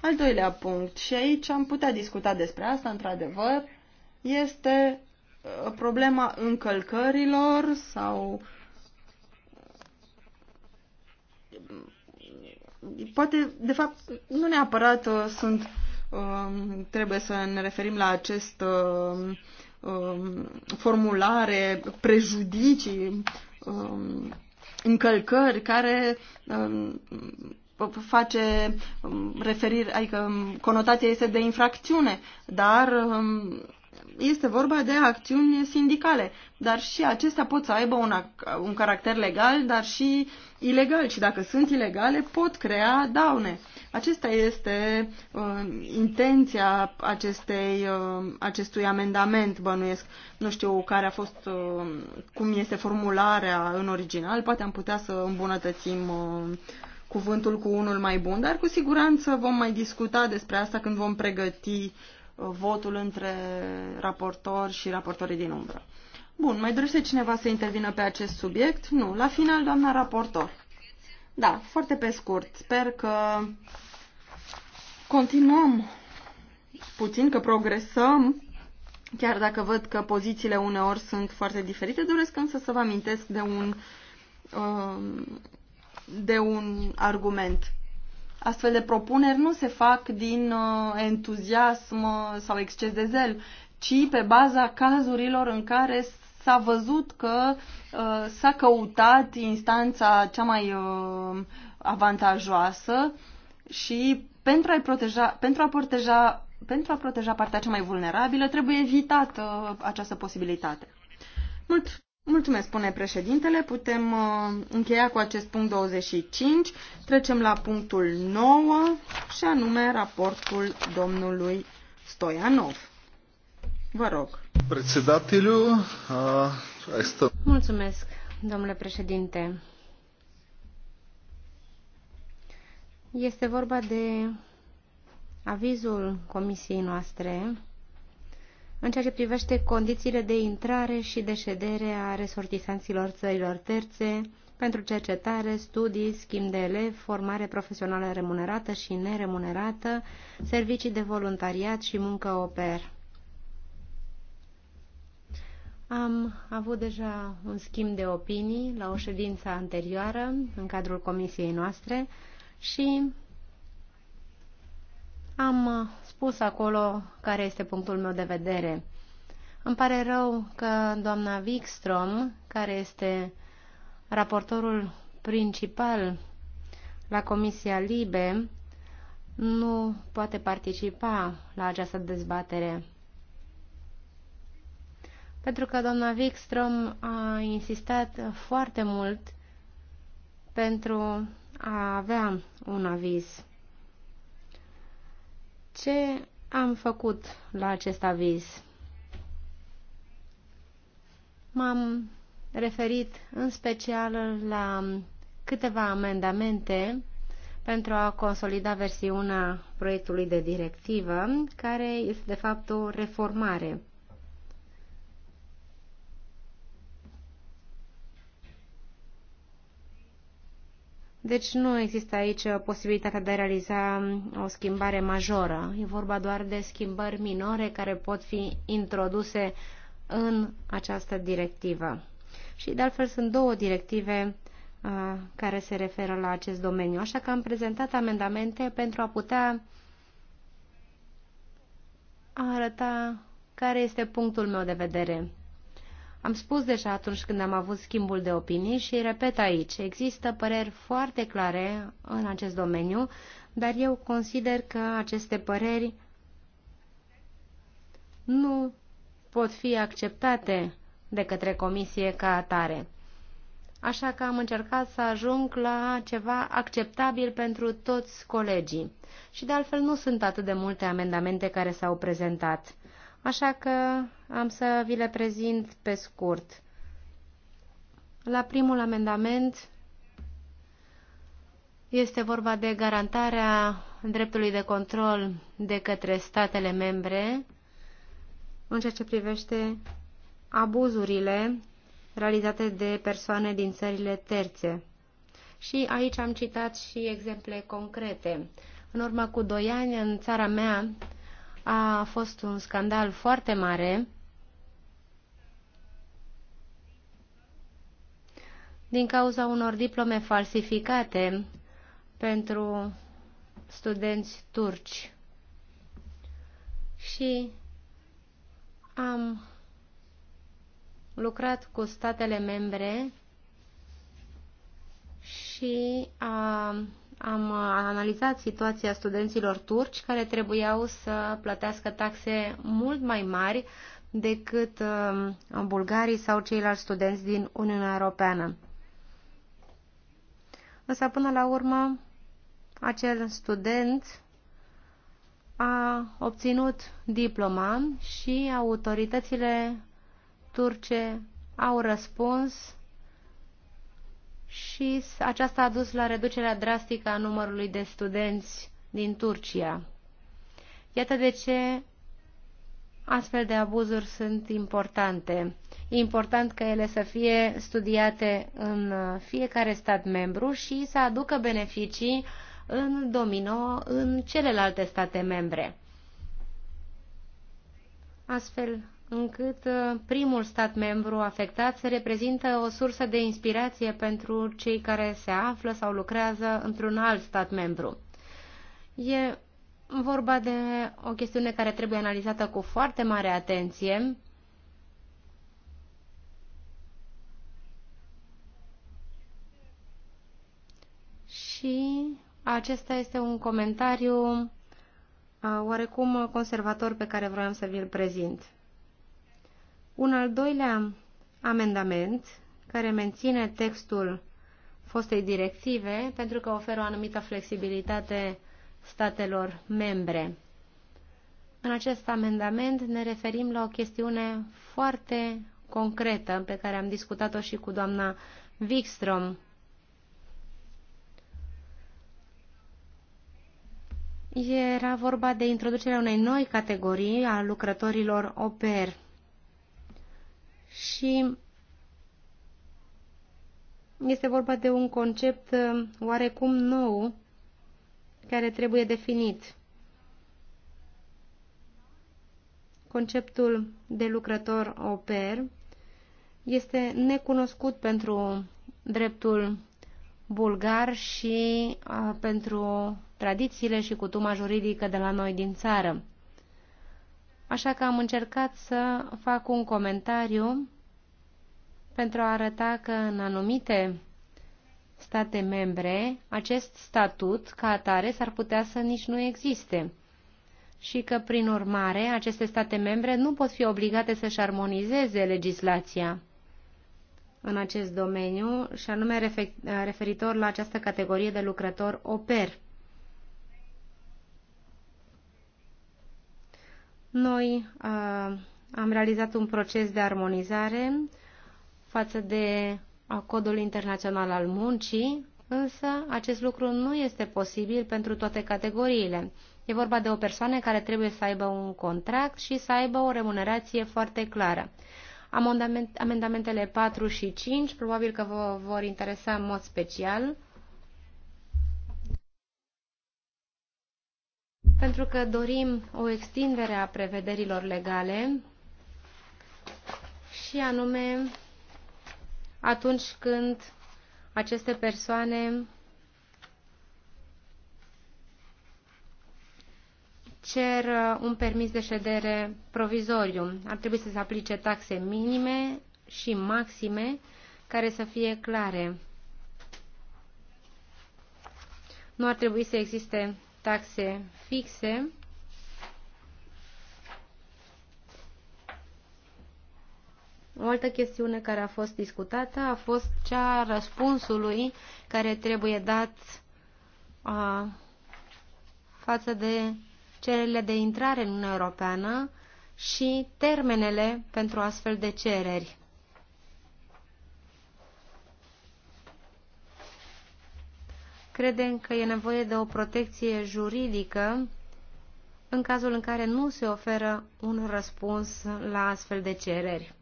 Al doilea punct, și aici am putea discuta despre asta, într-adevăr, este uh, problema încălcărilor sau poate, de fapt, nu neapărat uh, sunt, uh, trebuie să ne referim la acest uh, uh, formulare, prejudicii, uh, încălcări care uh, face referire, adică conotația este de infracțiune, dar este vorba de acțiuni sindicale, dar și acestea pot să aibă un, un caracter legal, dar și ilegal. Și dacă sunt ilegale, pot crea daune. Acesta este uh, intenția acestei, uh, acestui amendament, bănuiesc. Nu știu care a fost, uh, cum este formularea în original, poate am putea să îmbunătățim uh, cuvântul cu unul mai bun, dar cu siguranță vom mai discuta despre asta când vom pregăti uh, votul între raportor și raportorii din umbră. Bun, mai dorește cineva să intervină pe acest subiect? Nu. La final, doamna raportor. Da, foarte pe scurt. Sper că continuăm puțin, că progresăm, chiar dacă văd că pozițiile uneori sunt foarte diferite. Doresc însă să vă amintesc de un, um, de un argument. Astfel de propuneri nu se fac din uh, entuziasm sau exces de zel, ci pe baza cazurilor în care s-a văzut că uh, s-a căutat instanța cea mai uh, avantajoasă și pentru a proteja, pentru a proteja pentru a proteja partea cea mai vulnerabilă, trebuie evitată această posibilitate. Mulțumesc! Mulțumesc, spune președintele. Putem uh, încheia cu acest punct 25. Trecem la punctul 9 și anume raportul domnului Stoianov. Vă rog. Председателю, а, este... Mulțumesc, domnule președinte. Este vorba de avizul comisiei noastre în ceea ce privește condițiile de intrare și de ședere a resortisanților țărilor terțe pentru cercetare, studii, schimb de elevi, formare profesională remunerată și neremunerată, servicii de voluntariat și muncă oper. Am avut deja un schimb de opinii la o ședință anterioară în cadrul comisiei noastre și am uh, spus acolo care este punctul meu de vedere. Îmi pare rău că doamna Wikström, care este raportorul principal la Comisia Libe, nu poate participa la această dezbatere. Pentru că doamna Wikström a insistat foarte mult pentru a avea un aviz. Ce am făcut la acest aviz? M-am referit în special la câteva amendamente pentru a consolida versiunea proiectului de directivă, care este de fapt o reformare Deci nu există aici uh, posibilitatea de a realiza um, o schimbare majoră. E vorba doar de schimbări minore care pot fi introduse în această directivă. Și de altfel sunt două directive uh, care se referă la acest domeniu. Așa că am prezentat amendamente pentru a putea arăta care este punctul meu de vedere. Am spus deja atunci când am avut schimbul de opinii și repet aici, există păreri foarte clare în acest domeniu, dar eu consider că aceste păreri nu pot fi acceptate de către comisie ca atare. Așa că am încercat să ajung la ceva acceptabil pentru toți colegii. Și de altfel nu sunt atât de multe amendamente care s-au prezentat așa că am să vi le prezint pe scurt. La primul amendament este vorba de garantarea dreptului de control de către statele membre în ceea ce privește abuzurile realizate de persoane din țările terțe. Și aici am citat și exemple concrete. În urmă cu doi ani, în țara mea, a fost un scandal foarte mare din cauza unor diplome falsificate pentru studenți turci. Și am lucrat cu statele membre și a, am uh, analizat situația studenților turci care trebuiau să plătească taxe mult mai mari decât uh, bulgarii sau ceilalți studenți din Uniunea Europeană. Însă, până la urmă, acel student a obținut diploma și autoritățile turce au răspuns și aceasta a dus la reducerea drastică a numărului de studenți din Turcia. Iată de ce astfel de abuzuri sunt importante. E important ca ele să fie studiate în uh, fiecare stat membru și să aducă beneficii în domino în celelalte state membre. Astfel încât uh, primul stat membru afectat se reprezintă o sursă de inspirație pentru cei care se află sau lucrează într-un alt stat membru. E vorba de o chestiune care trebuie analizată cu foarte mare atenție. Și acesta este un comentariu uh, oarecum conservator pe care vreau să vi-l prezint. Un al doilea amendament care menține textul fostei directive pentru că oferă o anumită flexibilitate statelor membre. În acest amendament ne referim la o chestiune foarte concretă pe care am discutat-o și cu doamna Wikstrom. Era vorba de introducerea unei noi categorii a lucrătorilor au pair și este vorba de un concept uh, oarecum nou care trebuie definit. Conceptul de lucrător oper este necunoscut pentru dreptul bulgar și uh, pentru tradițiile și cutuma juridică de la noi din țară. Așa că am încercat să fac un comentariu pentru a arăta că în anumite state membre acest statut ca atare s-ar putea să nici nu existe și că, prin urmare, aceste state membre nu pot fi obligate să-și armonizeze legislația în acest domeniu, și anume referitor la această categorie de lucrător oper. Noi a, am realizat un proces de armonizare față de Codul Internațional al Muncii, însă acest lucru nu este posibil pentru toate categoriile. E vorba de o persoană care trebuie să aibă un contract și să aibă o remunerație foarte clară. amendamentele 4 și 5 probabil că vă vor interesa în mod special pentru că dorim o extindere a prevederilor legale și anume atunci când aceste persoane cer uh, un permis de ședere provizoriu. Ar trebui să se aplice taxe minime și maxime care să fie clare. Nu ar trebui să existe taxe fixe, O altă chestiune care a fost discutată a fost cea a răspunsului care trebuie dat a, față de cererile de intrare în Uniunea Europeană și termenele pentru astfel de cereri. Credem că e nevoie de o protecție juridică în cazul în care nu se oferă un răspuns la astfel de cereri.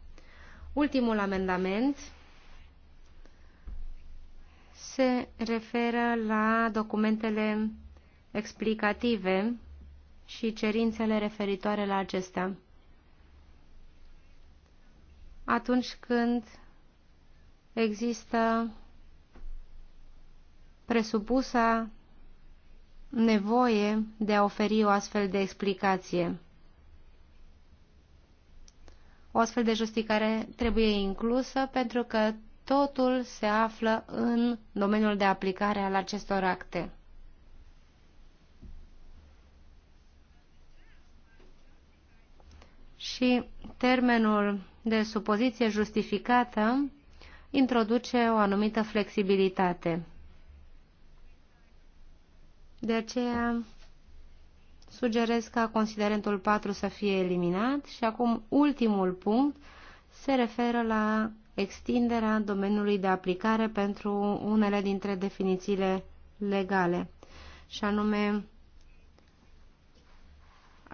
Ultimul amendament se referă la documentele explicative și cerințele referitoare la acestea. Atunci când există presupusa nevoie de a oferi o astfel de explicație. O astfel de justificare trebuie inclusă pentru că totul se află în domeniul de aplicare al acestor acte. Și termenul de supoziție justificată introduce o anumită flexibilitate. De aceea sugerez ca considerentul 4 să fie eliminat și acum ultimul punct se referă la extinderea domeniului de aplicare pentru unele dintre definițiile legale, și anume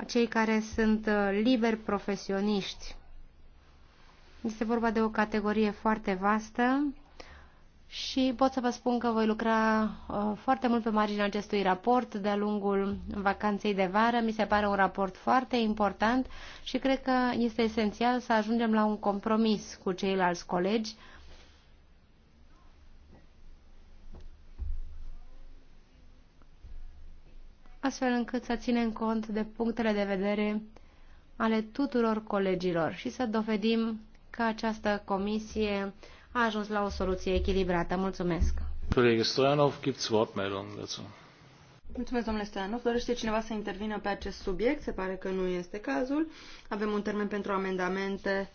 cei care sunt uh, liberi profesioniști. Este vorba de o categorie foarte vastă și pot să vă spun că voi lucra uh, foarte mult pe marginea acestui raport de-a lungul vacanței de vară. Mi se pare un raport foarte important și cred că este esențial să ajungem la un compromis cu ceilalți colegi. astfel încât să ținem cont de punctele de vedere ale tuturor colegilor și să dovedim că această comisie uh, a ajuns la o soluție echilibrată. Mulțumesc! Colegă Stoianov, gibt's Wortmeldungen dazu. Mulțumesc, domnule Stoianov. Dorește cineva să intervină pe acest subiect? Se pare că nu este cazul. Avem un termen pentru amendamente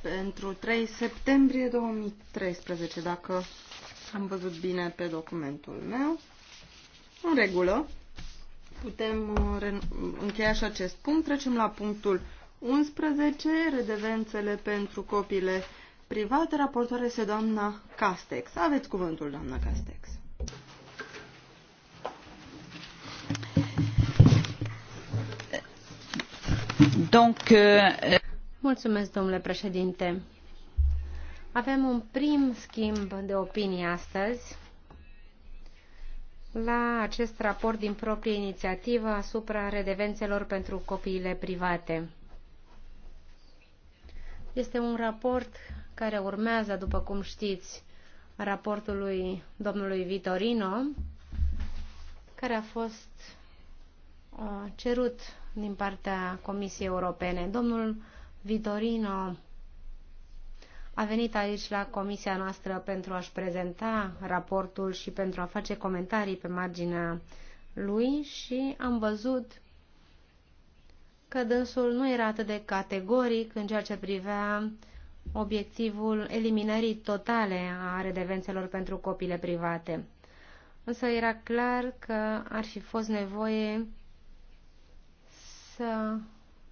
pentru 3 septembrie 2013, dacă am văzut bine pe documentul meu. În regulă, putem uh, încheia și acest punct. Trecem la punctul 11, redevențele pentru copile privat. Raportoare este doamna Castex. Aveți cuvântul, doamna Castex. Donc, uh... Mulțumesc, domnule președinte. Avem un prim schimb de opinie astăzi la acest raport din proprie inițiativă asupra redevențelor pentru copiile private. Este un raport care urmează, după cum știți, raportului domnului Vitorino, care a fost uh, cerut din partea Comisiei Europene. Domnul Vitorino a venit aici la comisia noastră pentru a-și prezenta raportul și pentru a face comentarii pe marginea lui și am văzut că dânsul nu era atât de categoric în ceea ce privea obiectivul eliminării totale a redevențelor pentru copile private. Însă era clar că ar fi fost nevoie să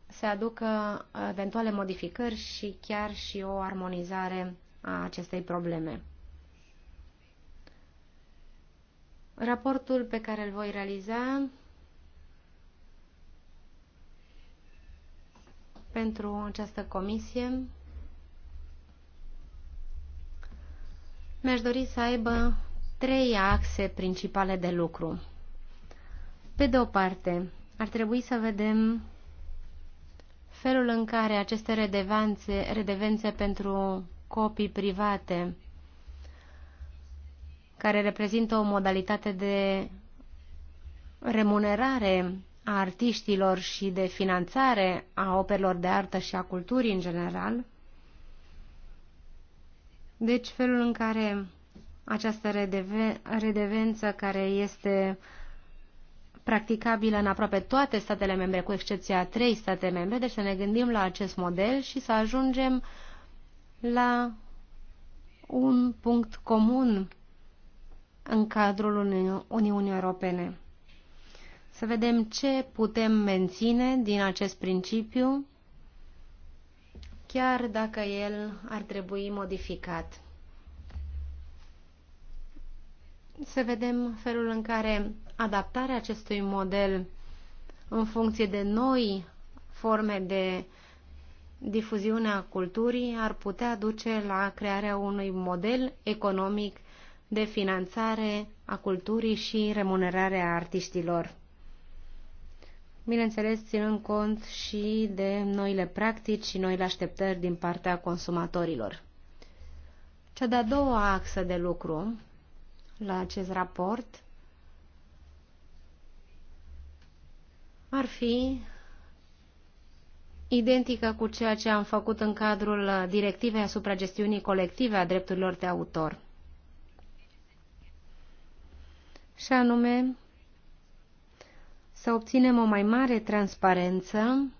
se aducă eventuale modificări și chiar și o armonizare a acestei probleme. Raportul pe care îl voi realiza pentru această comisie mi-aș dori să aibă trei axe principale de lucru. Pe de o parte, ar trebui să vedem felul în care aceste redevanțe, redevențe pentru copii private, care reprezintă o modalitate de remunerare a artiștilor și de finanțare a operelor de artă și a culturii în general, deci felul în care această redeven redevență care este practicabilă în aproape toate statele membre, cu excepția trei state membre, deci să ne gândim la acest model și să ajungem la un punct comun în cadrul Uni Uniunii Europene. Să vedem ce putem menține din acest principiu chiar dacă el ar trebui modificat. Să vedem felul în care adaptarea acestui model în funcție de noi forme de difuziune a culturii ar putea duce la crearea unui model economic de finanțare a culturii și remunerarea artiștilor bineînțeles ținând cont și de noile practici și noile așteptări din partea consumatorilor. Cea de-a doua axă de lucru la acest raport ar fi identică cu ceea ce am făcut în cadrul directivei asupra gestiunii colective a drepturilor de autor. Și anume, să obținem o mai mare transparență,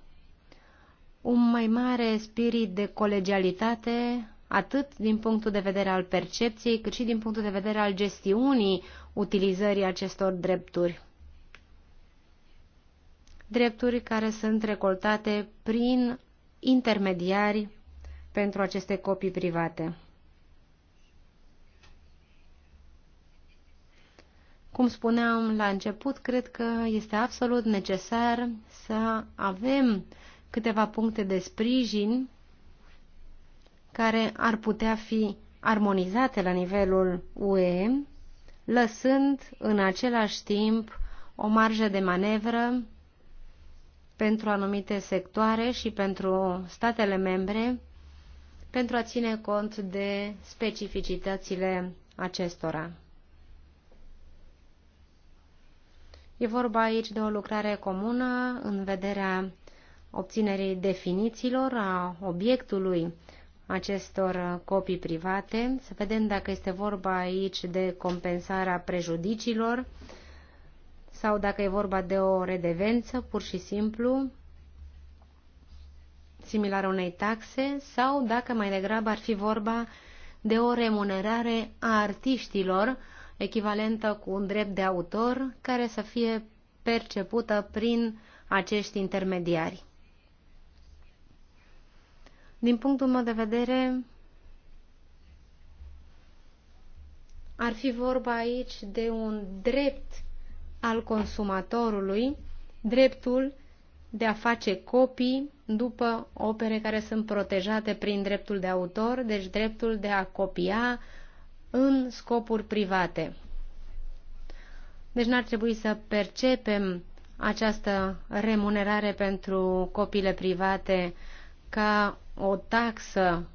un mai mare spirit de colegialitate, atât din punctul de vedere al percepției, cât și din punctul de vedere al gestiunii utilizării acestor drepturi. Drepturi care sunt recoltate prin intermediari pentru aceste copii private. Cum spuneam la început, cred că este absolut necesar să avem câteva puncte de sprijin care ar putea fi armonizate la nivelul UE, lăsând în același timp o marjă de manevră pentru anumite sectoare și pentru statele membre pentru a ține cont de specificitățile acestora. E vorba aici de o lucrare comună în vederea obținerii definițiilor a obiectului acestor copii private, să vedem dacă este vorba aici de compensarea prejudiciilor sau dacă e vorba de o redevență pur și simplu, similară unei taxe, sau dacă mai degrabă ar fi vorba de o remunerare a artiștilor echivalentă cu un drept de autor care să fie percepută prin acești intermediari. Din punctul meu de vedere, ar fi vorba aici de un drept al consumatorului, dreptul de a face copii după opere care sunt protejate prin dreptul de autor, deci dreptul de a copia, în scopuri private. Deci n-ar trebui să percepem această remunerare pentru copiile private ca o taxă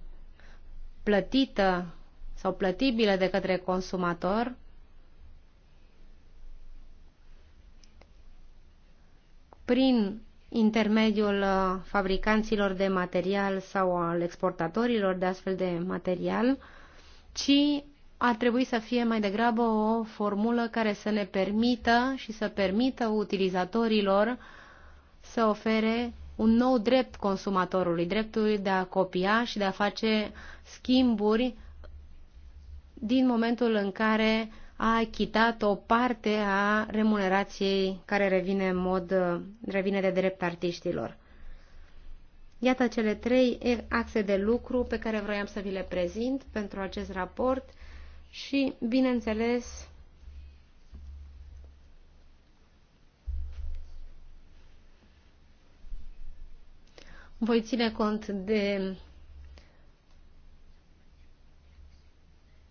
plătită sau plătibilă de către consumator, prin intermediul uh, fabricanților de material sau al exportatorilor de astfel de material, ci ar trebui să fie mai degrabă o formulă care să ne permită și să permită utilizatorilor să ofere un nou drept consumatorului, dreptul de a copia și de a face schimburi din momentul în care a achitat o parte a remunerației care revine, în mod, revine de drept artiștilor. Iată cele trei axe de lucru pe care vroiam să vi le prezint pentru acest raport și, bineînțeles, voi ține cont de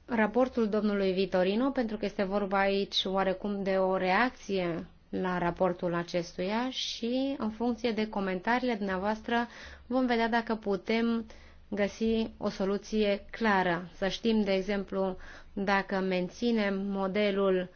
raportul domnului Vitorino, pentru că este vorba aici oarecum de o reacție la raportul acestuia și în funcție de comentariile dumneavoastră vom vedea dacă putem găsi o soluție clară. Să știm, de exemplu, dacă menținem modelul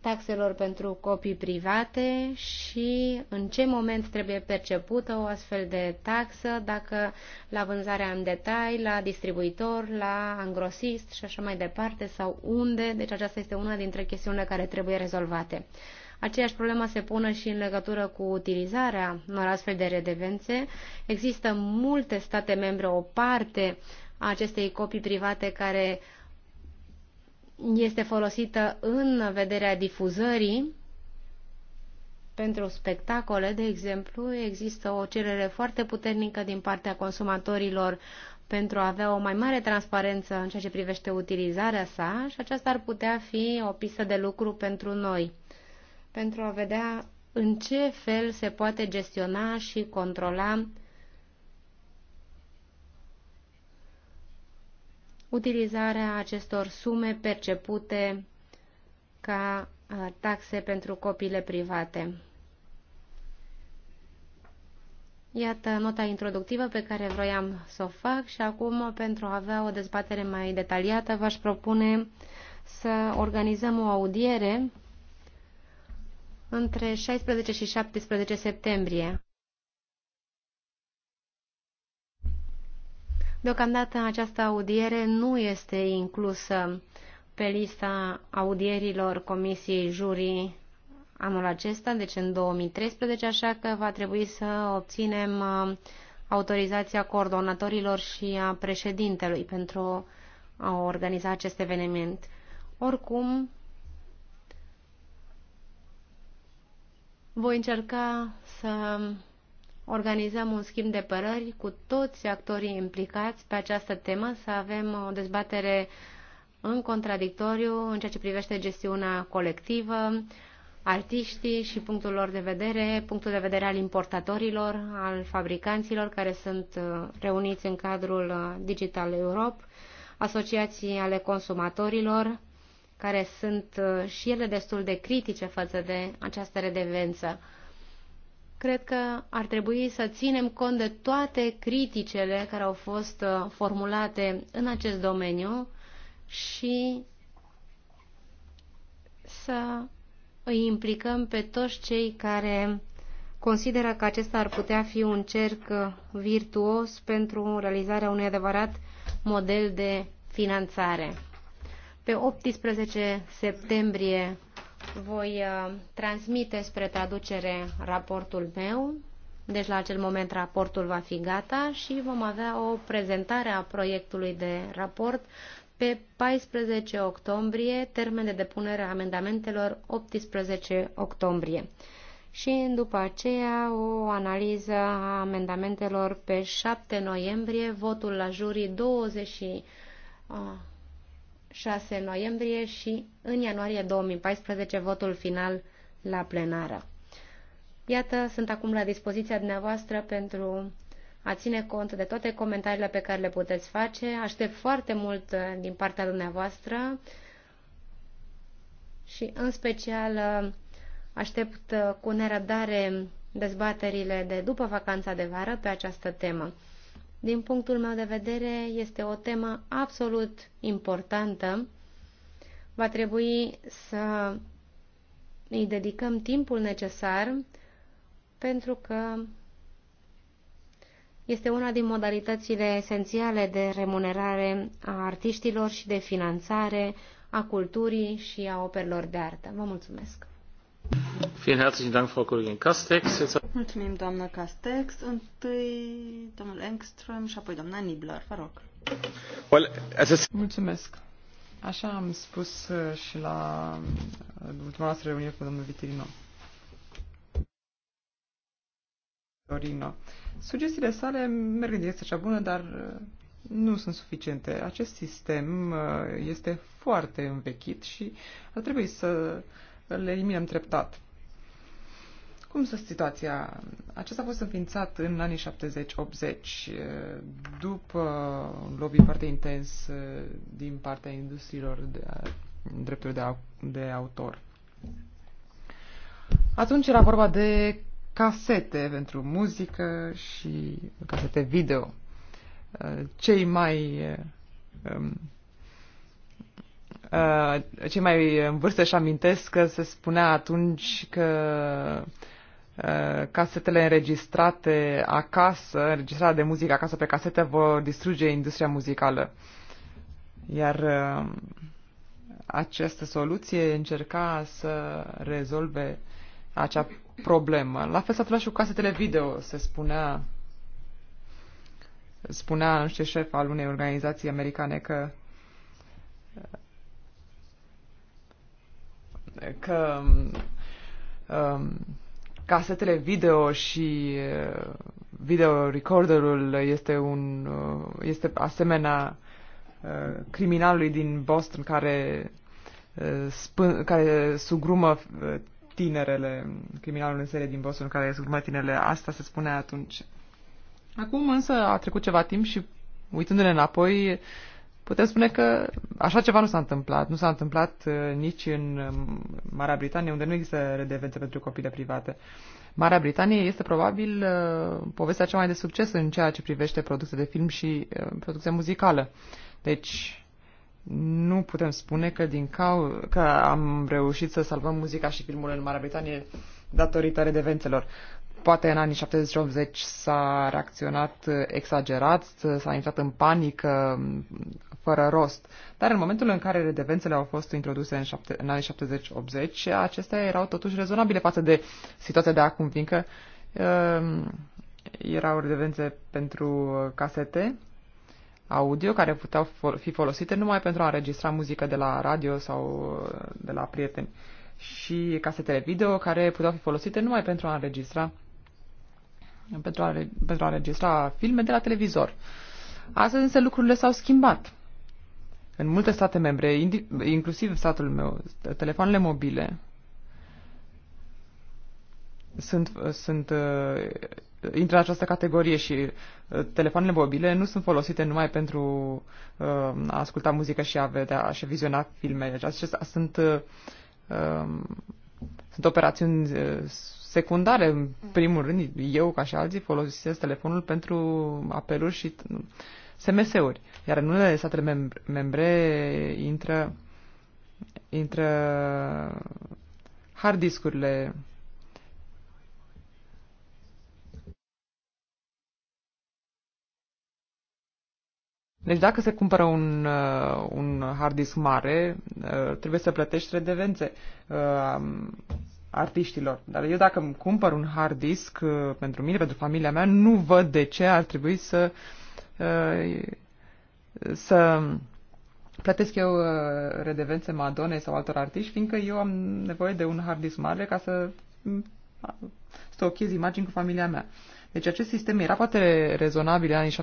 taxelor pentru copii private și în ce moment trebuie percepută o astfel de taxă, dacă la vânzarea în detai, la distribuitor, la angrosist și așa mai departe, sau unde. Deci aceasta este una dintre chestiunile care trebuie rezolvate. Aceeași problemă se pune și în legătură cu utilizarea unor astfel de redevențe. Există multe state membre, o parte a acestei copii private care uh, este folosită în vederea difuzării. Pentru spectacole, de exemplu, există o cerere foarte puternică din partea consumatorilor pentru a avea o mai mare transparență în ceea ce privește utilizarea sa și aceasta ar putea fi o pistă de lucru pentru noi, pentru a vedea în ce fel se poate gestiona și controla utilizarea acestor sume percepute ca uh, taxe pentru copiile private. Iată nota introductivă pe care vroiam să o fac și acum, pentru a avea o dezbatere mai detaliată, v-aș propune să organizăm o audiere între 16 și 17 septembrie. Deocamdată această audiere nu este inclusă pe lista audierilor Comisiei Jurii anul acesta, deci în 2013, așa că va trebui să obținem uh, autorizația coordonatorilor și a președintelui pentru a organiza acest eveniment. Oricum, voi încerca să organizăm un schimb de părări cu toți actorii implicați pe această temă, să avem o dezbatere în contradictoriu în ceea ce privește gestiunea colectivă, artiștii și punctul lor de vedere, punctul de vedere al importatorilor, al fabricanților care sunt uh, reuniți în cadrul uh, Digital Europe, asociații ale consumatorilor, care sunt uh, și ele destul de critice față de această redevență cred că ar trebui să ținem cont de toate criticele care au fost uh, formulate în acest domeniu și să îi implicăm pe toți cei care consideră că acesta ar putea fi un cerc uh, virtuos pentru realizarea unui adevărat model de finanțare. Pe 18 septembrie voi uh, transmite spre traducere raportul meu, deci la acel moment raportul va fi gata și vom avea o prezentare a proiectului de raport pe 14 octombrie, termen de depunere a amendamentelor 18 octombrie. Și după aceea o analiză a amendamentelor pe 7 noiembrie, votul la jurii 20 6 noiembrie și în ianuarie 2014 votul final la plenară. Iată, sunt acum la dispoziția dumneavoastră pentru a ține cont de toate comentariile pe care le puteți face. Aștept foarte mult uh, din partea dumneavoastră și în special uh, aștept uh, cu nerăbdare dezbaterile de după vacanța de vară pe această temă. Din punctul meu de vedere, este o temă absolut importantă. Va trebui să îi dedicăm timpul necesar pentru că este una din modalitățile esențiale de remunerare a artiștilor și de finanțare a culturii și a operelor de artă. Vă mulțumesc! Mulțumim, doamnă Castex. Întâi domnul Engström și apoi doamna Nibler. Vă rog. Mulțumesc. Așa am spus uh, și la uh, ultima noastră reuniune cu domnul Vitirino. Torino. Sugestiile sale merg în direcția cea bună, dar uh, nu sunt suficiente. Acest sistem este foarte învechit și ar trebui să le eliminăm treptat. Cum să situația? Acesta a fost înființat în anii 70-80 după un lobby foarte intens eh, din partea industriilor de eh, drepturi de, de autor. Atunci era vorba de casete pentru muzică și casete video. Eh, cei mai Uh, cei mai în vârstă își amintesc că se spunea atunci că uh, casetele înregistrate acasă, înregistrarea de muzică acasă pe casete vor distruge industria muzicală. Iar uh, această soluție încerca să rezolve acea problemă. La fel s-a întâmplat și cu casetele video, se spunea spunea, nu știu, șef al unei organizații americane că că um, casetele video și uh, video recorderul este un uh, este asemenea uh, criminalului din Boston care spân, care sugrumă tinerele, criminalul în serie din Boston care sugrumă tinerele. Asta se spune atunci. Acum însă a trecut ceva timp și uitându-ne înapoi, putem spune că așa ceva nu s-a întâmplat. Nu s-a întâmplat uh, nici în um, Marea Britanie, unde nu există redevențe pentru copile private. Marea Britanie este probabil uh, povestea cea mai de succes în ceea ce privește producție de film și uh, producție muzicală. Deci, nu putem spune că din cau că am reușit să salvăm muzica și filmul în Marea Britanie datorită redevențelor. Poate în anii 70-80 s-a reacționat exagerat, s-a intrat în panică fără rost. Dar în momentul în care redevențele au fost introduse în, șapte, în anii 70-80, acestea erau totuși rezonabile față de situația de acum, fiindcă uh, erau redevențe pentru uh, casete audio care puteau fi folosite numai pentru a înregistra muzică de la radio sau uh, de la prieteni și casetele video care puteau fi folosite numai pentru a înregistra pentru a, pentru a înregistra filme de la televizor. Astăzi însă lucrurile s-au schimbat în multe state membre, inclusiv statul meu, telefoanele mobile sunt, sunt uh, intră în această categorie și uh, telefoanele mobile nu sunt folosite numai pentru uh, a asculta muzică și a vedea și a viziona filme. Deci acestea sunt, uh, uh, sunt operațiuni uh, secundare. În primul rând, eu ca și alții folosesc telefonul pentru apeluri și uh, SMS-uri, iar în unele statele membre, membre intră, intră hard discurile Deci dacă se cumpără un, uh, un hard disk mare, uh, trebuie să plătești redevențe uh, artiștilor. Dar eu dacă îmi cumpăr un hard disk uh, pentru mine, pentru familia mea, nu văd de ce ar trebui să uh, Uh, să plătesc eu uh, redevențe Madone sau altor artiști, fiindcă eu am nevoie de un hard disk mare ca să mm, stochez imagini cu familia mea. Deci acest sistem era poate rezonabil în anii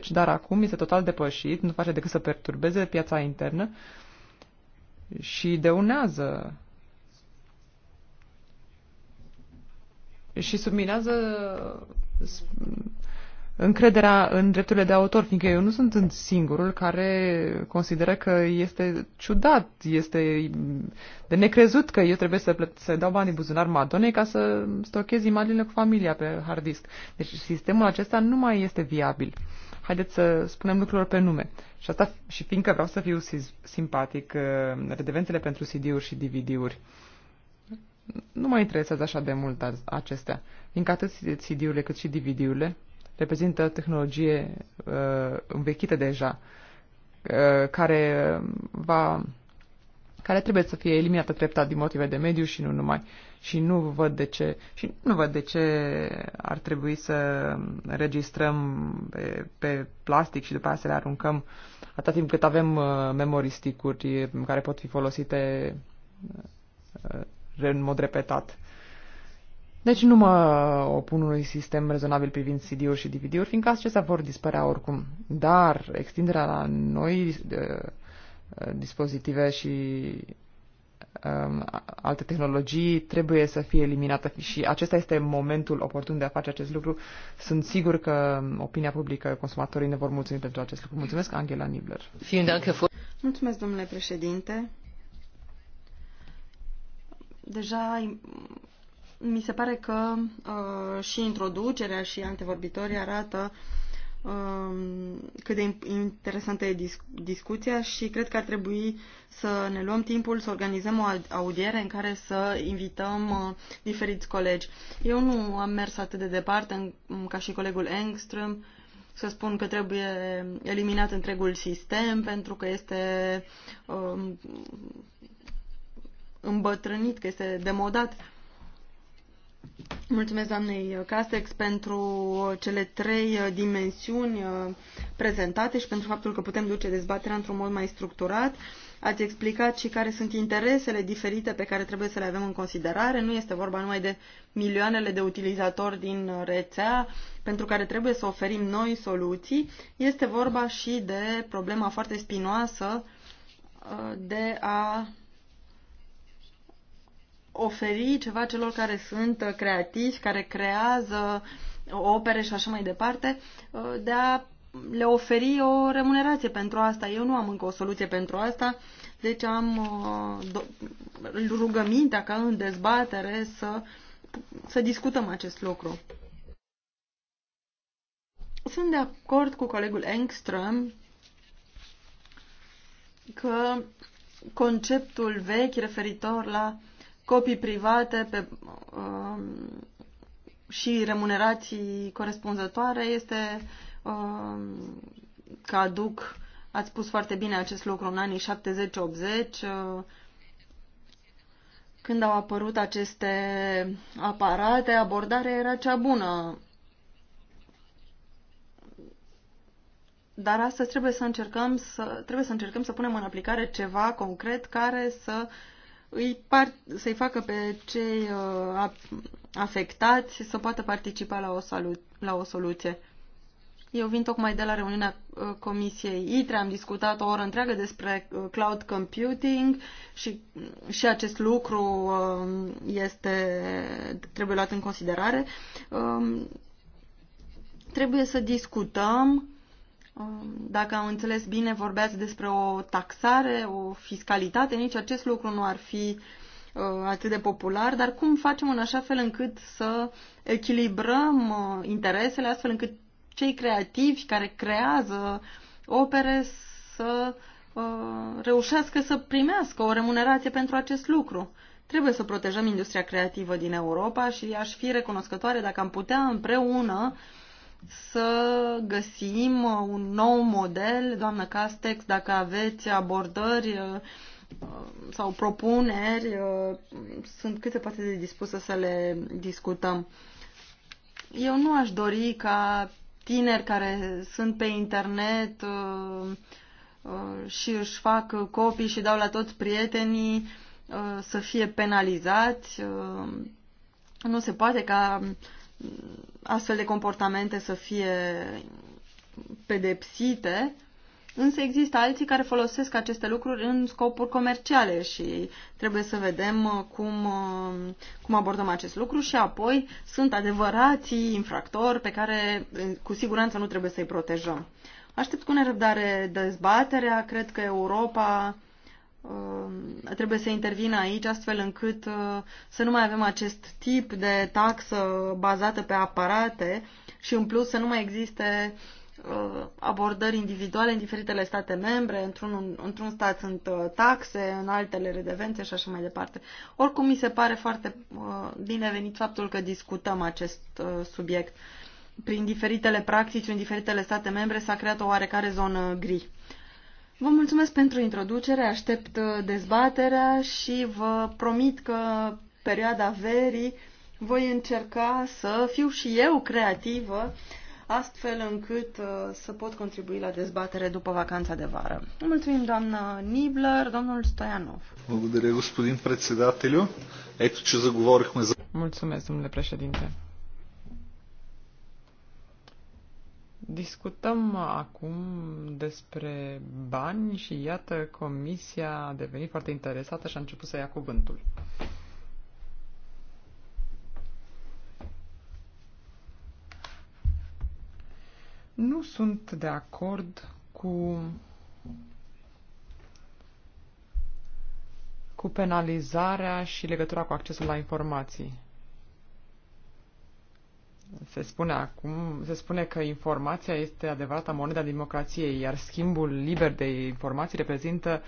70-80, dar acum este total depășit, nu face decât să perturbeze piața internă și deunează și subminează încrederea în drepturile de autor, fiindcă eu nu sunt singurul care consideră că este ciudat, este de necrezut că eu trebuie să, plăt, să dau bani buzunar Madonei ca să stochez imaginile cu familia pe hard disk. Deci sistemul acesta nu mai este viabil. Haideți să spunem lucrurilor pe nume. Și asta și fiindcă vreau să fiu simpatic, uh, redevențele pentru CD-uri și DVD-uri nu mă interesează așa de mult acestea, fiindcă atât CD-urile cât și DVD-urile reprezintă tehnologie uh, învechită deja, uh, care um, va care trebuie să fie eliminată treptat din motive de mediu și nu numai. Și nu văd de ce, și nu văd de ce ar trebui să registrăm pe, pe plastic și după aceea să le aruncăm atât timp cât avem uh, memoristicuri care pot fi folosite uh, în mod repetat. Deci nu mă opun unui sistem rezonabil privind CD-uri și DVD-uri, fiindcă acestea vor dispărea oricum. Dar extinderea la noi de, uh, dispozitive și um, alte tehnologii trebuie să fie eliminată și acesta este momentul oportun de a face acest lucru. Sunt sigur că opinia publică, consumatorii ne vor mulțumi pentru acest lucru. Mulțumesc, Angela Nibler. Mulțumesc, domnule președinte. Deja mi se pare că uh, și introducerea și antevorbitorii arată um, cât de interesantă e discuția și cred că ar trebui să ne luăm timpul să organizăm o audiere în care să invităm uh, diferiți colegi. Eu nu am mers atât de departe ca și colegul Engström să spun că trebuie eliminat întregul sistem pentru că este um, îmbătrânit, că este demodat Mulțumesc doamnei Castex pentru cele trei uh, dimensiuni uh, prezentate și pentru faptul că putem duce dezbaterea într-un mod mai structurat. Ați explicat și care sunt interesele diferite pe care trebuie să le avem în considerare. Nu este vorba numai de milioanele de utilizatori din rețea pentru care trebuie să oferim noi soluții. Este vorba și de problema foarte spinoasă uh, de a oferi ceva celor care sunt creativi, care creează opere și așa mai departe, uh, de a le oferi o remunerație pentru asta. Eu nu am încă o soluție pentru asta, deci am uh, rugămintea ca în dezbatere să, să discutăm acest lucru. Sunt de acord cu colegul Engström că conceptul vechi referitor la uh, copii private pe, uh, și remunerații corespunzătoare este uh, că aduc, ați spus foarte bine acest lucru, în anii 70-80, uh, când au apărut aceste aparate, abordarea era cea bună. Dar astăzi trebuie să încercăm să, trebuie să, încercăm să punem în aplicare ceva concret care să uh, îi să-i facă pe cei uh, afectați să poată participa la o, salut, la o soluție. Eu vin tocmai de la reuniunea uh, Comisiei ITRE, am discutat o oră întreagă despre uh, cloud computing și, și acest lucru este, trebuie luat în considerare. Um, trebuie să discutăm Um, dacă am înțeles bine, vorbeați despre o taxare, o fiscalitate, nici acest lucru nu ar fi uh, atât de popular, dar cum facem în așa fel încât să echilibrăm uh, interesele, astfel încât cei creativi care creează opere să uh, reușească să primească o remunerație pentru acest lucru. Trebuie să protejăm industria creativă din Europa și aș fi recunoscătoare dacă am putea împreună uh, să găsim uh, un nou model. Doamnă Castex, dacă aveți abordări uh, uh, sau propuneri, sunt câte poate de dispusă să le discutăm. Eu nu aș dori ca tineri care sunt pe internet și își fac copii și dau la toți prietenii să fie penalizați. Nu se poate ca astfel de comportamente să fie pedepsite, însă există alții care folosesc aceste lucruri în scopuri comerciale și trebuie să vedem uh, cum, uh, cum abordăm acest lucru și apoi sunt adevărații infractori pe care cu siguranță nu trebuie să-i protejăm. Aștept cu nerăbdare dezbaterea, cred că Europa Um, trebuie să intervină aici astfel încât uh, să nu mai avem acest tip de taxă bazată pe aparate și în plus să nu mai existe uh, abordări individuale în diferitele state membre, într-un, într-un stat sunt uh, taxe, în altele redevențe și așa mai departe. Oricum mi se pare foarte binevenit faptul că discutăm acest subiect. Prin diferitele practici, în diferitele state membre s-a creat o oarecare zonă gri. Vă mulțumesc pentru introducere, aștept uh, dezbaterea și vă promit că perioada verii voi încerca să fiu și eu creativă, astfel încât uh, să pot contribui la dezbatere după vacanța de vară. Mulțumim, doamna Nibler, domnul Stoianov. Mulțumesc, Mulțumesc, domnule președinte. Discutăm acum despre bani și iată comisia a devenit foarte interesată și a început să ia cuvântul. Nu sunt de acord cu cu penalizarea și legătura cu accesul la informații se spune acum, se spune că informația este adevărata moneda democrației, iar schimbul liber de informații reprezintă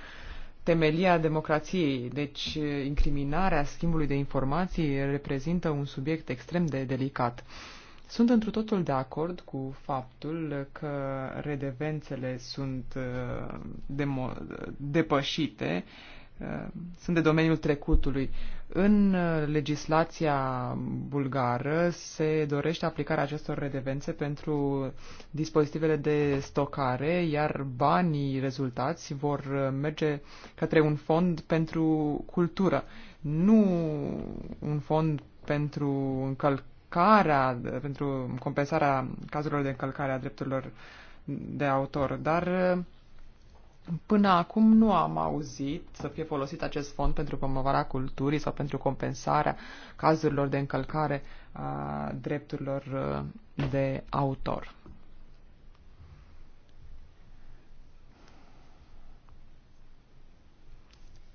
temelia democrației. Deci, incriminarea schimbului de informații reprezintă un subiect extrem de delicat. Sunt întru totul de acord cu faptul că redevențele sunt uh, depășite Uh, sunt de domeniul trecutului. În uh, legislația bulgară se dorește aplicarea acestor redevențe pentru dispozitivele de stocare, iar banii rezultați vor uh, merge către un fond pentru cultură, nu un fond pentru încălcarea, pentru compensarea cazurilor de încălcare a drepturilor de autor, dar uh, Până acum nu am auzit să fie folosit acest fond pentru promovarea culturii sau pentru compensarea cazurilor de încălcare a drepturilor uh, de autor.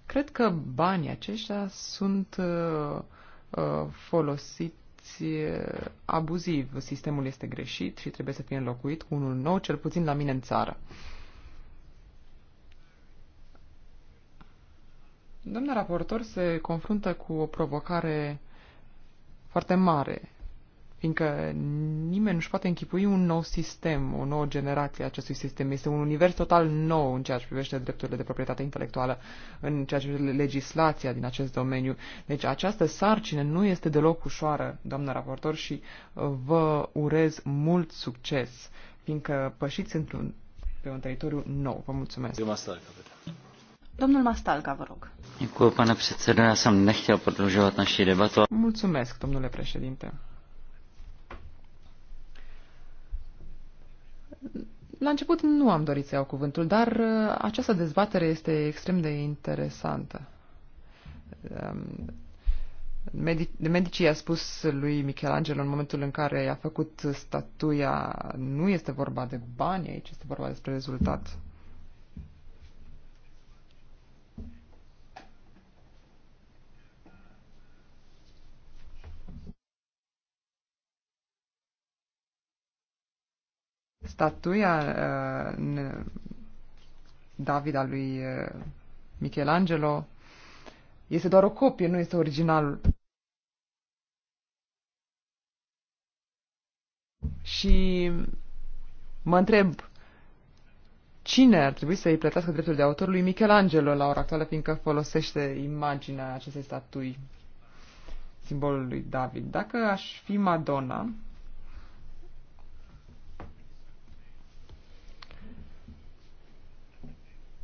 Cred că banii aceștia sunt uh, uh, folosiți abuziv. Sistemul este greșit și trebuie să fie înlocuit cu unul nou, cel puțin la mine în țară. Domnul raportor se confruntă cu o provocare foarte mare, fiindcă nimeni nu-și poate închipui un nou sistem, o nouă generație a acestui sistem. Este un univers total nou în ceea ce privește drepturile de proprietate intelectuală, în ceea ce privește legislația din acest domeniu. Deci această sarcină nu este deloc ușoară, doamnă raportor, și uh, vă urez mult succes, fiindcă pășiți într-un, pe un teritoriu nou. Vă mulțumesc! Eu Domnul Mastalca, vă rog. Mulțumesc, domnule președinte. La început nu am dorit să iau cuvântul, dar uh, această dezbatere este extrem de interesantă. Um, medicii a spus lui Michelangelo în momentul în care i-a făcut statuia, nu este vorba de bani aici, este vorba despre rezultat. statuia uh, David al lui uh, Michelangelo este doar o copie, nu este originalul. Și mă întreb cine ar trebui să-i plătească dreptul de autor lui Michelangelo la ora actuală, fiindcă folosește imaginea acestei statui, simbolul lui David. Dacă aș fi Madonna,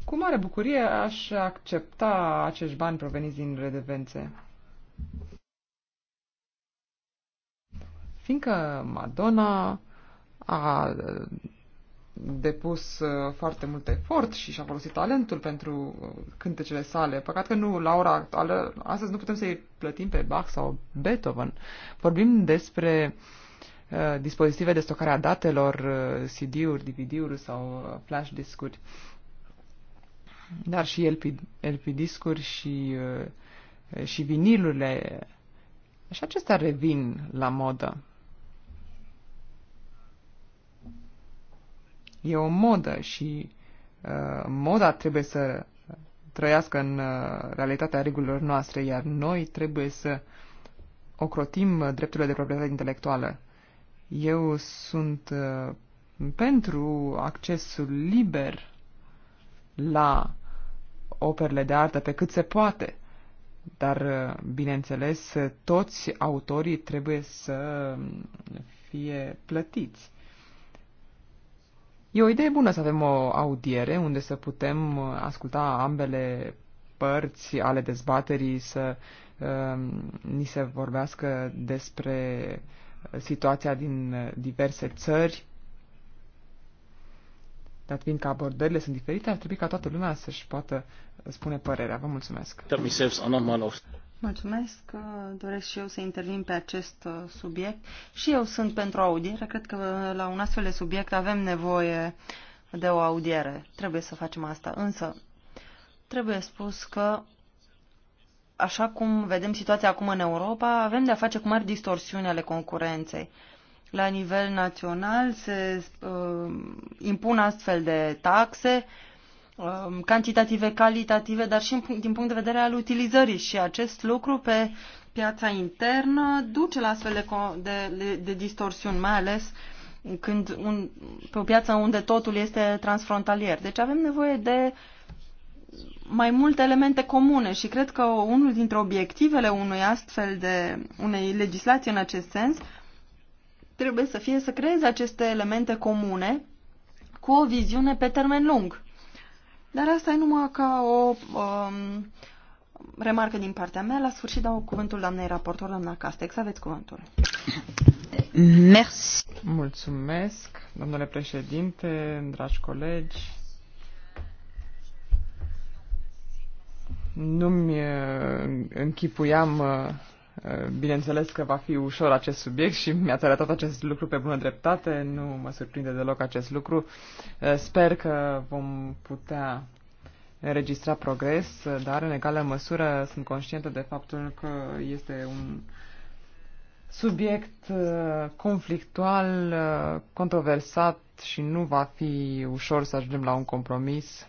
Cu mare bucurie aș accepta acești bani proveniți din redevențe. Fiindcă Madonna a depus uh, foarte mult efort și și-a folosit talentul pentru uh, cântecele sale. Păcat că nu, la ora actuală, astăzi nu putem să-i plătim pe Bach sau Beethoven. Vorbim despre uh, dispozitive de stocare a datelor, uh, CD-uri, DVD-uri sau uh, flash discuri dar și LP, LP-discuri și, uh, și vinilurile. Și acestea revin la modă. E o modă și uh, moda trebuie să trăiască în uh, realitatea regulilor noastre, iar noi trebuie să ocrotim uh, drepturile de proprietate intelectuală. Eu sunt uh, pentru accesul liber la operele de artă pe cât se poate, dar, bineînțeles, toți autorii trebuie să fie plătiți. E o idee bună să avem o audiere unde să putem asculta ambele părți ale dezbaterii, să uh, ni se vorbească despre situația din diverse țări, dat fiindcă abordările sunt diferite, ar trebui ca toată lumea să-și poată spune părerea. Vă mulțumesc. Mulțumesc. Doresc și eu să intervin pe acest uh, subiect. Și eu sunt pentru audiere. Cred că la un astfel de subiect avem nevoie de o audiere. Trebuie să facem asta. Însă, trebuie spus că așa cum vedem situația acum în Europa, avem de-a face cu mari distorsiuni ale concurenței la nivel național se uh, impun astfel de taxe um, cantitative, calitative, dar și din punct de vedere al utilizării și acest lucru pe piața internă duce la astfel de, de, de distorsiuni, mai ales când un, pe o piață unde totul este transfrontalier. Deci avem nevoie de mai multe elemente comune și cred că unul dintre obiectivele unui astfel de unei legislații în acest sens trebuie să fie să creeze aceste elemente comune cu o viziune pe termen lung. Dar asta e numai ca o um, remarcă din partea mea. La sfârșit dau cuvântul doamnei raportor, doamna Castex. Aveți cuvântul. Mers. Mulțumesc, domnule președinte, dragi colegi. Nu-mi uh, închipuiam uh, Bineînțeles că va fi ușor acest subiect și mi-ați arătat acest lucru pe bună dreptate, nu mă surprinde deloc acest lucru. Eh, sper că vom putea înregistra progres, eh, dar în egală măsură sunt conștientă de faptul că este un subiect eh, conflictual, controversat și nu va fi ușor să ajungem la un compromis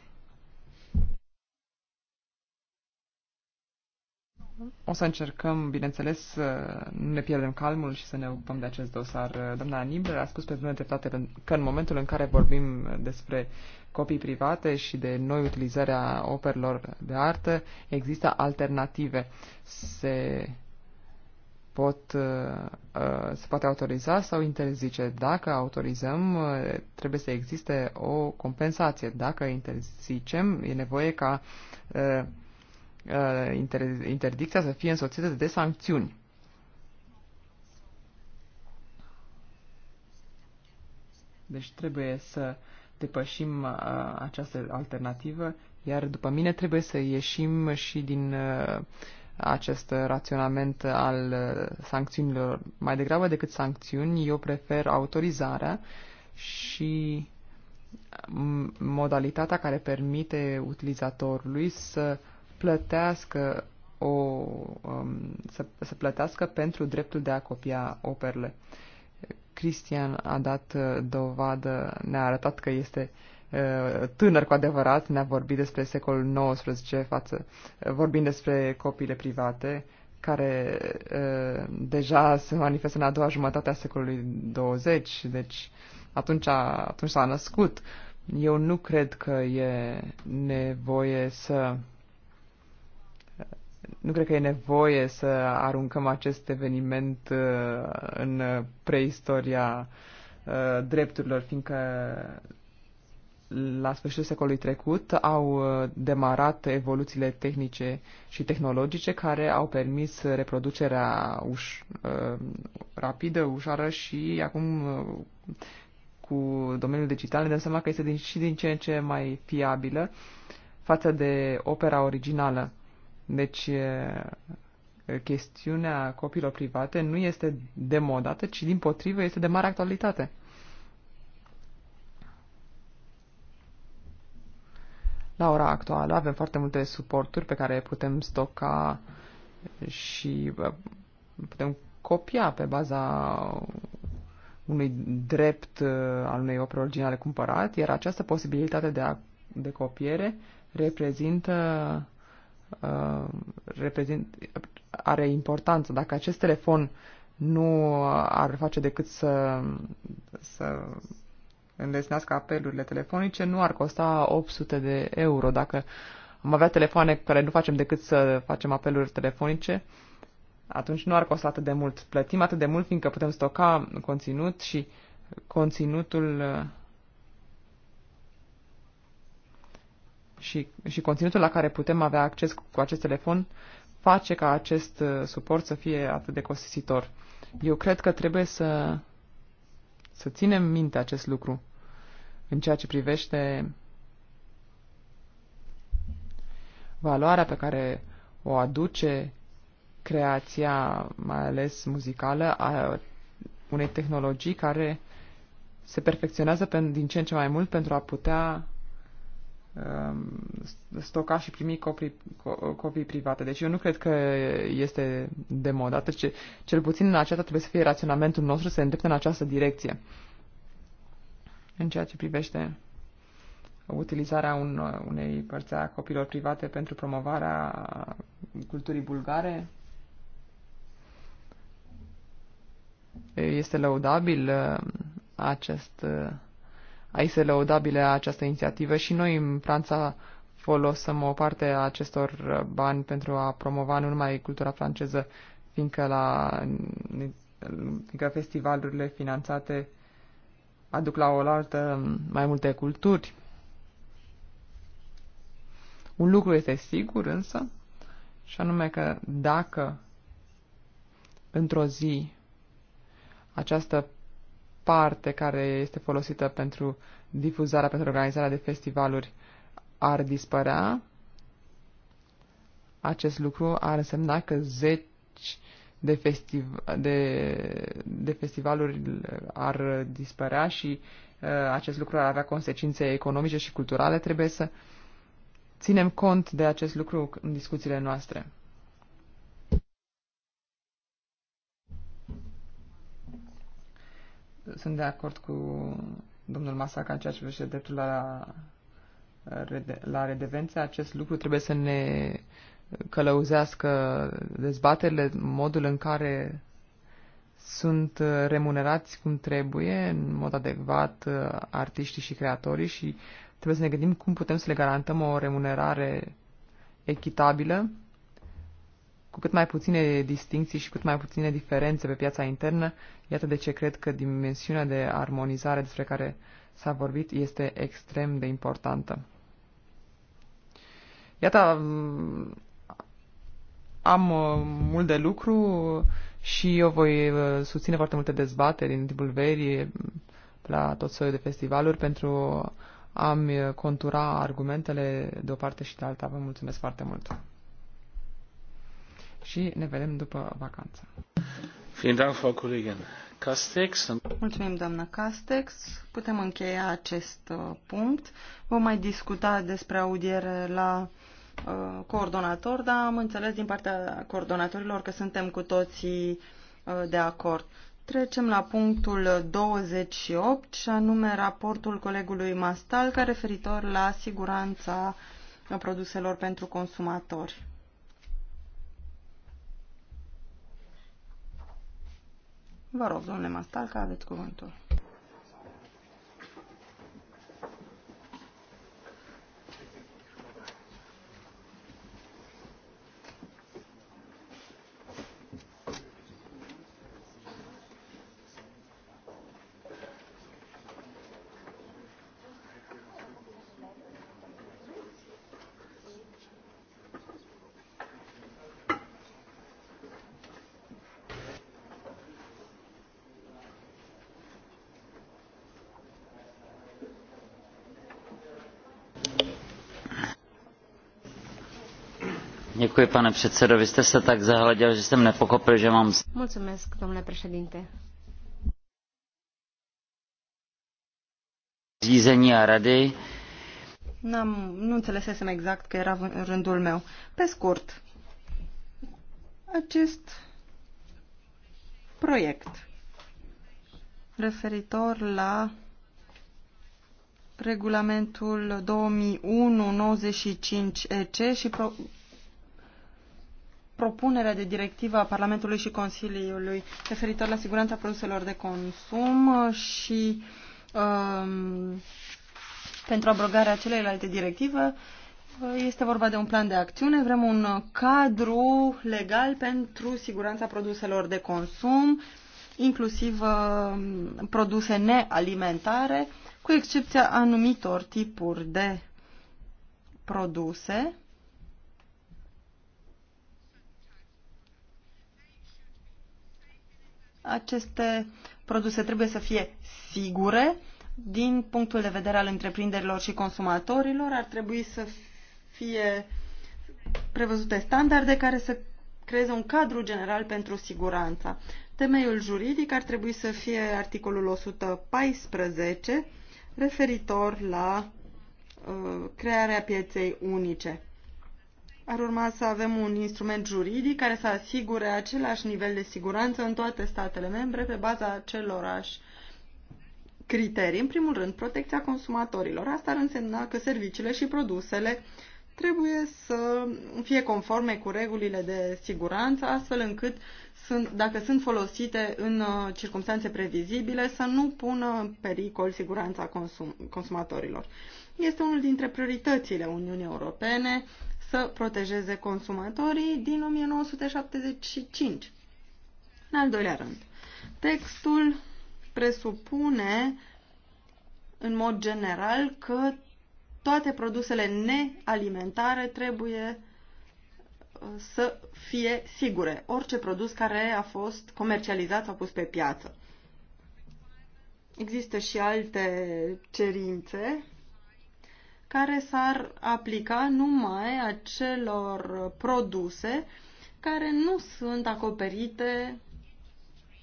O să încercăm, bineînțeles, să nu ne pierdem calmul și să ne ocupăm de acest dosar. Doamna Nibler a spus pe bună dreptate că în momentul în care vorbim despre copii private și de noi utilizarea operelor de artă, există alternative. Se pot, uh, uh, se poate autoriza sau interzice. Dacă autorizăm, uh, trebuie să existe o compensație. Dacă interzicem, e nevoie ca Uh, interdicția să fie însoțită de sancțiuni. Deci trebuie să depășim uh, această alternativă, iar după mine trebuie să ieșim și din uh, acest raționament al uh, sancțiunilor. Mai degrabă decât sancțiuni, eu prefer autorizarea și mm, modalitatea care permite utilizatorului să plătească o, um, să, să plătească pentru dreptul de a copia operele. Cristian a dat uh, dovadă, ne-a arătat că este uh, tânăr cu adevărat, ne-a vorbit despre secolul XIX față, uh, vorbind despre copiile private, care deja se manifestă în a doua jumătate a secolului 20, deci atunci, a, atunci s-a născut. Eu nu cred că e nevoie să nu cred că e nevoie să aruncăm acest eveniment uh, în preistoria uh, drepturilor, fiindcă la sfârșitul secolului trecut au uh, demarat evoluțiile tehnice și tehnologice care au permis reproducerea uș- rapidă, ușoară și acum cu domeniul digital ne dăm seama că este din, și din ce în ce mai fiabilă față de opera originală deci, chestiunea copiilor private nu este demodată, ci din potrivă este de mare actualitate. La ora actuală avem foarte multe suporturi pe care putem stoca și putem copia pe baza unui drept al unei opere originale cumpărat, iar această posibilitate de, a, de copiere reprezintă Uh, reprezint, are importanță. Dacă acest telefon nu ar face decât să, să îndesnească apelurile telefonice, nu ar costa 800 de euro. Dacă am avea telefoane care nu facem decât să facem apeluri telefonice, atunci nu ar costa atât de mult. Plătim atât de mult fiindcă putem stoca conținut și conținutul uh, și, și conținutul la care putem avea acces cu, cu acest telefon face ca acest uh, suport să fie atât de costisitor. Eu cred că trebuie să, să ținem minte acest lucru în ceea ce privește valoarea pe care o aduce creația, mai ales muzicală, a unei tehnologii care se perfecționează din ce în ce mai mult pentru a putea Um, stoca și primi copii, copii private. Deci eu nu cred că este demodată, ce, cel puțin în aceasta trebuie să fie raționamentul nostru să se îndrepte în această direcție. În ceea ce privește utilizarea un, unei părți a copilor private pentru promovarea culturii bulgare, este lăudabil uh, acest uh, Aici se lăudabile această inițiativă și noi în Franța folosăm o parte a acestor bani pentru a promova nu numai cultura franceză, fiindcă, la, fiindcă festivalurile finanțate aduc la oaltă mai multe culturi. Un lucru este sigur însă, și anume că dacă într-o zi această parte care este folosită pentru difuzarea, pentru organizarea de festivaluri ar dispărea, acest lucru ar însemna că zeci de, festiv- de, de festivaluri ar dispărea și uh, acest lucru ar avea consecințe economice și culturale. Trebuie să ținem cont de acest lucru în discuțiile noastre. Sunt de acord cu domnul Masaca în ceea ce privește dreptul la, la redevență. Acest lucru trebuie să ne călăuzească dezbaterile, modul în care sunt remunerați cum trebuie, în mod adecvat, artiștii și creatorii și trebuie să ne gândim cum putem să le garantăm o remunerare echitabilă cu cât mai puține distinții și cât mai puține diferențe pe piața internă. Iată de ce cred că dimensiunea de armonizare despre care s-a vorbit este extrem de importantă. Iată, am uh, mult de lucru și eu voi uh, susține foarte multe dezbateri în timpul verii la tot soiul de festivaluri pentru a-mi contura argumentele de o parte și de alta. Vă mulțumesc foarte mult! și ne vedem după vacanță. Mulțumim, doamnă Castex. Putem încheia acest uh, punct. Vom mai discuta despre audiere la uh, coordonator, dar am înțeles din partea coordonatorilor că suntem cu toții uh, de acord. Trecem la punctul 28, și anume raportul colegului Mastal, care referitor la siguranța produselor pentru consumatori. Vă rog, domnule Mastalca, aveți cuvântul. Děkuji, pane předsedo. Vy jste se tak zahleděl, že jsem nepochopil, že mám... Mulțumesc, domnule președinte. Řízení a rady. N-am, nu înțelesesem exact că era rândul meu. Pe scurt, acest proiect referitor la regulamentul 2001-95-EC și propunerea de directivă a Parlamentului și Consiliului referitor la siguranța produselor de consum și um, pentru abrogarea celelalte directive este vorba de un plan de acțiune. Vrem un cadru legal pentru siguranța produselor de consum, inclusiv um, produse nealimentare, cu excepția anumitor tipuri de produse Aceste produse trebuie să fie sigure din punctul de vedere al întreprinderilor și consumatorilor. Ar trebui să fie prevăzute standarde care să creeze un cadru general pentru siguranța. Temeiul juridic ar trebui să fie articolul 114 referitor la uh, crearea pieței unice. Ar urma să avem un instrument juridic care să asigure același nivel de siguranță în toate statele membre pe baza acelorași criterii. În primul rând, protecția consumatorilor. Asta ar însemna că serviciile și produsele trebuie să fie conforme cu regulile de siguranță, astfel încât, sunt, dacă sunt folosite în uh, circunstanțe previzibile, să nu pună în pericol siguranța consum- consumatorilor. Este unul dintre prioritățile Uniunii Europene să protejeze consumatorii din 1975. În al doilea rând, textul presupune în mod general că toate produsele nealimentare trebuie uh, să fie sigure, orice produs care a fost comercializat sau pus pe piață. Există și alte cerințe care s-ar aplica numai acelor produse care nu sunt acoperite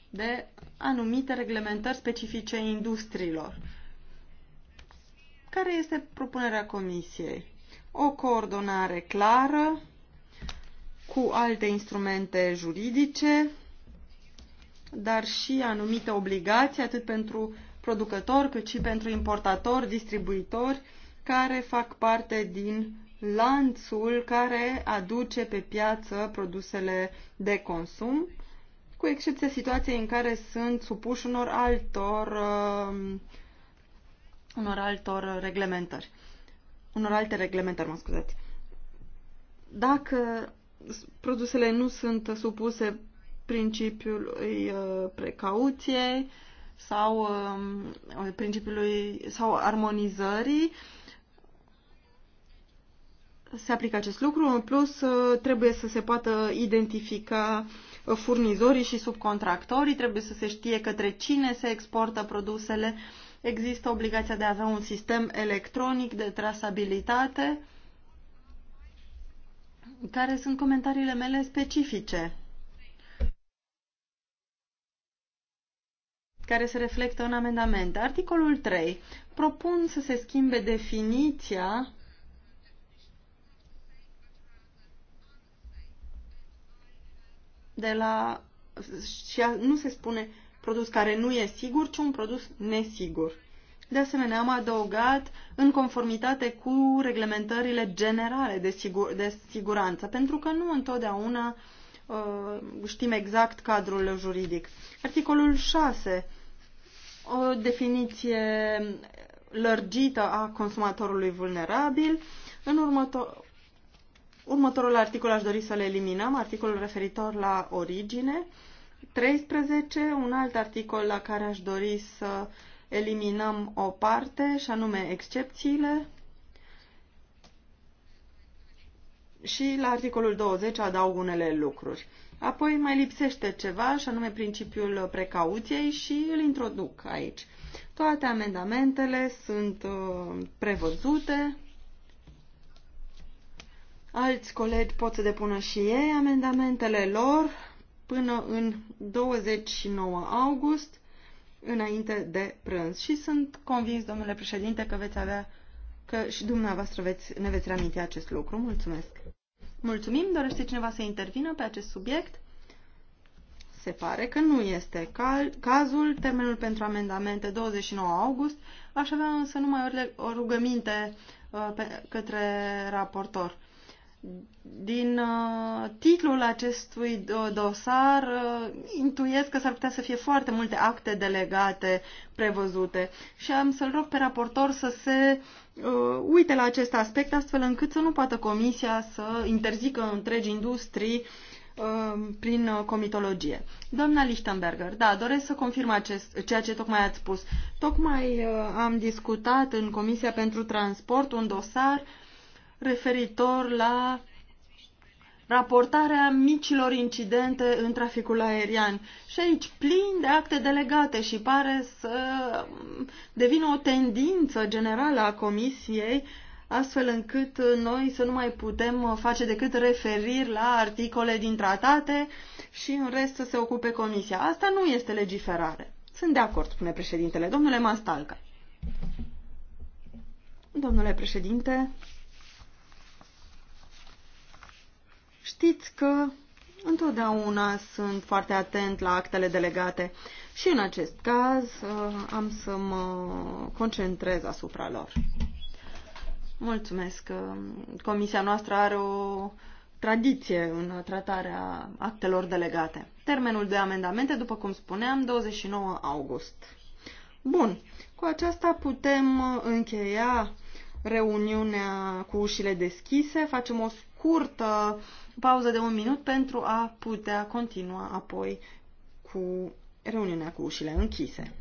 de anumite reglementări specifice industriilor. Care este propunerea Comisiei? O coordonare clară cu alte instrumente juridice, dar și anumite obligații atât pentru producători cât și pentru importatori, distribuitori care fac parte din lanțul care aduce pe piață produsele de consum, cu excepția situației în care sunt supuși unor altor, uh, unor altor reglementări. Unor alte reglementări, mă scuzați. Dacă produsele nu sunt supuse principiului uh, precauției sau uh, principiului sau armonizării, uh, se aplică acest lucru. În plus, uh, trebuie să se poată identifica uh, furnizorii și subcontractorii, trebuie să se știe către cine se exportă produsele. Există obligația de a avea un sistem electronic de trasabilitate. Care sunt comentariile mele specifice? care se reflectă în amendamente. Articolul 3. Propun să se schimbe definiția de la și nu se spune produs care nu e sigur, ci un produs nesigur. De asemenea, am adăugat în conformitate cu reglementările generale de, sigur, de siguranță, pentru că nu întotdeauna uh, știm exact cadrul juridic. Articolul 6. O definiție lărgită a consumatorului vulnerabil. În următor, Următorul articol aș dori să-l eliminăm, articolul referitor la origine. 13, un alt articol la care aș dori să eliminăm o parte, și anume excepțiile. Și la articolul 20 adaug unele lucruri. Apoi mai lipsește ceva, și anume principiul precauției și îl introduc aici. Toate amendamentele sunt uh, prevăzute Alți colegi pot să depună și ei amendamentele lor până în 29 august, înainte de prânz. Și sunt convins, domnule președinte, că veți avea, că și dumneavoastră veți, ne veți reaminti acest lucru. Mulțumesc! Mulțumim! Dorește cineva să intervină pe acest subiect? Se pare că nu este cal, cazul. Termenul pentru amendamente 29 august. Aș avea însă numai o rugăminte uh, pe, către raportor. Din uh, titlul acestui dosar uh, intuiesc că s-ar putea să fie foarte multe acte delegate prevăzute și am să-l rog pe raportor să se uh, uite la acest aspect astfel încât să nu poată Comisia să interzică întregi industrii uh, prin uh, comitologie. Doamna Lichtenberger, da, doresc să confirm acest, ceea ce tocmai ați spus. Tocmai uh, am discutat în Comisia pentru Transport un dosar uh, referitor la raportarea micilor incidente în traficul aerian. Și aici plin de acte delegate și pare să devină o tendință generală a Comisiei astfel încât noi să nu mai putem face decât referiri la articole din tratate și în rest să se ocupe Comisia. Asta nu este legiferare. Sunt de acord, spune președintele. Domnule Mastalca. Domnule președinte, Știți că întotdeauna sunt foarte atent la actele delegate și în acest caz uh, am să mă concentrez asupra lor. Mulțumesc. Uh, Comisia noastră are o tradiție în tratarea actelor delegate. Termenul de amendamente, după cum spuneam, 29 august. Bun, cu aceasta putem încheia reuniunea cu ușile deschise. Facem o scurtă pauză de un minut pentru a putea continua apoi cu reuniunea cu ușile închise.